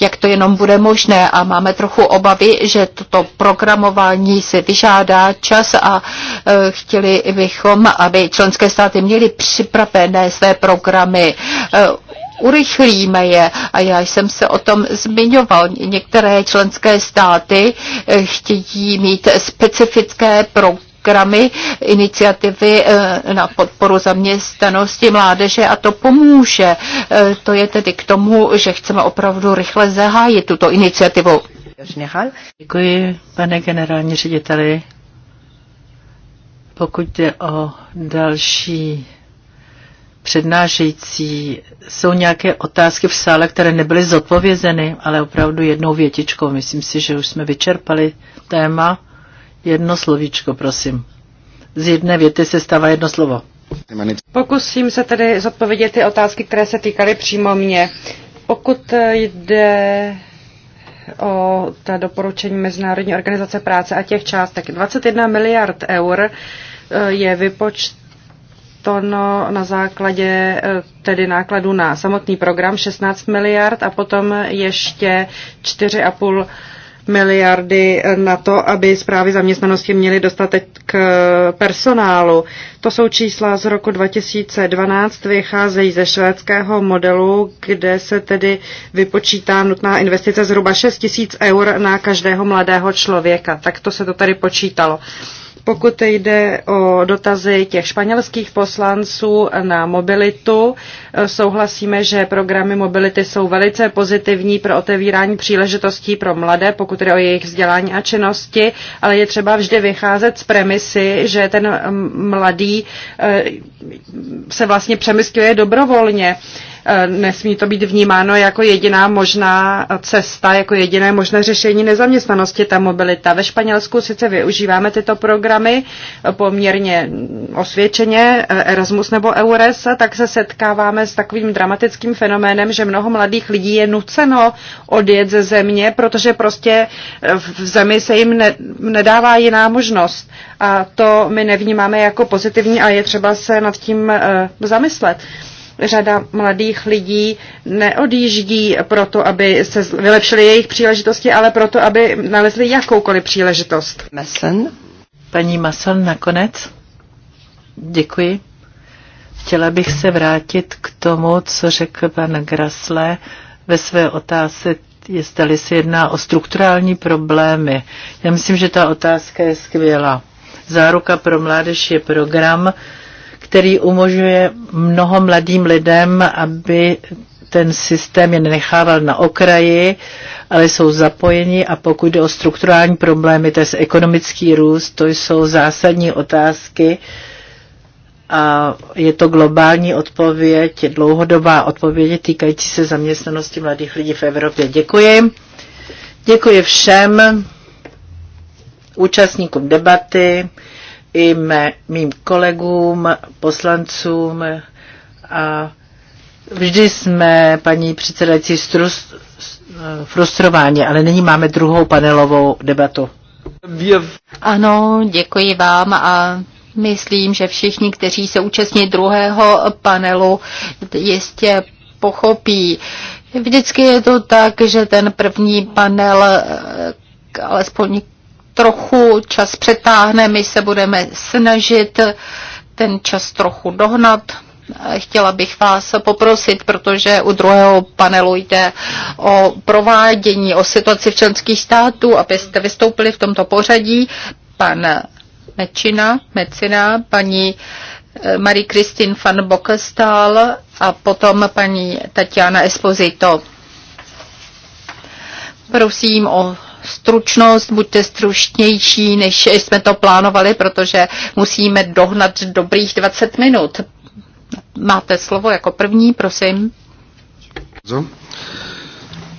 jak to jenom bude možné a máme trochu obavy, že toto programování si vyžádá čas a e, chtěli bychom, aby členské státy měly připravené své programy e, urychlíme je. A já jsem se o tom zmiňoval. Některé členské státy eh, chtějí mít specifické pro programy, iniciativy eh, na podporu zaměstnanosti mládeže a to pomůže. Eh, to je tedy k tomu, že chceme opravdu rychle zahájit tuto iniciativu. Děkuji, pane generální řediteli. Pokud jde o další přednášející, jsou nějaké otázky v sále, které nebyly zodpovězeny, ale opravdu jednou větičkou. Myslím si, že už jsme vyčerpali téma. Jedno slovíčko, prosím. Z jedné věty se stává jedno slovo. Pokusím se tedy zodpovědět ty otázky, které se týkaly přímo mě. Pokud jde o ta doporučení Mezinárodní organizace práce a těch částek, 21 miliard eur eh, je vypočt vypočteno na základě eh, tedy nákladu na samotný program 16 miliard a potom ještě 4,5 miliardy eh, na to, aby zprávy zaměstnanosti měly dostatek eh, personálu. To jsou čísla z roku 2012, vycházejí ze švédského modelu, kde se tedy vypočítá nutná investice zhruba 6 tisíc eur na každého mladého člověka. Tak to se to tady počítalo. Pokud jde o dotazy těch španělských poslanců na mobilitu, souhlasíme, že programy mobility jsou velice pozitivní pro otevírání příležitostí pro mladé, pokud jde o jejich vzdělání a činnosti, ale je třeba vždy vycházet z premisy, že ten mladý eh, se vlastně přemysťuje dobrovolně. Eh, nesmí to být vnímáno jako jediná možná cesta, jako jediné možné řešení nezaměstnanosti, ta mobilita. Ve Španělsku sice využíváme tyto programy eh, poměrně osvědčeně, eh, Erasmus nebo Eures, tak se setkáváme s takovým dramatickým fenoménem, že mnoho mladých lidí je nuceno odjet ze země, protože prostě v zemi se jim ne, nedává jiná možnost. A to my nevnímáme jako pozitivní a je třeba se nad tím zamyslet řada mladých lidí neodjíždí proto, aby se vylepšily jejich příležitosti, ale proto, aby nalezli jakoukoliv příležitost. Mason. Paní Mason, nakonec. Děkuji. Chtěla bych se vrátit k tomu, co řekl pan Grasle ve své otázce, jestli se jedná o strukturální problémy. Já myslím, že ta otázka je skvělá. Záruka pro mládež je program, který umožňuje mnoho mladým lidem, aby ten systém je nenechával na okraji, ale jsou zapojeni a pokud jde o strukturální problémy, to je ekonomický růst, to jsou zásadní otázky a je to globální odpověď, dlouhodobá odpověď týkající se zaměstnanosti mladých lidí v Evropě. Děkuji. Děkuji všem účastníkům debaty i mé, mým kolegům, poslancům a vždy jsme, paní předsedající, strus, frustrováni, ale nyní máme druhou panelovou debatu. Ano, děkuji vám a myslím, že všichni, kteří se účastní druhého panelu, jistě pochopí. Vždycky je to tak, že ten první panel eh, alespoň trochu čas přetáhne, my se budeme snažit ten čas trochu dohnat. Chtěla bych vás poprosit, protože u druhého panelu jde o provádění, o situaci v členských států, abyste vystoupili v tomto pořadí. Pan Mečina, Mecina, paní eh, Marie Kristin van Bokestal a potom paní Tatiana Esposito. Prosím o stručnost, buďte stručnější, než jsme to plánovali, protože musíme dohnat dobrých 20 minut. Máte slovo jako první, prosím.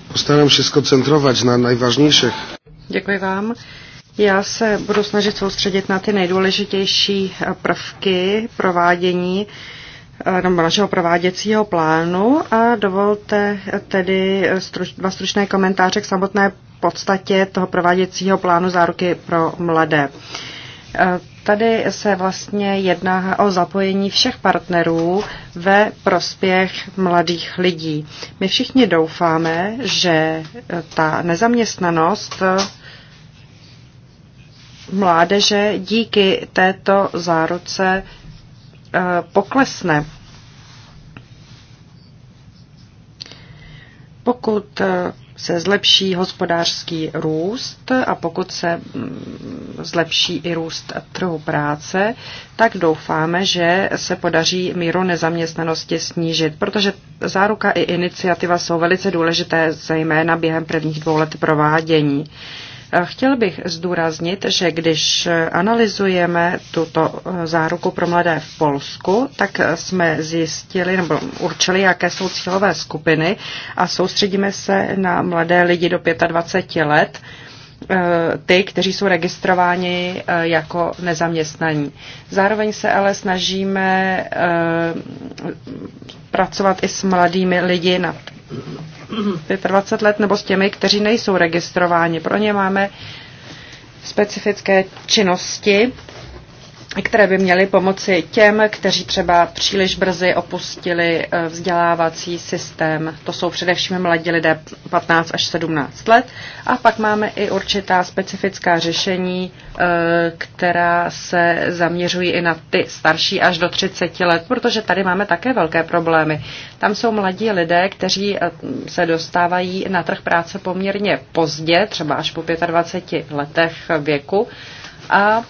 Postaram se skoncentrovat na nejvážnějších. Děkuji vám. Já se budu snažit soustředit na ty nejdůležitější prvky provádění eh, nebo našeho prováděcího plánu a dovolte tedy struč, dva stručné komentáře k samotné podstatě toho prováděcího plánu záruky pro mladé. E, tady se vlastně jedná o zapojení všech partnerů ve prospěch mladých lidí. My všichni doufáme, že ta nezaměstnanost mládeže díky této záruce e, poklesne. Pokud e, se zlepší hospodářský růst a pokud se mm, zlepší i růst trhu práce, tak doufáme, že se podaří míru nezaměstnanosti snížit, protože záruka i iniciativa jsou velice důležité, zejména během prvních dvou let provádění. Chtěl bych zdůraznit, že když analyzujeme tuto eh, záruku pro mladé v Polsku, tak jsme zjistili nebo určili, jaké jsou cílové skupiny a soustředíme se na mladé lidi do 25 let, eh, ty, kteří jsou registrováni eh, jako nezaměstnaní. Zároveň se ale snažíme pracovat i s mladými lidi na 25 let nebo s těmi, kteří nejsou registrováni. Pro ně máme specifické činnosti které by měly pomoci těm, kteří třeba příliš brzy opustili eh, vzdělávací systém. To jsou především mladí lidé 15 až 17 let. A pak máme i určitá specifická řešení, eh, která se zaměřují i na ty starší až do 30 let, protože tady máme také velké problémy. Tam jsou mladí lidé, kteří eh, se dostávají na trh práce poměrně pozdě, třeba až po 25 letech věku. A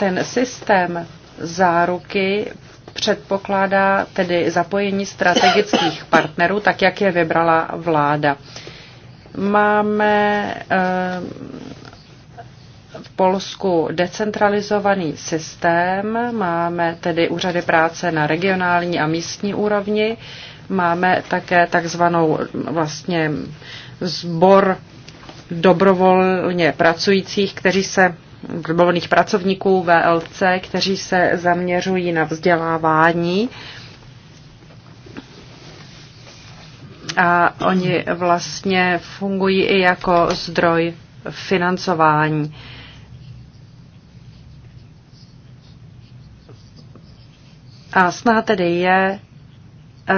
ten systém záruky předpokládá tedy zapojení strategických partnerů, tak jak je vybrala vláda. Máme eh, v Polsku decentralizovaný systém, máme tedy úřady práce na regionální a místní úrovni, máme také takzvanou vlastně sbor dobrovolně pracujících, kteří se dobrovolných pracovníků VLC, kteří se zaměřují na vzdělávání. A oni vlastně fungují i jako zdroj financování. A snad tedy je Eh,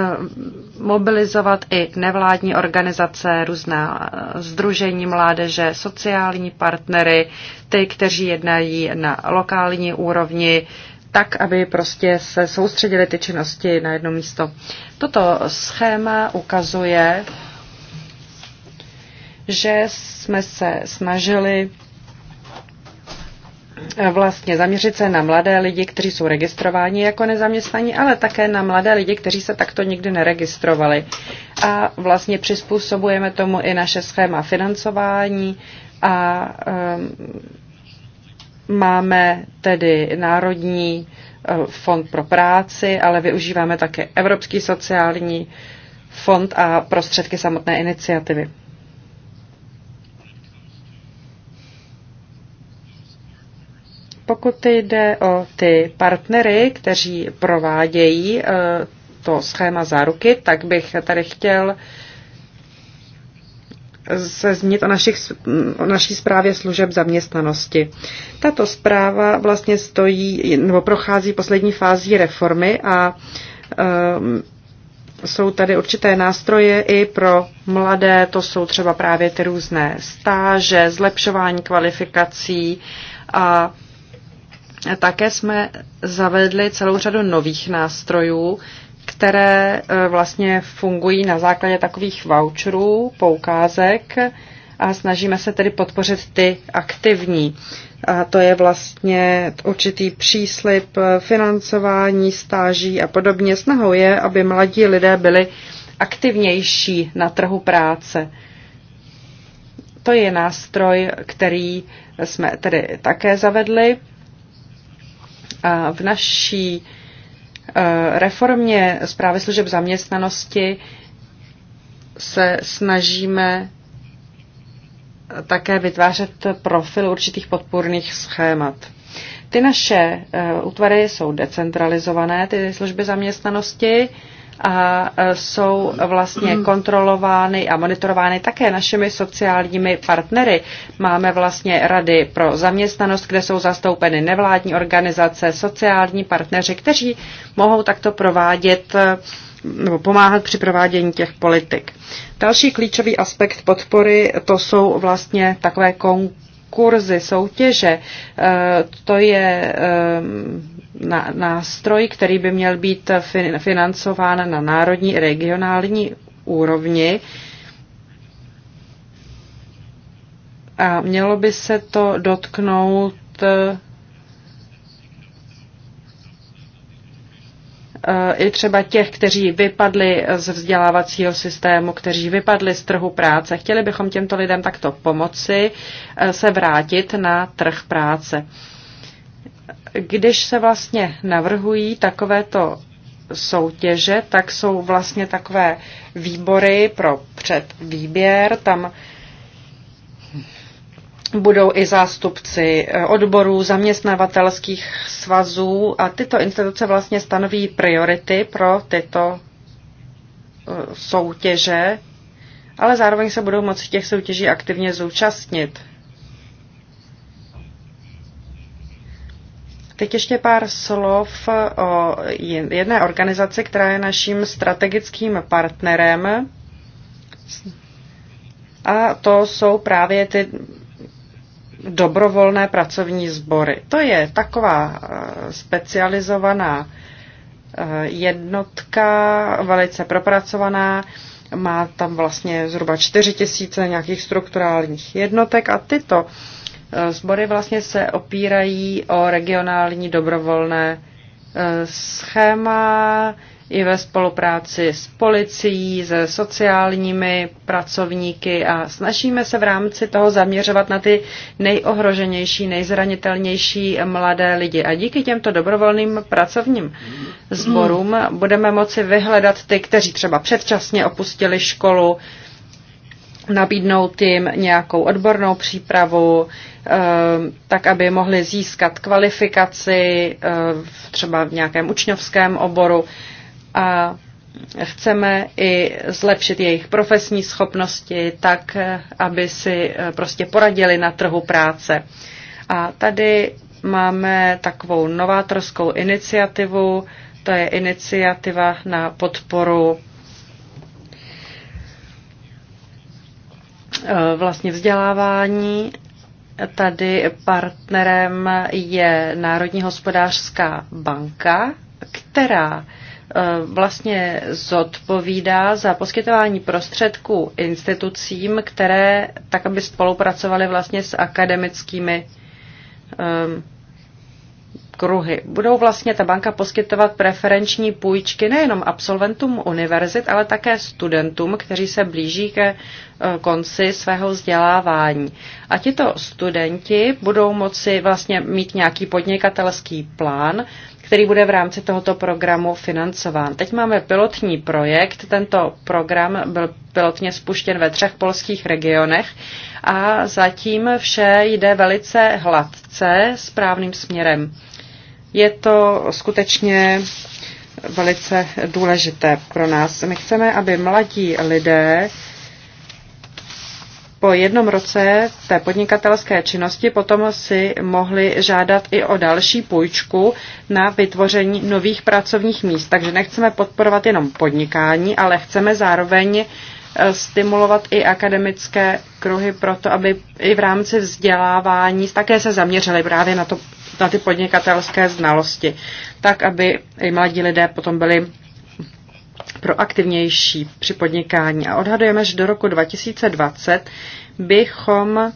mobilizovat i nevládní organizace, různá eh, združení mládeže, sociální partnery, ty, kteří jednají na lokální úrovni, tak, aby prostě se soustředili ty činnosti na jedno místo. Toto schéma ukazuje, že jsme se snažili vlastně zaměřit se na mladé lidi, kteří jsou registrováni jako nezaměstnaní, ale také na mladé lidi, kteří se takto nikdy neregistrovali. A vlastně přizpůsobujeme tomu i naše schéma financování a um, máme tedy Národní e, fond pro práci, ale využíváme také Evropský sociální fond a prostředky samotné iniciativy. Pokud jde o ty partnery, kteří provádějí eh, to schéma záruky, tak bych tady chtěl se zmínit o, našich, o naší zprávě služeb zaměstnanosti. Tato zpráva vlastně stojí nebo prochází poslední fází reformy a um, jsou tady určité nástroje i pro mladé, to jsou třeba právě ty různé stáže, zlepšování kvalifikací a také jsme zavedli celou řadu nových nástrojů, které e, vlastně fungují na základě takových voucherů, poukázek a snažíme se tedy podpořit ty aktivní. A to je vlastně určitý příslip financování, stáží a podobně. Snahou je, aby mladí lidé byli aktivnější na trhu práce. To je nástroj, který jsme tedy také zavedli v naší eh, reformě zprávy služeb zaměstnanosti se snažíme také vytvářet profil určitých podpůrných schémat. Ty naše eh, útvary jsou decentralizované, ty služby zaměstnanosti, a e, jsou vlastně kontrolovány a monitorovány také našimi sociálními partnery. Máme vlastně rady pro zaměstnanost, kde jsou zastoupeny nevládní organizace, sociální partneři, kteří mohou takto provádět e, nebo pomáhat při provádění těch politik. Další klíčový aspekt podpory to jsou vlastně takové konkurzy, soutěže. E, to je nástroj, který by měl být financován na národní i regionální úrovni. A mělo by se to dotknout eh, i třeba těch, kteří vypadli z vzdělávacího systému, kteří vypadli z trhu práce. Chtěli bychom těmto lidem takto pomoci eh, se vrátit na trh práce když se vlastně navrhují takovéto soutěže, tak jsou vlastně takové výbory pro předvýběr, tam budou i zástupci eh, odborů, zaměstnavatelských svazů a tyto instituce vlastně stanoví priority pro tyto eh, soutěže, ale zároveň se budou moci těch soutěží aktivně zúčastnit. Teď ještě pár slov o jedné organizaci, která je naším strategickým partnerem. A to jsou právě ty dobrovolné pracovní sbory. To je taková eh, specializovaná eh, jednotka, velice propracovaná, má tam vlastně zhruba 4 tisíce nějakých strukturálních jednotek a tyto Eh, sbory vlastně se opírají o regionální dobrovolné eh, schéma i ve spolupráci s policií, se sociálními pracovníky a snažíme se v rámci toho zaměřovat na ty nejohroženější, nejzranitelnější mladé lidi. A díky těmto dobrovolným pracovním sborům budeme moci vyhledat ty, kteří třeba předčasně opustili školu, nabídnout jim nějakou odbornou přípravu, ehm, tak aby mohli získat kvalifikaci ehm, třeba v nějakém učňovském oboru a chceme i zlepšit jejich profesní schopnosti tak, aby si eh, prostě poradili na trhu práce. A tady máme takovou novátorskou iniciativu, to je iniciativa na podporu Eh, vlastně vzdělávání. Tady partnerem je Národní hospodářská banka, která eh, vlastně zodpovídá za poskytování prostředků institucím, které tak, aby spolupracovaly vlastně s akademickými um, kruhy. Budou vlastně ta banka poskytovat preferenční půjčky nejenom absolventům univerzit, ale také studentům, kteří se blíží ke e, konci svého vzdělávání. A tito studenti budou moci vlastně mít nějaký podnikatelský plán, který bude v rámci tohoto programu financován. Teď máme pilotní projekt. Tento program byl pilotně spuštěn ve třech polských regionech a zatím vše jde velice hladce správným směrem. Je to skutečně velice důležité pro nás. My chceme, aby mladí lidé po jednom roce té podnikatelské činnosti potom si mohli žádat i o další půjčku na vytvoření nových pracovních míst. Takže nechceme podporovat jenom podnikání, ale chceme zároveň eh, stimulovat i akademické kruhy proto, aby i v rámci vzdělávání také se zaměřili právě na to na ty podnikatelské znalosti, tak aby i mladí lidé potom byli proaktivnější při podnikání. A odhadujeme, že do roku 2020 bychom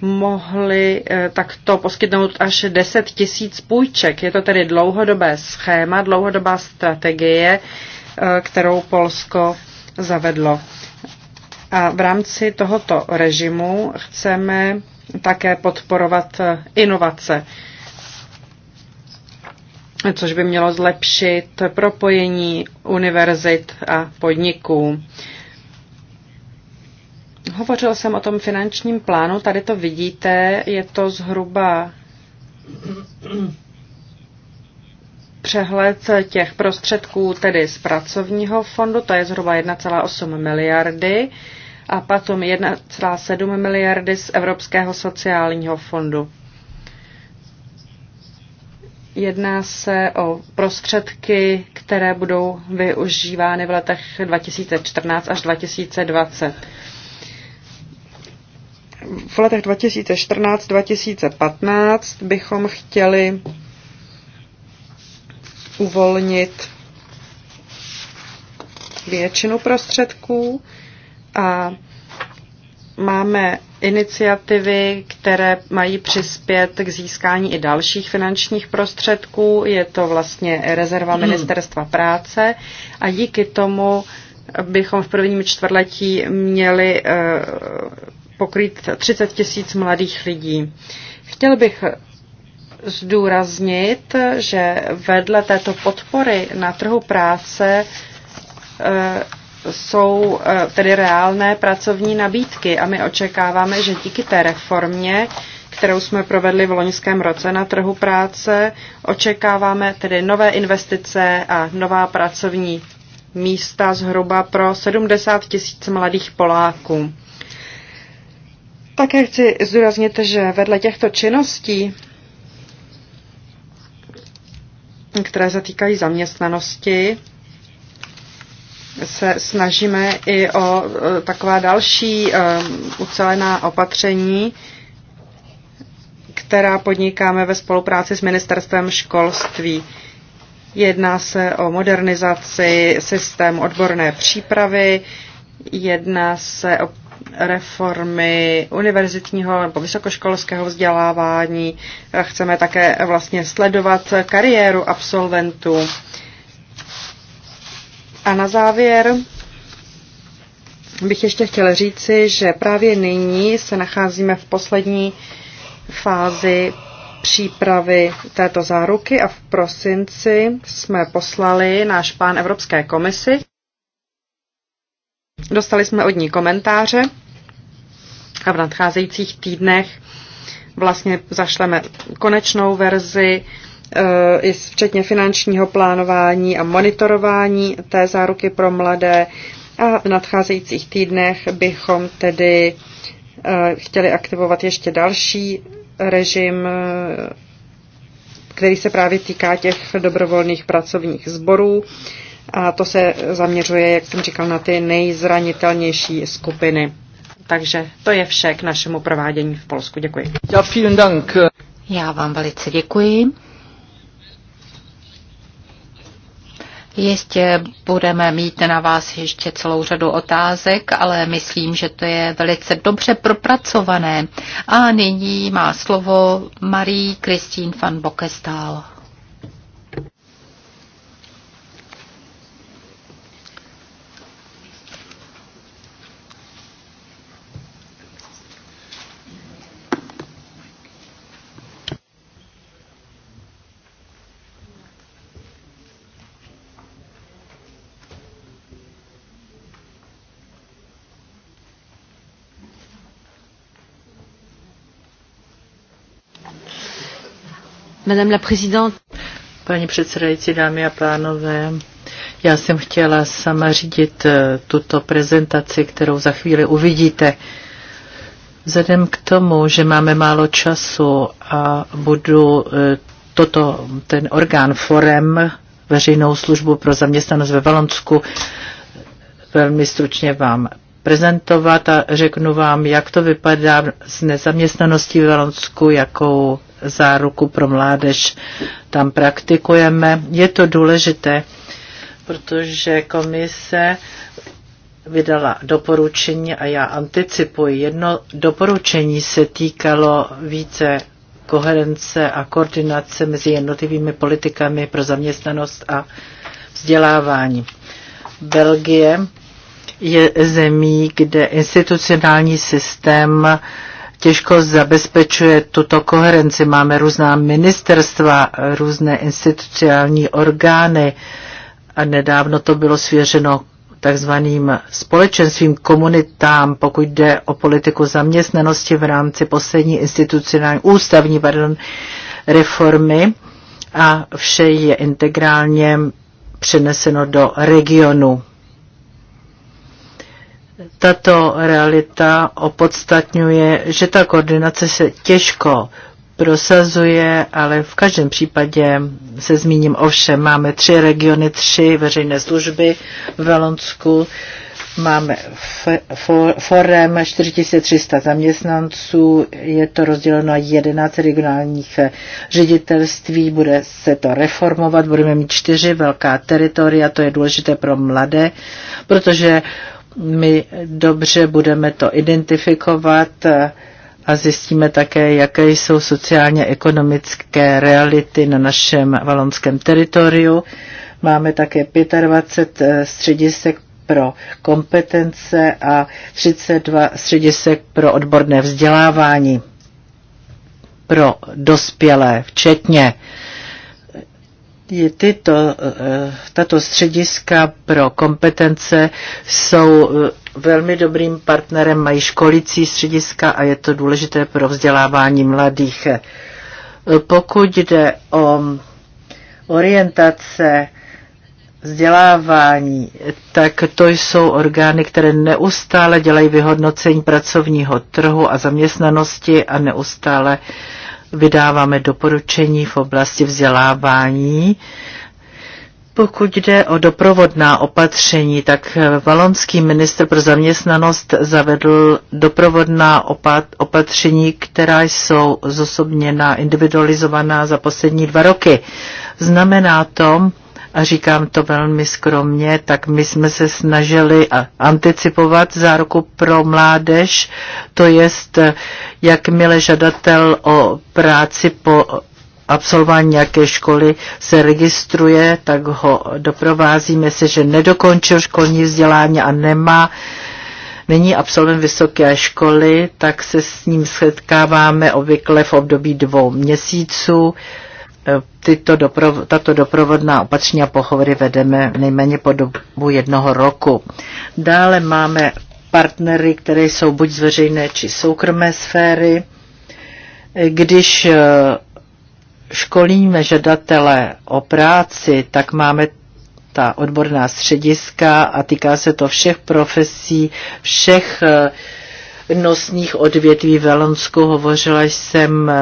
mohli eh, takto poskytnout až 10 tisíc půjček. Je to tedy dlouhodobé schéma, dlouhodobá strategie, eh, kterou Polsko zavedlo. A v rámci tohoto režimu chceme také podporovat eh, inovace, což by mělo zlepšit propojení univerzit a podniků. Hovořil jsem o tom finančním plánu, tady to vidíte, je to zhruba přehled těch prostředků, tedy z pracovního fondu, to je zhruba 1,8 miliardy a potom 1,7 miliardy z Evropského sociálního fondu. Jedná se o prostředky, které budou využívány v letech 2014 až 2020. V letech 2014-2015 bychom chtěli uvolnit většinu prostředků a máme iniciativy, které mají přispět k získání i dalších finančních prostředků. Je to vlastně rezerva hmm. ministerstva práce a díky tomu bychom v prvním čtvrtletí měli eh, pokrýt 30 tisíc mladých lidí. Chtěl bych zdůraznit, že vedle této podpory na trhu práce eh, jsou eh, tedy reálné pracovní nabídky a my očekáváme, že díky té reformě, kterou jsme provedli v loňském roce na trhu práce, očekáváme tedy nové investice a nová pracovní místa zhruba pro 70 tisíc mladých Poláků. Také chci zdůraznit, že vedle těchto činností, které se týkají zaměstnanosti, se snažíme i o e, taková další e, ucelená opatření, která podnikáme ve spolupráci s Ministerstvem školství. Jedná se o modernizaci systému odborné přípravy, jedná se o reformy univerzitního nebo vysokoškolského vzdělávání. Chceme také vlastně sledovat kariéru absolventů. A na závěr bych ještě chtěla říci, že právě nyní se nacházíme v poslední fázi přípravy této záruky a v prosinci jsme poslali náš pán Evropské komisi. Dostali jsme od ní komentáře a v nadcházejících týdnech vlastně zašleme konečnou verzi Eh, i včetně finančního plánování a monitorování té záruky pro mladé. A v nadcházejících týdnech bychom tedy eh, chtěli aktivovat ještě další režim, eh, který se právě týká těch dobrovolných pracovních sborů. A to se zaměřuje, jak jsem říkal, na ty nejzranitelnější skupiny. Takže to je vše k našemu provádění v Polsku. Děkuji. Já, vielen Dank. Já vám velice děkuji. Jistě budeme mít na vás ještě celou řadu otázek, ale myslím, že to je velice dobře propracované. A nyní má slovo Marie Christine van Bokestal. Madame la présidente. Paní předsedající, dámy a pánové, já jsem chtěla sama řídit eh, tuto prezentaci, kterou za chvíli uvidíte. Vzhledem k tomu, že máme málo času a budu eh, toto, ten orgán Forem, veřejnou službu pro zaměstnanost ve Valonsku, velmi stručně vám prezentovat a řeknu vám, jak to vypadá s nezaměstnaností v Valonsku, jakou záruku pro mládež tam praktikujeme. Je to důležité, protože komise vydala doporučení a já anticipuji. Jedno doporučení se týkalo více koherence a koordinace mezi jednotlivými politikami pro zaměstnanost a vzdělávání. Belgie je zemí, kde institucionální systém těžko zabezpečuje tuto koherenci. Máme různá ministerstva, různé institucionální orgány a nedávno to bylo svěřeno takzvaným společenstvím, komunitám, pokud jde o politiku zaměstnanosti v rámci poslední institucionální ústavní pardon, reformy a vše je integrálně přeneseno do regionu tato realita opodstatňuje, že ta koordinace se těžko prosazuje, ale v každém případě se zmíním ovšem. Máme tři regiony, tři veřejné služby v Valonsku, máme forem 4300 zaměstnanců, je to rozděleno na 11 regionálních ředitelství, bude se to reformovat, budeme mít čtyři velká teritoria, to je důležité pro mladé, protože uh, my dobře budeme to identifikovat a zjistíme také, jaké jsou sociálně-ekonomické reality na našem valonském teritoriu. Máme také 25 eh, středisek pro kompetence a 32 středisek pro odborné vzdělávání pro dospělé včetně tyto, eh, tato střediska pro kompetence jsou eh, velmi dobrým partnerem, mají školicí střediska a je to důležité pro vzdělávání mladých. Eh, pokud jde o orientace vzdělávání, tak to jsou orgány, které neustále dělají vyhodnocení pracovního trhu a zaměstnanosti a neustále uh, vydáváme doporučení v oblasti vzdělávání. Pokud jde o doprovodná opatření, tak eh, valonský ministr pro zaměstnanost zavedl doprovodná opatření, která jsou zosobněna, individualizovaná za poslední dva roky. Znamená to, a říkám to velmi skromně, tak my jsme se snažili anticipovat záruku pro mládež, to jest, jakmile žadatel o práci po absolvování nějaké školy se registruje, tak ho doprovázíme se, že nedokončil školní vzdělání a nemá není absolvent vysoké školy, tak se s ním setkáváme obvykle v období dvou měsíců tyto doprov, tato doprovodná opatření a pohovory vedeme nejméně po dobu jednoho roku. Dále máme partnery, které jsou buď z veřejné či soukromé sféry. Když eh, školíme žadatele o práci, tak máme ta odborná střediska a týká se to všech profesí, všech uh, nosních odvětví v Lonsku. Hovořila jsem,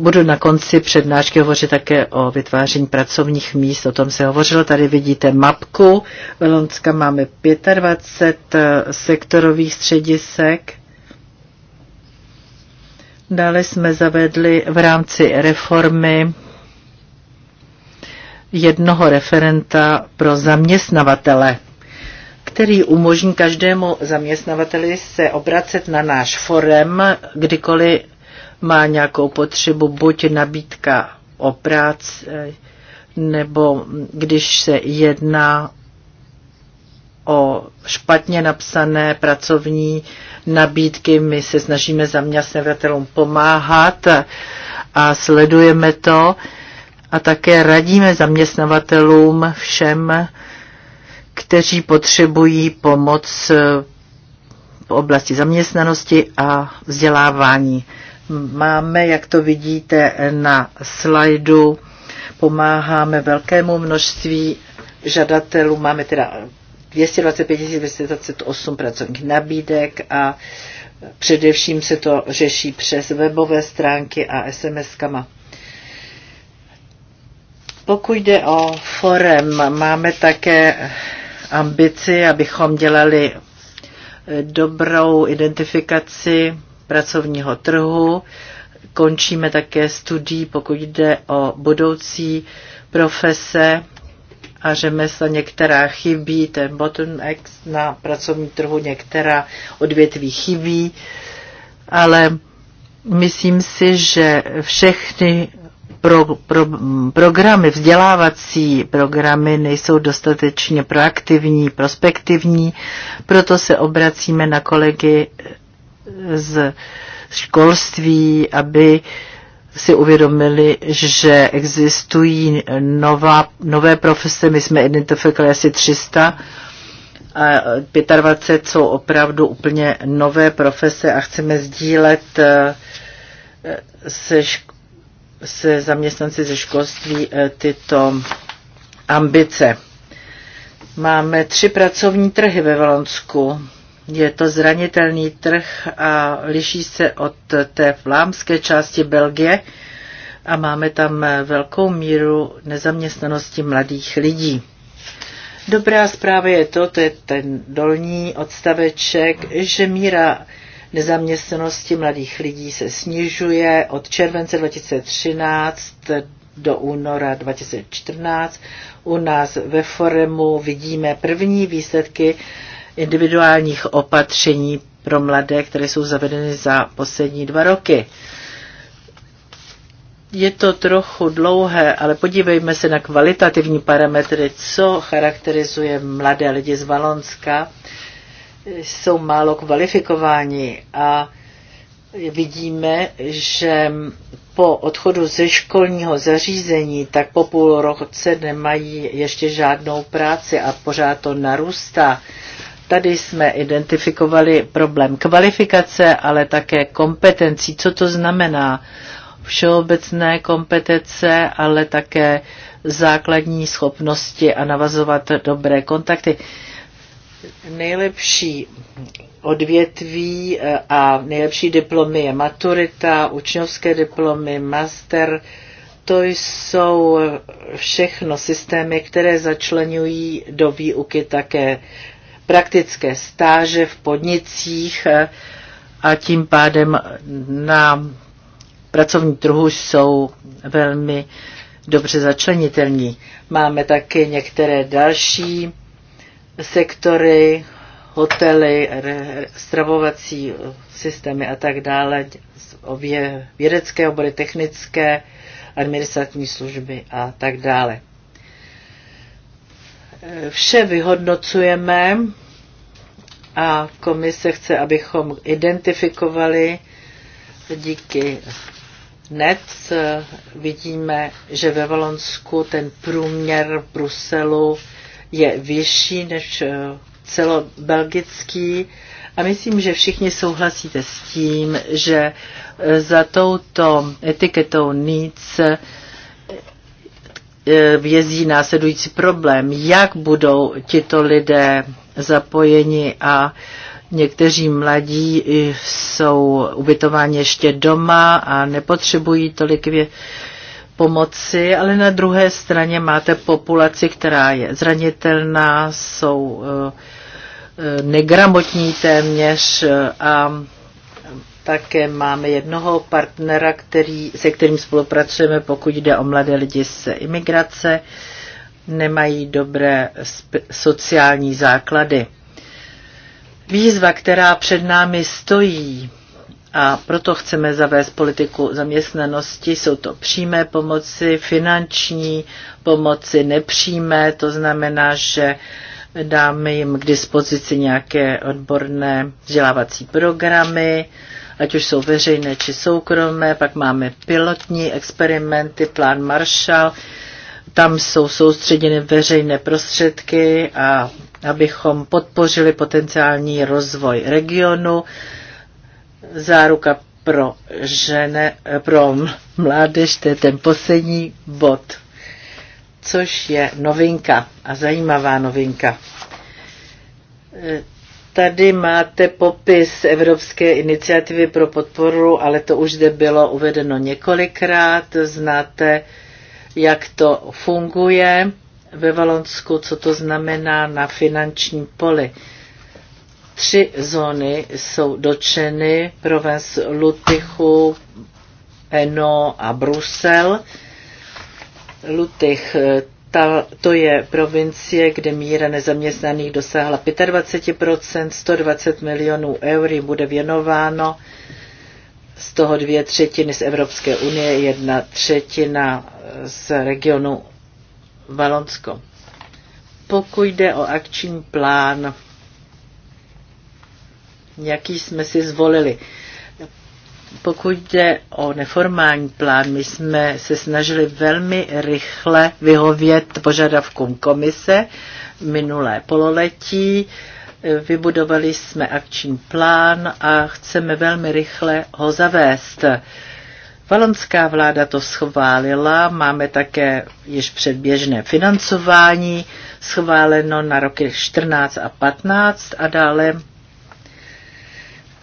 budu na konci přednášky hovořit také o vytváření pracovních míst, o tom se hovořilo. Tady vidíte mapku. V Lonska máme 25 eh, sektorových středisek. Dále jsme zavedli v rámci reformy jednoho referenta pro zaměstnavatele který umožní každému zaměstnavateli se obracet na náš forem, kdykoliv má nějakou potřebu, buď nabídka o práci, nebo když se jedná o špatně napsané pracovní nabídky. My se snažíme zaměstnavatelům pomáhat a sledujeme to a také radíme zaměstnavatelům všem, kteří potřebují pomoc eh, v oblasti zaměstnanosti a vzdělávání. Máme, jak to vidíte na slajdu, pomáháme velkému množství žadatelů. Máme teda 225 228 pracovních nabídek a především se to řeší přes webové stránky a SMS-kama. Pokud jde o forem, máme také ambici, abychom dělali eh, dobrou identifikaci pracovního trhu. Končíme také studií, pokud jde o budoucí profese a řemesla. Některá chybí, ten X na pracovní trhu, některá odvětví chybí, ale myslím si, že všechny pro, pro, programy, vzdělávací programy nejsou dostatečně proaktivní, prospektivní, proto se obracíme na kolegy z školství, aby si uvědomili, že existují nová, nové profese, my jsme identifikovali asi 300, a 25 jsou opravdu úplně nové profese a chceme sdílet eh, se školství se zaměstnanci ze školství eh, tyto ambice. Máme tři pracovní trhy ve Valonsku. Je to zranitelný trh a liší se od té vlámské části Belgie a máme tam velkou míru nezaměstnanosti mladých lidí. Dobrá zpráva je to, to je ten dolní odstaveček, že míra nezaměstnanosti mladých lidí se snižuje od července 2013 do února 2014. U nás ve Foremu vidíme první výsledky individuálních opatření pro mladé, které jsou zavedeny za poslední dva roky. Je to trochu dlouhé, ale podívejme se na kvalitativní parametry, co charakterizuje mladé lidi z Valonska jsou málo kvalifikováni a vidíme, že po odchodu ze školního zařízení, tak po půl roce nemají ještě žádnou práci a pořád to narůstá. Tady jsme identifikovali problém kvalifikace, ale také kompetencí. Co to znamená? Všeobecné kompetence, ale také základní schopnosti a navazovat dobré kontakty. Uh, nejlepší odvětví eh, a nejlepší diplomy je maturita, učňovské diplomy, master. To jsou všechno systémy, které začlenují do výuky také praktické stáže v podnicích eh, a tím pádem na pracovní trhu jsou velmi dobře začlenitelní. Máme také některé další sektory, hotely, stravovací eh, systémy a tak dále, obě vědecké obory, technické, administrativní služby a tak dále. Eh, vše vyhodnocujeme a komise chce, abychom identifikovali díky NET eh, vidíme, že ve Valonsku ten průměr Bruselu je vyšší než eh, celobelgický a myslím, že všichni souhlasíte s tím, že eh, za touto etiketou nic eh, vězí následující problém. Jak budou tito lidé zapojeni a někteří mladí jsou ubytováni ještě doma a nepotřebují tolik věcí pomoci, ale na druhé straně máte populaci, která je zranitelná, jsou eh, eh, negramotní téměř eh, a také máme jednoho partnera, který, se kterým spolupracujeme, pokud jde o mladé lidi z imigrace, nemají dobré sociální základy. Výzva, která před námi stojí, a proto chceme zavést politiku zaměstnanosti. Jsou to přímé pomoci, finanční pomoci, nepřímé, to znamená, že dáme jim k dispozici nějaké odborné vzdělávací programy, ať už jsou veřejné či soukromé, pak máme pilotní experimenty, plán Marshall, tam jsou soustředěny veřejné prostředky a abychom podpořili potenciální rozvoj regionu záruka pro, žene, pro mládež, to je ten poslední bod, což je novinka a zajímavá novinka. E, tady máte popis Evropské iniciativy pro podporu, ale to už zde bylo uvedeno několikrát. Znáte, jak to funguje ve Valonsku, co to znamená na finančním poli. Tři zóny jsou dočeny, Provence, Lutychu, Eno a Brusel. Lutych eh, ta, to je provincie, kde míra nezaměstnaných dosáhla 25%, 120 milionů eur bude věnováno, z toho dvě třetiny z Evropské unie, jedna třetina z regionu Valonsko. Pokud jde o akční plán jaký jsme si zvolili. Pokud jde o neformální plán, my jsme se snažili velmi rychle vyhovět požadavkům komise minulé pololetí. Vybudovali jsme akční plán a chceme velmi rychle ho zavést. Valonská vláda to schválila, máme také již předběžné financování schváleno na roky 14 a 15 a dále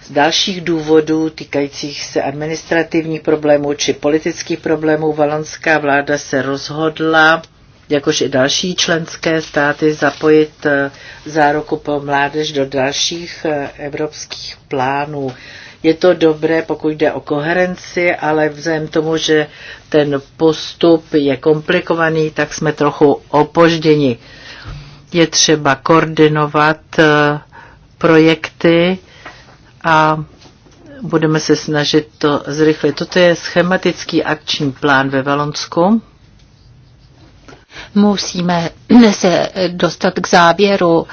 z dalších důvodů týkajících se administrativních problémů či politických problémů valonská vláda se rozhodla, jakož i další členské státy, zapojit eh, záruku pro mládež do dalších eh, evropských plánů. Je to dobré, pokud jde o koherenci, ale vzhledem tomu, že ten postup je komplikovaný, tak jsme trochu opožděni. Je třeba koordinovat eh, projekty, a budeme se snažit to zrychlit. Toto je schematický akční plán ve Valonsku. Musíme se dostat k závěru.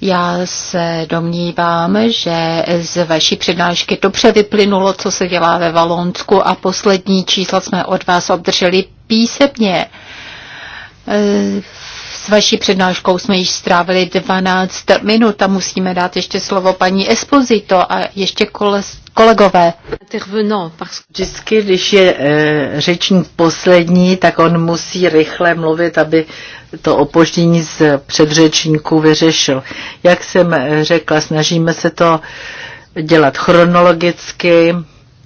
Já se domnívám, že z vaší přednášky dobře vyplynulo, co se dělá ve Valonsku a poslední čísla jsme od vás obdrželi písemně. S vaší přednáškou jsme již strávili 12 minut a musíme dát ještě slovo paní Esposito a ještě koles, kolegové. Vždycky, když je e, řečník poslední, tak on musí rychle mluvit, aby to opoždění z předřečníků vyřešil. Jak jsem e, řekla, snažíme se to dělat chronologicky,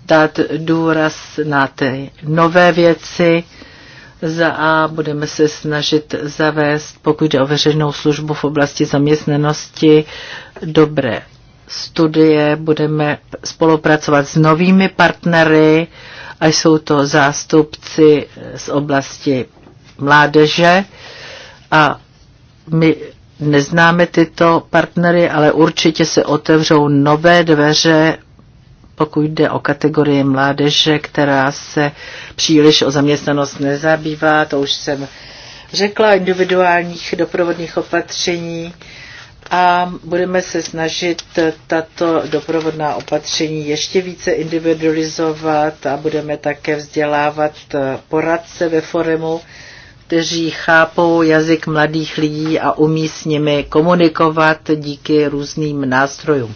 dát důraz na ty nové věci, za A budeme se snažit zavést, pokud jde o veřejnou službu v oblasti zaměstnanosti, dobré studie, budeme spolupracovat s novými partnery, a jsou to zástupci z oblasti mládeže a my neznáme tyto partnery, ale určitě se otevřou nové dveře pokud jde o kategorii mládeže, která se příliš o zaměstnanost nezabývá, to už jsem řekla, individuálních doprovodných opatření a budeme se snažit tato doprovodná opatření ještě více individualizovat a budeme také vzdělávat poradce ve foremu, kteří chápou jazyk mladých lidí a umí s nimi komunikovat díky různým nástrojům.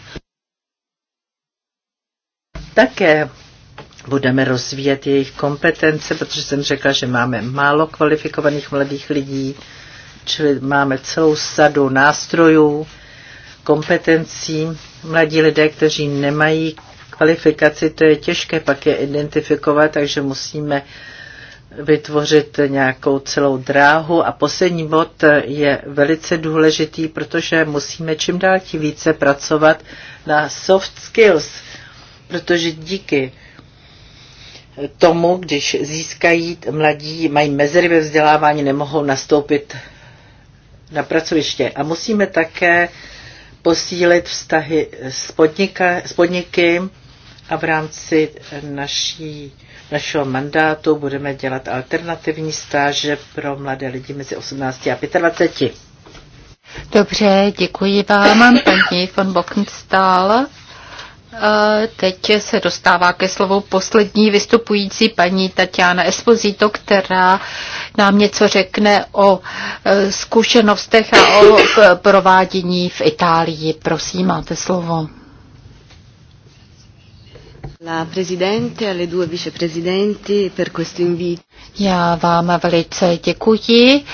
Také budeme rozvíjet jejich kompetence, protože jsem řekla, že máme málo kvalifikovaných mladých lidí, čili máme celou sadu nástrojů, kompetencí. Mladí lidé, kteří nemají kvalifikaci, to je těžké pak je identifikovat, takže musíme vytvořit nějakou celou dráhu. A poslední bod je velice důležitý, protože musíme čím dál tím více pracovat na soft skills protože díky tomu, když získají mladí, mají mezery ve vzdělávání, nemohou nastoupit na pracoviště. A musíme také posílit vztahy s, podnika, s podniky a v rámci naší, našeho mandátu budeme dělat alternativní stáže pro mladé lidi mezi 18 a 25. Dobře, děkuji vám, paní von Bockenstal. A teď se dostává ke slovu poslední vystupující paní Tatiana Esposito, která nám něco řekne o e, zkušenostech a o provádění v Itálii. Prosím, máte slovo. La Presidente, alle due viceprezidenti per questo invito. Já vám velice děkuji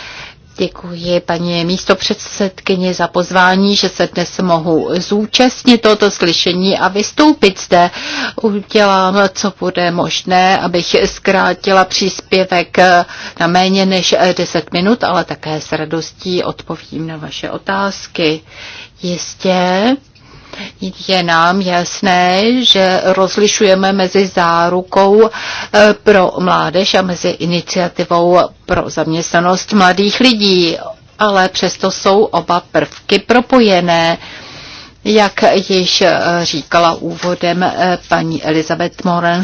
Děkuji paní místo předsedkyně za pozvání, že se dnes mohu zúčastnit tohoto slyšení a vystoupit zde. Udělám, co bude možné, abych zkrátila příspěvek na méně než 10 minut, ale také s radostí odpovím na vaše otázky. Jistě je nám jasné, že rozlišujeme mezi zárukou eh, pro mládež a mezi iniciativou pro zaměstnanost mladých lidí, ale přesto jsou oba prvky propojené. Jak již eh, říkala úvodem eh, paní Elizabeth morin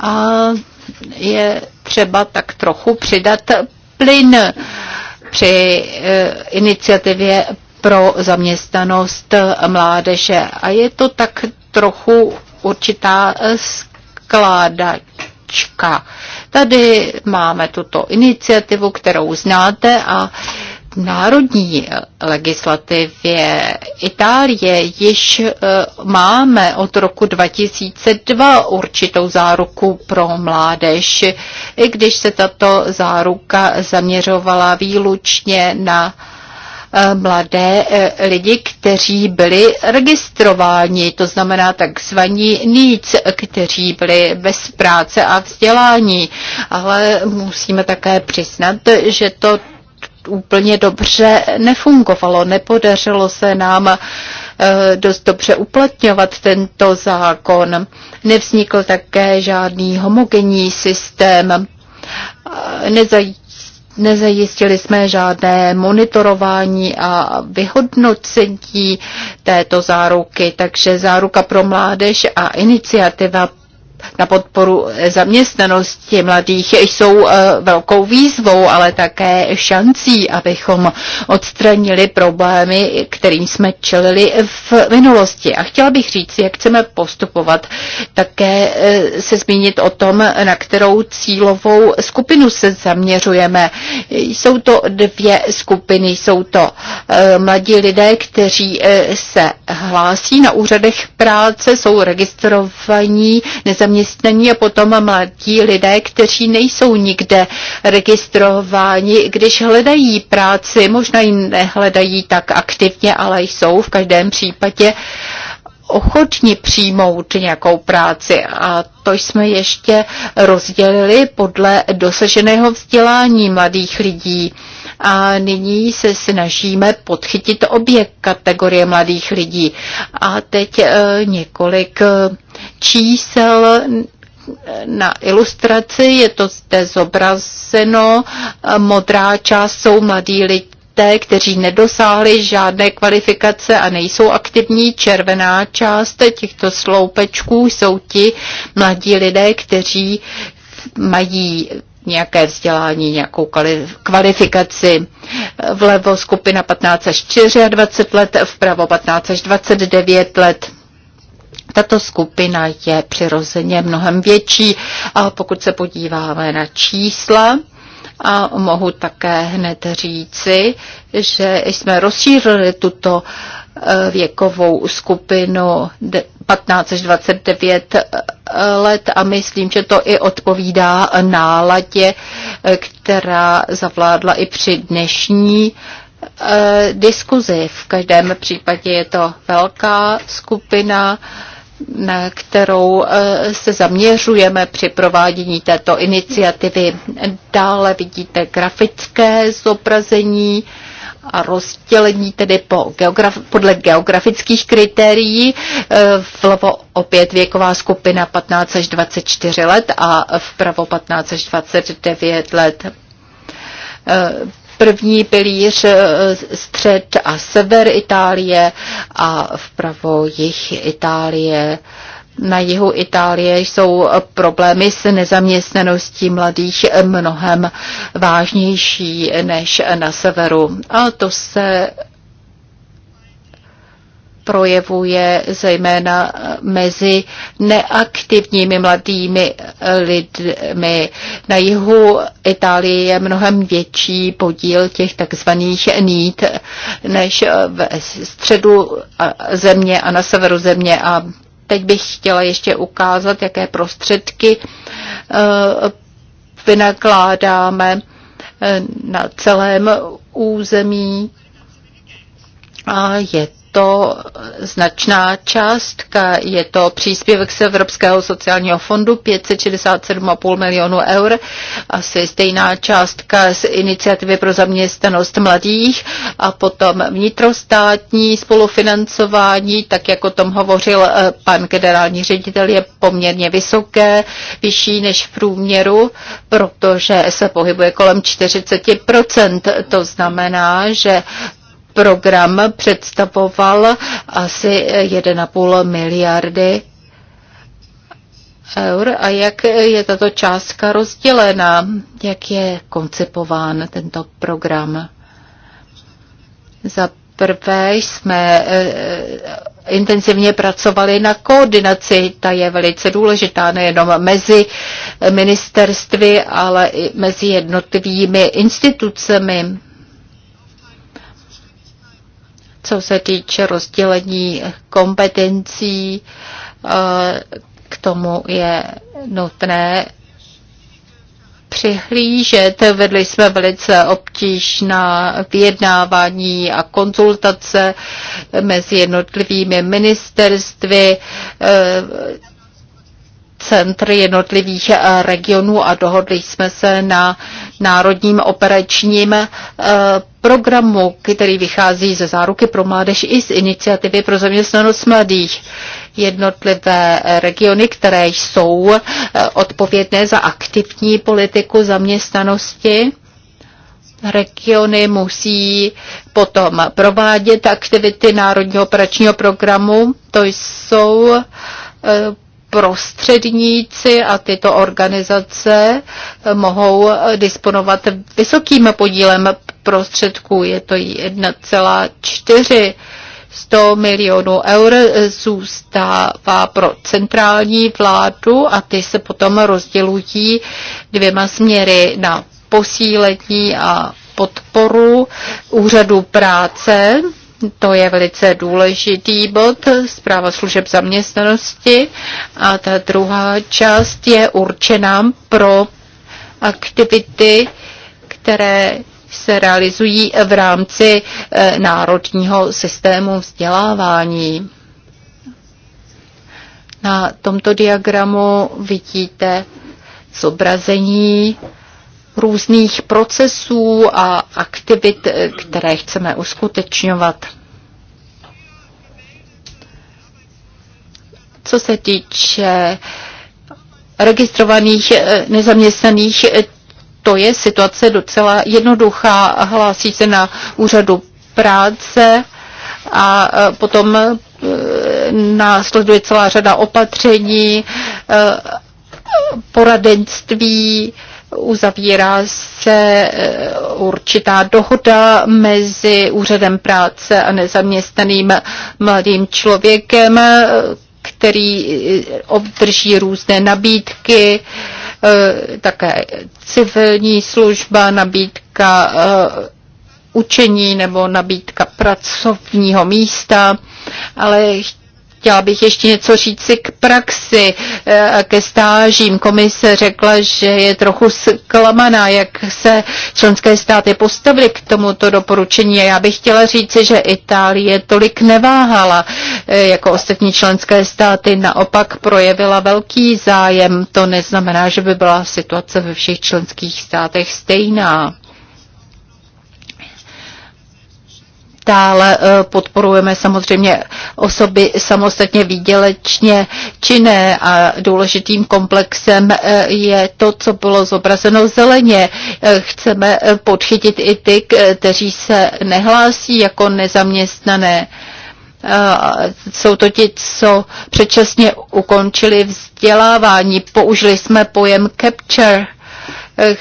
A je třeba tak trochu přidat plyn při iniciativě pro zaměstnanost mládeže. A je to tak trochu určitá skládačka. Tady máme tuto iniciativu, kterou znáte a v národní legislativě Itálie již e, máme od roku 2002 určitou záruku pro mládež, i když se tato záruka zaměřovala výlučně na Eh, mladé eh, lidi, kteří byli registrováni, to znamená takzvaní nic, kteří byli bez práce a vzdělání. Ale musíme také přiznat, že to úplně dobře nefungovalo. Nepodařilo se nám eh, dost dobře uplatňovat tento zákon. Nevznikl také žádný homogenní systém. Nezaj Nezajistili jsme žádné monitorování a vyhodnocení této záruky, takže záruka pro mládež a iniciativa na podporu zaměstnanosti mladých jsou eh, velkou výzvou, ale také šancí, abychom odstranili problémy, kterým jsme čelili v minulosti. A chtěla bych říct, jak chceme postupovat, také eh, se zmínit o tom, na kterou cílovou skupinu se zaměřujeme. Jsou to dvě skupiny, jsou to eh, mladí lidé, kteří se hlásí na úřadech práce, jsou registrovaní nezaměstnanosti, zaměstnaní a potom mladí lidé, kteří nejsou nikde registrováni, když hledají práci, možná ji nehledají tak aktivně, ale jsou v každém případě ochotni přijmout nějakou práci a to jsme ještě rozdělili podle dosaženého vzdělání mladých lidí. A nyní se snažíme podchytit obě kategorie mladých lidí. A teď eh, několik eh, čísel na ilustraci, je to zde zobrazeno, modrá část jsou mladí lidé, kteří nedosáhli žádné kvalifikace a nejsou aktivní. Červená část těchto sloupečků jsou ti mladí lidé, kteří mají nějaké vzdělání, nějakou kvalifikaci. Vlevo skupina 15 až 24 let, vpravo 15 až 29 let. Tato skupina je přirozeně mnohem větší a pokud se podíváme na čísla, a mohu také hned říci, že jsme rozšířili tuto e, věkovou skupinu 15 až 29 e, let a myslím, že to i odpovídá náladě, e, která zavládla i při dnešní diskuzi. V každém případě je to velká skupina na kterou eh, se zaměřujeme při provádění této iniciativy. Dále vidíte grafické zobrazení a rozdělení tedy po geograf- podle geografických kritérií. Eh, vlevo opět věková skupina 15 až 24 let a vpravo 15 až 29 let eh, první pilíř e, střed a sever Itálie a vpravo jich Itálie. Na jihu Itálie jsou problémy s nezaměstnaností mladých mnohem vážnější než na severu. A to se projevuje zejména mezi neaktivními mladými lidmi. Na jihu Itálie je mnohem větší podíl těch takzvaných nít než ve středu země a na severu země a Teď bych chtěla ještě ukázat, jaké prostředky eh, vynakládáme eh, na celém území. A je to značná částka. Je to příspěvek z Evropského sociálního fondu 567,5 milionů eur, asi stejná částka z iniciativy pro zaměstnanost mladých a potom vnitrostátní spolufinancování, tak jak o tom hovořil eh, pan generální ředitel, je poměrně vysoké, vyšší než v průměru, protože se pohybuje kolem 40%. To znamená, že program představoval asi 1,5 miliardy eur a jak je tato částka rozdělena, jak je koncipován tento program. Za prvé jsme eh, intenzivně pracovali na koordinaci, ta je velice důležitá nejenom mezi ministerstvy, ale i mezi jednotlivými institucemi co se týče rozdělení kompetencí, eh, k tomu je nutné přihlížet. Vedli jsme velice obtížná vyjednávání a konzultace mezi jednotlivými ministerstvy, eh, centry jednotlivých eh, regionů a dohodli jsme se na národním operačním eh, programu, který vychází ze záruky pro mládež i z iniciativy pro zaměstnanost mladých. Jednotlivé regiony, které jsou eh, odpovědné za aktivní politiku zaměstnanosti, Regiony musí potom provádět aktivity Národního operačního programu. To jsou prostředníci a tyto organizace mohou disponovat vysokým podílem prostředků. Je to 1,4 milionů eur zůstává pro centrální vládu a ty se potom rozdělují dvěma směry na posílení a podporu úřadu práce to je velice důležitý bod, zpráva služeb zaměstnanosti. A ta druhá část je určená pro aktivity, které se realizují v rámci e, národního systému vzdělávání. Na tomto diagramu vidíte zobrazení různých procesů a aktivit, které chceme uskutečňovat. Co se týče registrovaných eh, nezaměstnaných, eh, to je situace docela jednoduchá. Hlásí se na úřadu práce a eh, potom následuje celá řada opatření, poradenství, uzavírá se eh, určitá dohoda mezi úřadem práce a nezaměstnaným mladým člověkem, který eh, obdrží různé nabídky, eh, také civilní služba, nabídka učení nebo nabídka pracovního místa, ale Chtěla bych ještě něco říci k praxi, eh, ke stážím. Komise řekla, že je trochu zklamaná, jak se členské státy postavily k tomuto doporučení. A já bych chtěla říci, že Itálie tolik neváhala eh, jako ostatní členské státy. Naopak projevila velký zájem. To neznamená, že by byla situace ve všech členských státech stejná. Dále eh, podporujeme samozřejmě osoby samostatně výdělečně činné a důležitým komplexem eh, je to, co bylo zobrazeno zeleně. Eh, chceme podchytit i ty, kteří se nehlásí jako nezaměstnané jsou to ti, co předčasně ukončili vzdělávání. Použili jsme pojem capture.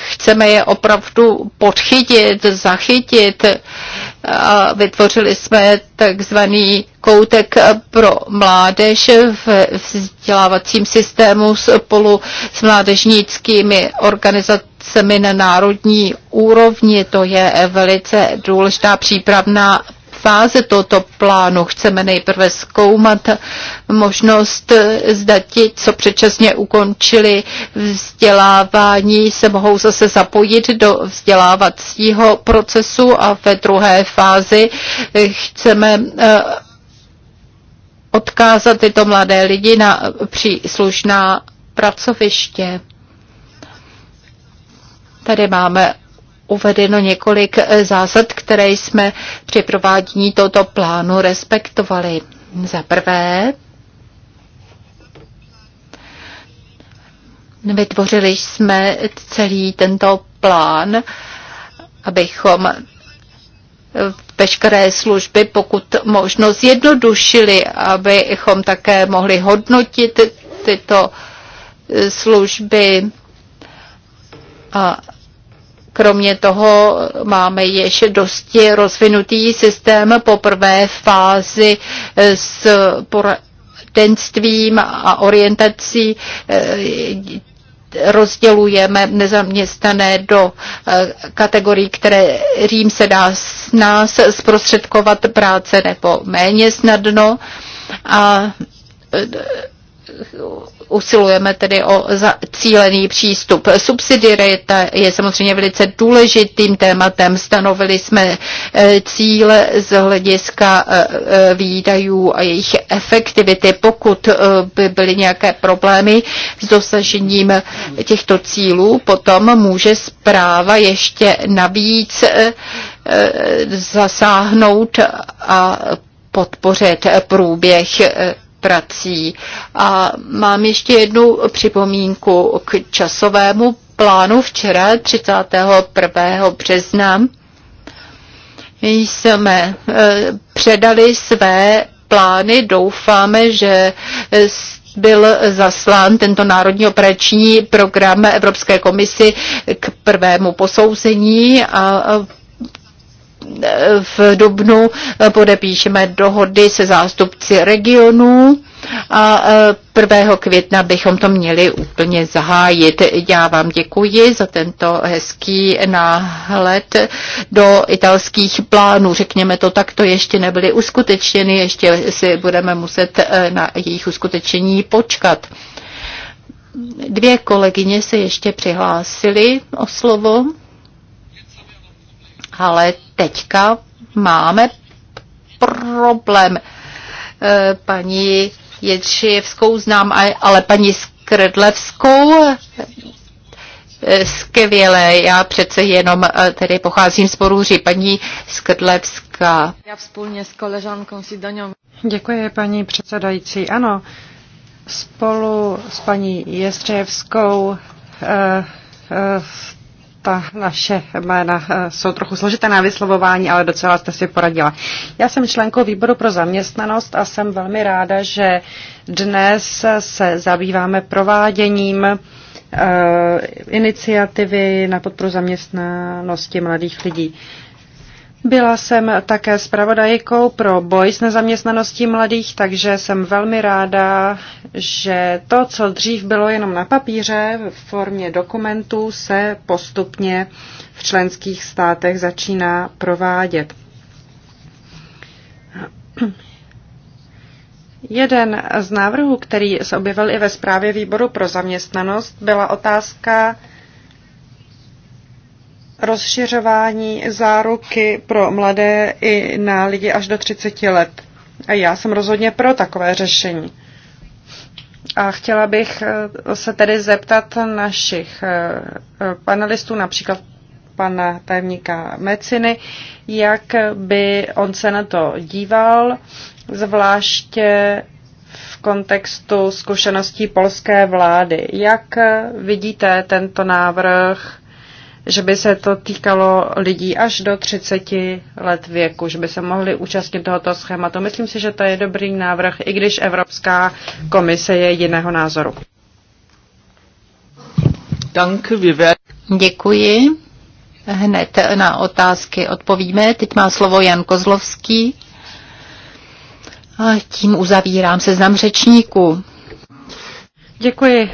Chceme je opravdu podchytit, zachytit a vytvořili jsme takzvaný koutek pro mládež v vzdělávacím systému spolu s mládežnickými organizacemi na národní úrovni. To je velice důležitá přípravná fáze tohoto plánu. Chceme nejprve zkoumat možnost, zda ti, co předčasně ukončili vzdělávání, se mohou zase zapojit do vzdělávacího procesu a ve druhé fázi chceme eh, odkázat tyto mladé lidi na příslušná pracoviště. Tady máme uvedeno několik eh, zásad, které jsme při provádění tohoto plánu respektovali. Za prvé, vytvořili jsme celý tento plán, abychom veškeré služby pokud možno zjednodušili, abychom také mohli hodnotit tyto eh, služby a Kromě toho máme ještě dosti rozvinutý systém po prvé fázi eh, s poradenstvím a orientací eh, rozdělujeme nezaměstnané do eh, kategorií, které řím se dá s nás zprostředkovat práce nebo méně snadno. A usilujeme tedy o cílený přístup. Subsidiarita je samozřejmě velice důležitým tématem. Stanovili jsme eh, cíle z hlediska eh, eh, výdajů a jejich efektivity. Pokud by byly nějaké problémy s dosažením těchto cílů, potom může zpráva ještě navíc zasáhnout a podpořit průběh prací. A mám ještě jednu připomínku k časovému plánu včera 31. března. Jsme e, předali své plány, doufáme, že byl zaslán tento národní operační program Evropské komisi k prvému posouzení a v Dubnu podepíšeme dohody se zástupci regionů a 1. E, května bychom to měli úplně zahájit. Já vám děkuji za tento hezký náhled do italských plánů. Řekněme to takto, ještě nebyly uskutečněny, ještě si budeme muset e, na jejich uskutečení počkat. Dvě kolegyně se ještě přihlásily o slovo ale teďka máme problém. E, paní Jedřijevskou znám, ale paní Skrdlevskou e, Skvěle, Já přece jenom e, tedy pocházím z Porůří, paní Skrdlevská. Já spolně s koležankou si něm. Děkuji, paní předsedající. Ano, spolu s paní Jestřevskou eh, eh, ta naše jména eh, jsou trochu složité na vyslovování, ale docela jste si poradila. Já jsem členkou výboru pro zaměstnanost a jsem velmi ráda, že dnes se zabýváme prováděním eh, iniciativy na podporu zaměstnanosti mladých lidí. Byla jsem také zpravodajkou pro boj s nezaměstnaností mladých, takže jsem velmi ráda, že to, co dřív bylo jenom na papíře v formě dokumentů, se postupně v členských státech začíná provádět. Jeden z návrhů, který se objevil i ve zprávě výboru pro zaměstnanost, byla otázka rozšiřování záruky pro mladé i na lidi až do 30 let. A já jsem rozhodně pro takové řešení. A chtěla bych eh, se tedy zeptat našich eh, eh, panelistů, například pana tajemníka Meciny, jak by on se na to díval, zvláště v kontextu zkušeností polské vlády. Jak vidíte tento návrh že by se to týkalo lidí až do 30 let věku, že by se mohli účastnit tohoto schématu. Myslím si, že to je dobrý návrh, i když Evropská komise je jiného názoru. Děkuji. Hned na otázky odpovíme. Teď má slovo Jan Kozlovský. A tím uzavírám seznam řečníků. Děkuji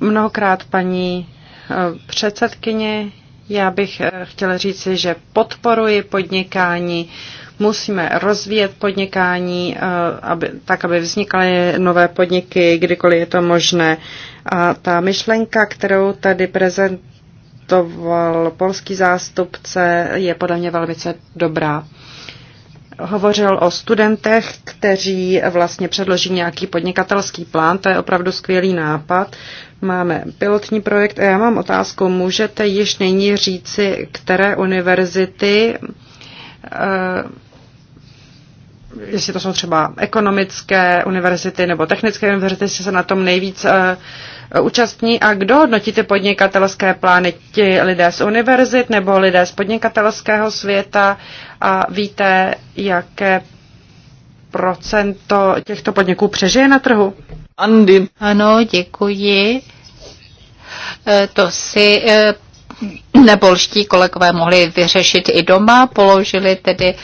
mnohokrát paní eh, předsedkyně. Já bych eh, chtěla říci, že podporuji podnikání, musíme rozvíjet podnikání, eh, aby, tak, aby vznikaly nové podniky, kdykoliv je to možné. A ta myšlenka, kterou tady prezentoval polský zástupce, je podle mě velmi dobrá. Hovořil o studentech, kteří vlastně předloží nějaký podnikatelský plán, to je opravdu skvělý nápad. Máme pilotní projekt a já mám otázku, můžete již nyní říci, které univerzity eh, jestli to jsou třeba ekonomické univerzity nebo technické univerzity, jestli se na tom nejvíc eh, účastní a kdo hodnotí ty podnikatelské plány, ti lidé z univerzit nebo lidé z podnikatelského světa a víte, jaké procento těchto podniků přežije na trhu? Ano, děkuji. E, to si e, nepolští kolegové mohli vyřešit i doma, položili tedy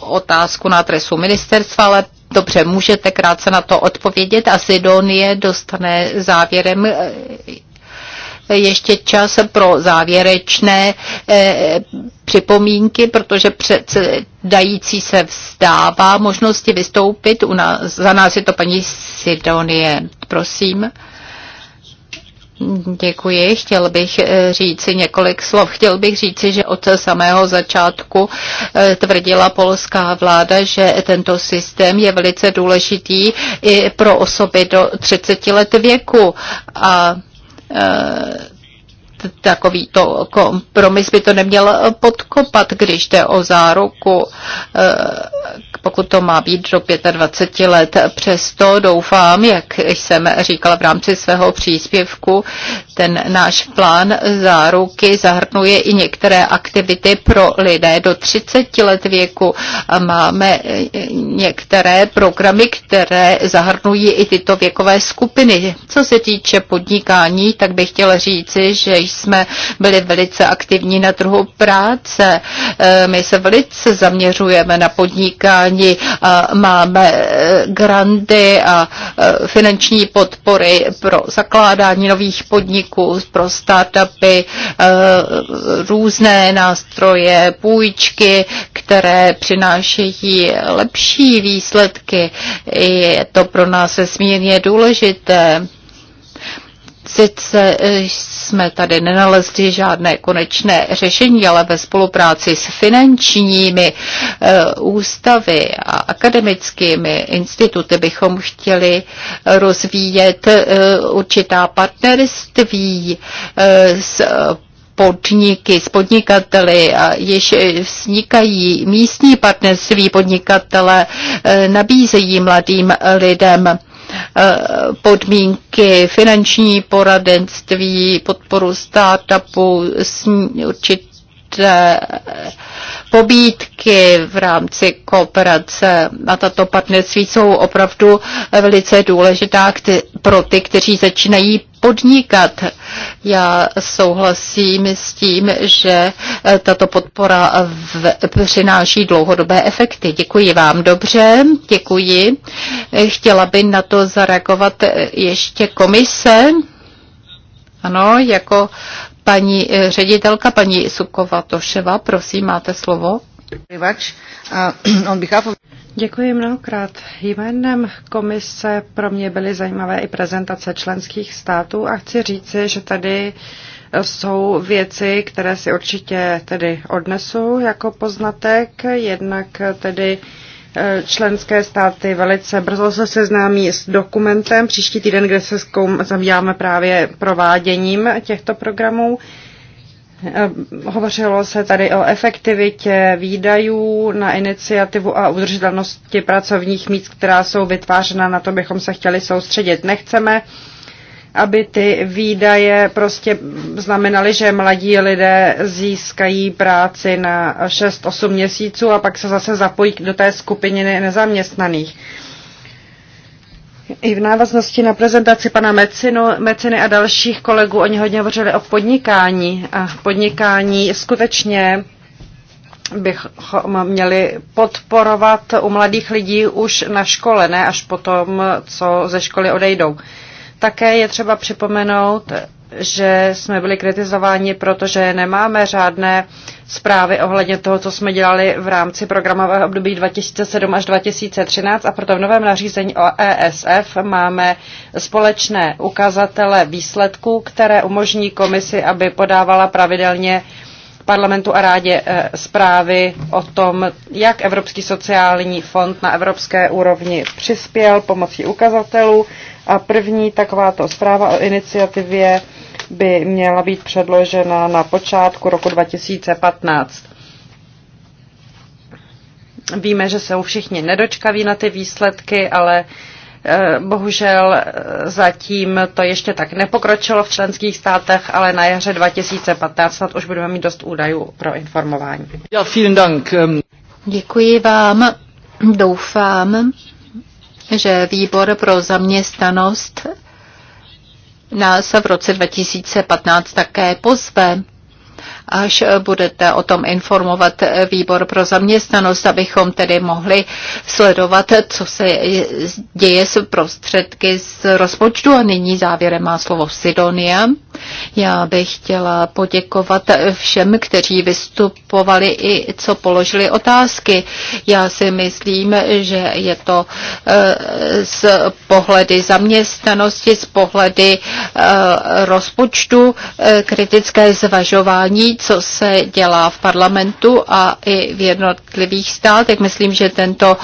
otázku na adresu ministerstva, ale dobře, můžete krátce na to odpovědět a Sidonie dostane závěrem e, ještě čas pro závěrečné eh, připomínky, protože předsedající se vzdává možnosti vystoupit. U nás, za nás je to paní Sidonie. Prosím. Děkuji. Chtěl bych eh, říci několik slov. Chtěl bych říci, že od samého začátku eh, tvrdila polská vláda, že tento systém je velice důležitý i pro osoby do 30 let věku. A uh, Takový to kompromis by to neměl podkopat, když jde o záruku, eh, pokud to má být do 25 let. Přesto doufám, jak jsem říkala v rámci svého příspěvku, ten náš plán záruky zahrnuje i některé aktivity pro lidé do 30 let věku. máme některé programy, které zahrnují i tyto věkové skupiny. Co se týče podnikání, tak bych chtěla říci, že jsme byli velice aktivní na trhu práce. Eh, my se velice zaměřujeme na podnikání, a máme eh, granty a eh, finanční podpory pro zakládání nových podniků, pro startupy, různé nástroje, půjčky, které přinášejí lepší výsledky. Je to pro nás nesmírně důležité. Sice eh, jsme tady nenalezli žádné konečné řešení, ale ve spolupráci s finančními eh, ústavy a akademickými instituty bychom chtěli rozvíjet eh, určitá partnerství s podniky, s podnikateli a již vznikají místní partnerství podnikatele, nabízejí mladým lidem Eh, podmínky, finanční poradenství, podporu startupu, určitě Eh, pobídky v rámci kooperace a tato partnerství jsou opravdu velice důležitá pro ty, kteří začínají podnikat. Já souhlasím s tím, že eh, tato podpora v, přináší dlouhodobé efekty. Děkuji vám dobře, děkuji. Chtěla by na to zareagovat eh, ještě komise. Ano, jako Paní eh, ředitelka, paní Sukova Toševa, prosím, máte slovo. Děkuji mnohokrát. Jménem komise pro mě byly zajímavé i prezentace členských států a chci říci, že tady jsou věci, které si určitě tedy odnesu jako poznatek. Jednak tedy E, členské státy velice brzo se seznámí s dokumentem příští týden, kde se zkoum, zabýváme právě prováděním těchto programů. E, hovořilo se tady o efektivitě výdajů na iniciativu a udržitelnosti pracovních míst, která jsou vytvářena. Na to bychom se chtěli soustředit. Nechceme aby ty výdaje prostě znamenaly, že mladí lidé získají práci na 6-8 měsíců a pak se zase zapojí do té skupiny nezaměstnaných. I v návaznosti na prezentaci pana Mecinu, Meciny a dalších kolegů, oni hodně hovořili o podnikání. A podnikání skutečně bychom měli podporovat u mladých lidí už na škole, ne až potom, co ze školy odejdou. Také je třeba připomenout, že jsme byli kritizováni, protože nemáme řádné zprávy ohledně toho, co jsme dělali v rámci programového období 2007 až 2013 a proto v novém nařízení o ESF máme společné ukazatele výsledků, které umožní komisi, aby podávala pravidelně uh, parlamentu a rádě eh, zprávy o tom, jak Evropský sociální fond na evropské úrovni přispěl pomocí ukazatelů. A první takováto zpráva o iniciativě by měla být předložena na počátku roku 2015. Víme, že jsou všichni nedočkaví na ty výsledky, ale uh, Eh, bohužel eh, zatím to ještě tak nepokročilo v členských státech, ale na jaře 2015 snad už budeme mít dost údajů pro informování. Ja, vielen Dank. Děkuji vám. Doufám, že výbor pro zaměstnanost nás v roce 2015 také pozve až budete o tom informovat výbor pro zaměstnanost, abychom tedy mohli sledovat, co se děje s prostředky z rozpočtu. A nyní závěrem má slovo Sidonia. Já bych chtěla poděkovat všem, kteří vystupovali i co položili otázky. Já si myslím, že je to eh, z pohledy zaměstnanosti, z pohledy eh, rozpočtu eh, kritické zvažování, co se dělá v parlamentu a i v jednotlivých státech. Myslím, že tento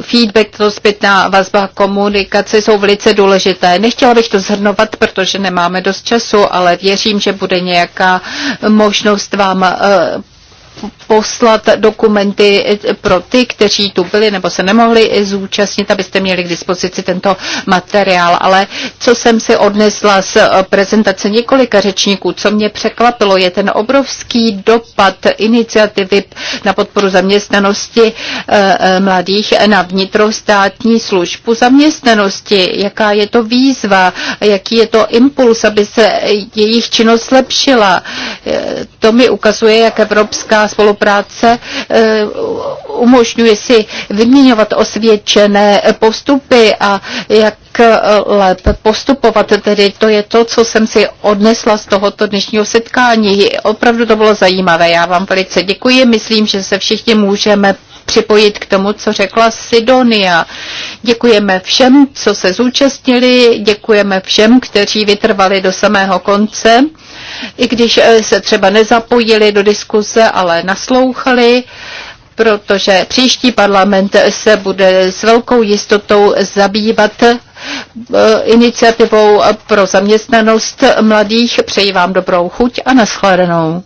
feedback, to zpětná vazba komunikace jsou velice důležité. Nechtěla bych to zhrnovat, protože nemáme dost času, ale věřím, že bude nějaká možnost vám eh, poslat dokumenty pro ty, kteří tu byli nebo se nemohli zúčastnit, abyste měli k dispozici tento materiál. Ale co jsem si odnesla z eh, prezentace několika řečníků, co mě překvapilo, je ten obrovský dopad iniciativy na podporu zaměstnanosti eh, eh, mladých na vnitrostátní službu zaměstnanosti. Jaká je to výzva, jaký je to impuls, aby se jejich činnost zlepšila. To mi ukazuje, jak Evropská spolupráce eh, umožňuje si vyměňovat osvědčené postupy a jak eh, lépe postupovat. Tedy to je to, co jsem si odnesla z tohoto dnešního setkání. Opravdu to bylo zajímavé. Já vám velice děkuji. Myslím, že se všichni můžeme připojit k tomu, co řekla Sidonia. Děkujeme všem, co se zúčastnili, děkujeme všem, kteří vytrvali do samého konce, i když eh, se třeba nezapojili do diskuze, ale naslouchali protože příští parlament se bude s velkou jistotou zabývat eh, iniciativou pro zaměstnanost mladých. Přeji vám dobrou chuť a nashledanou.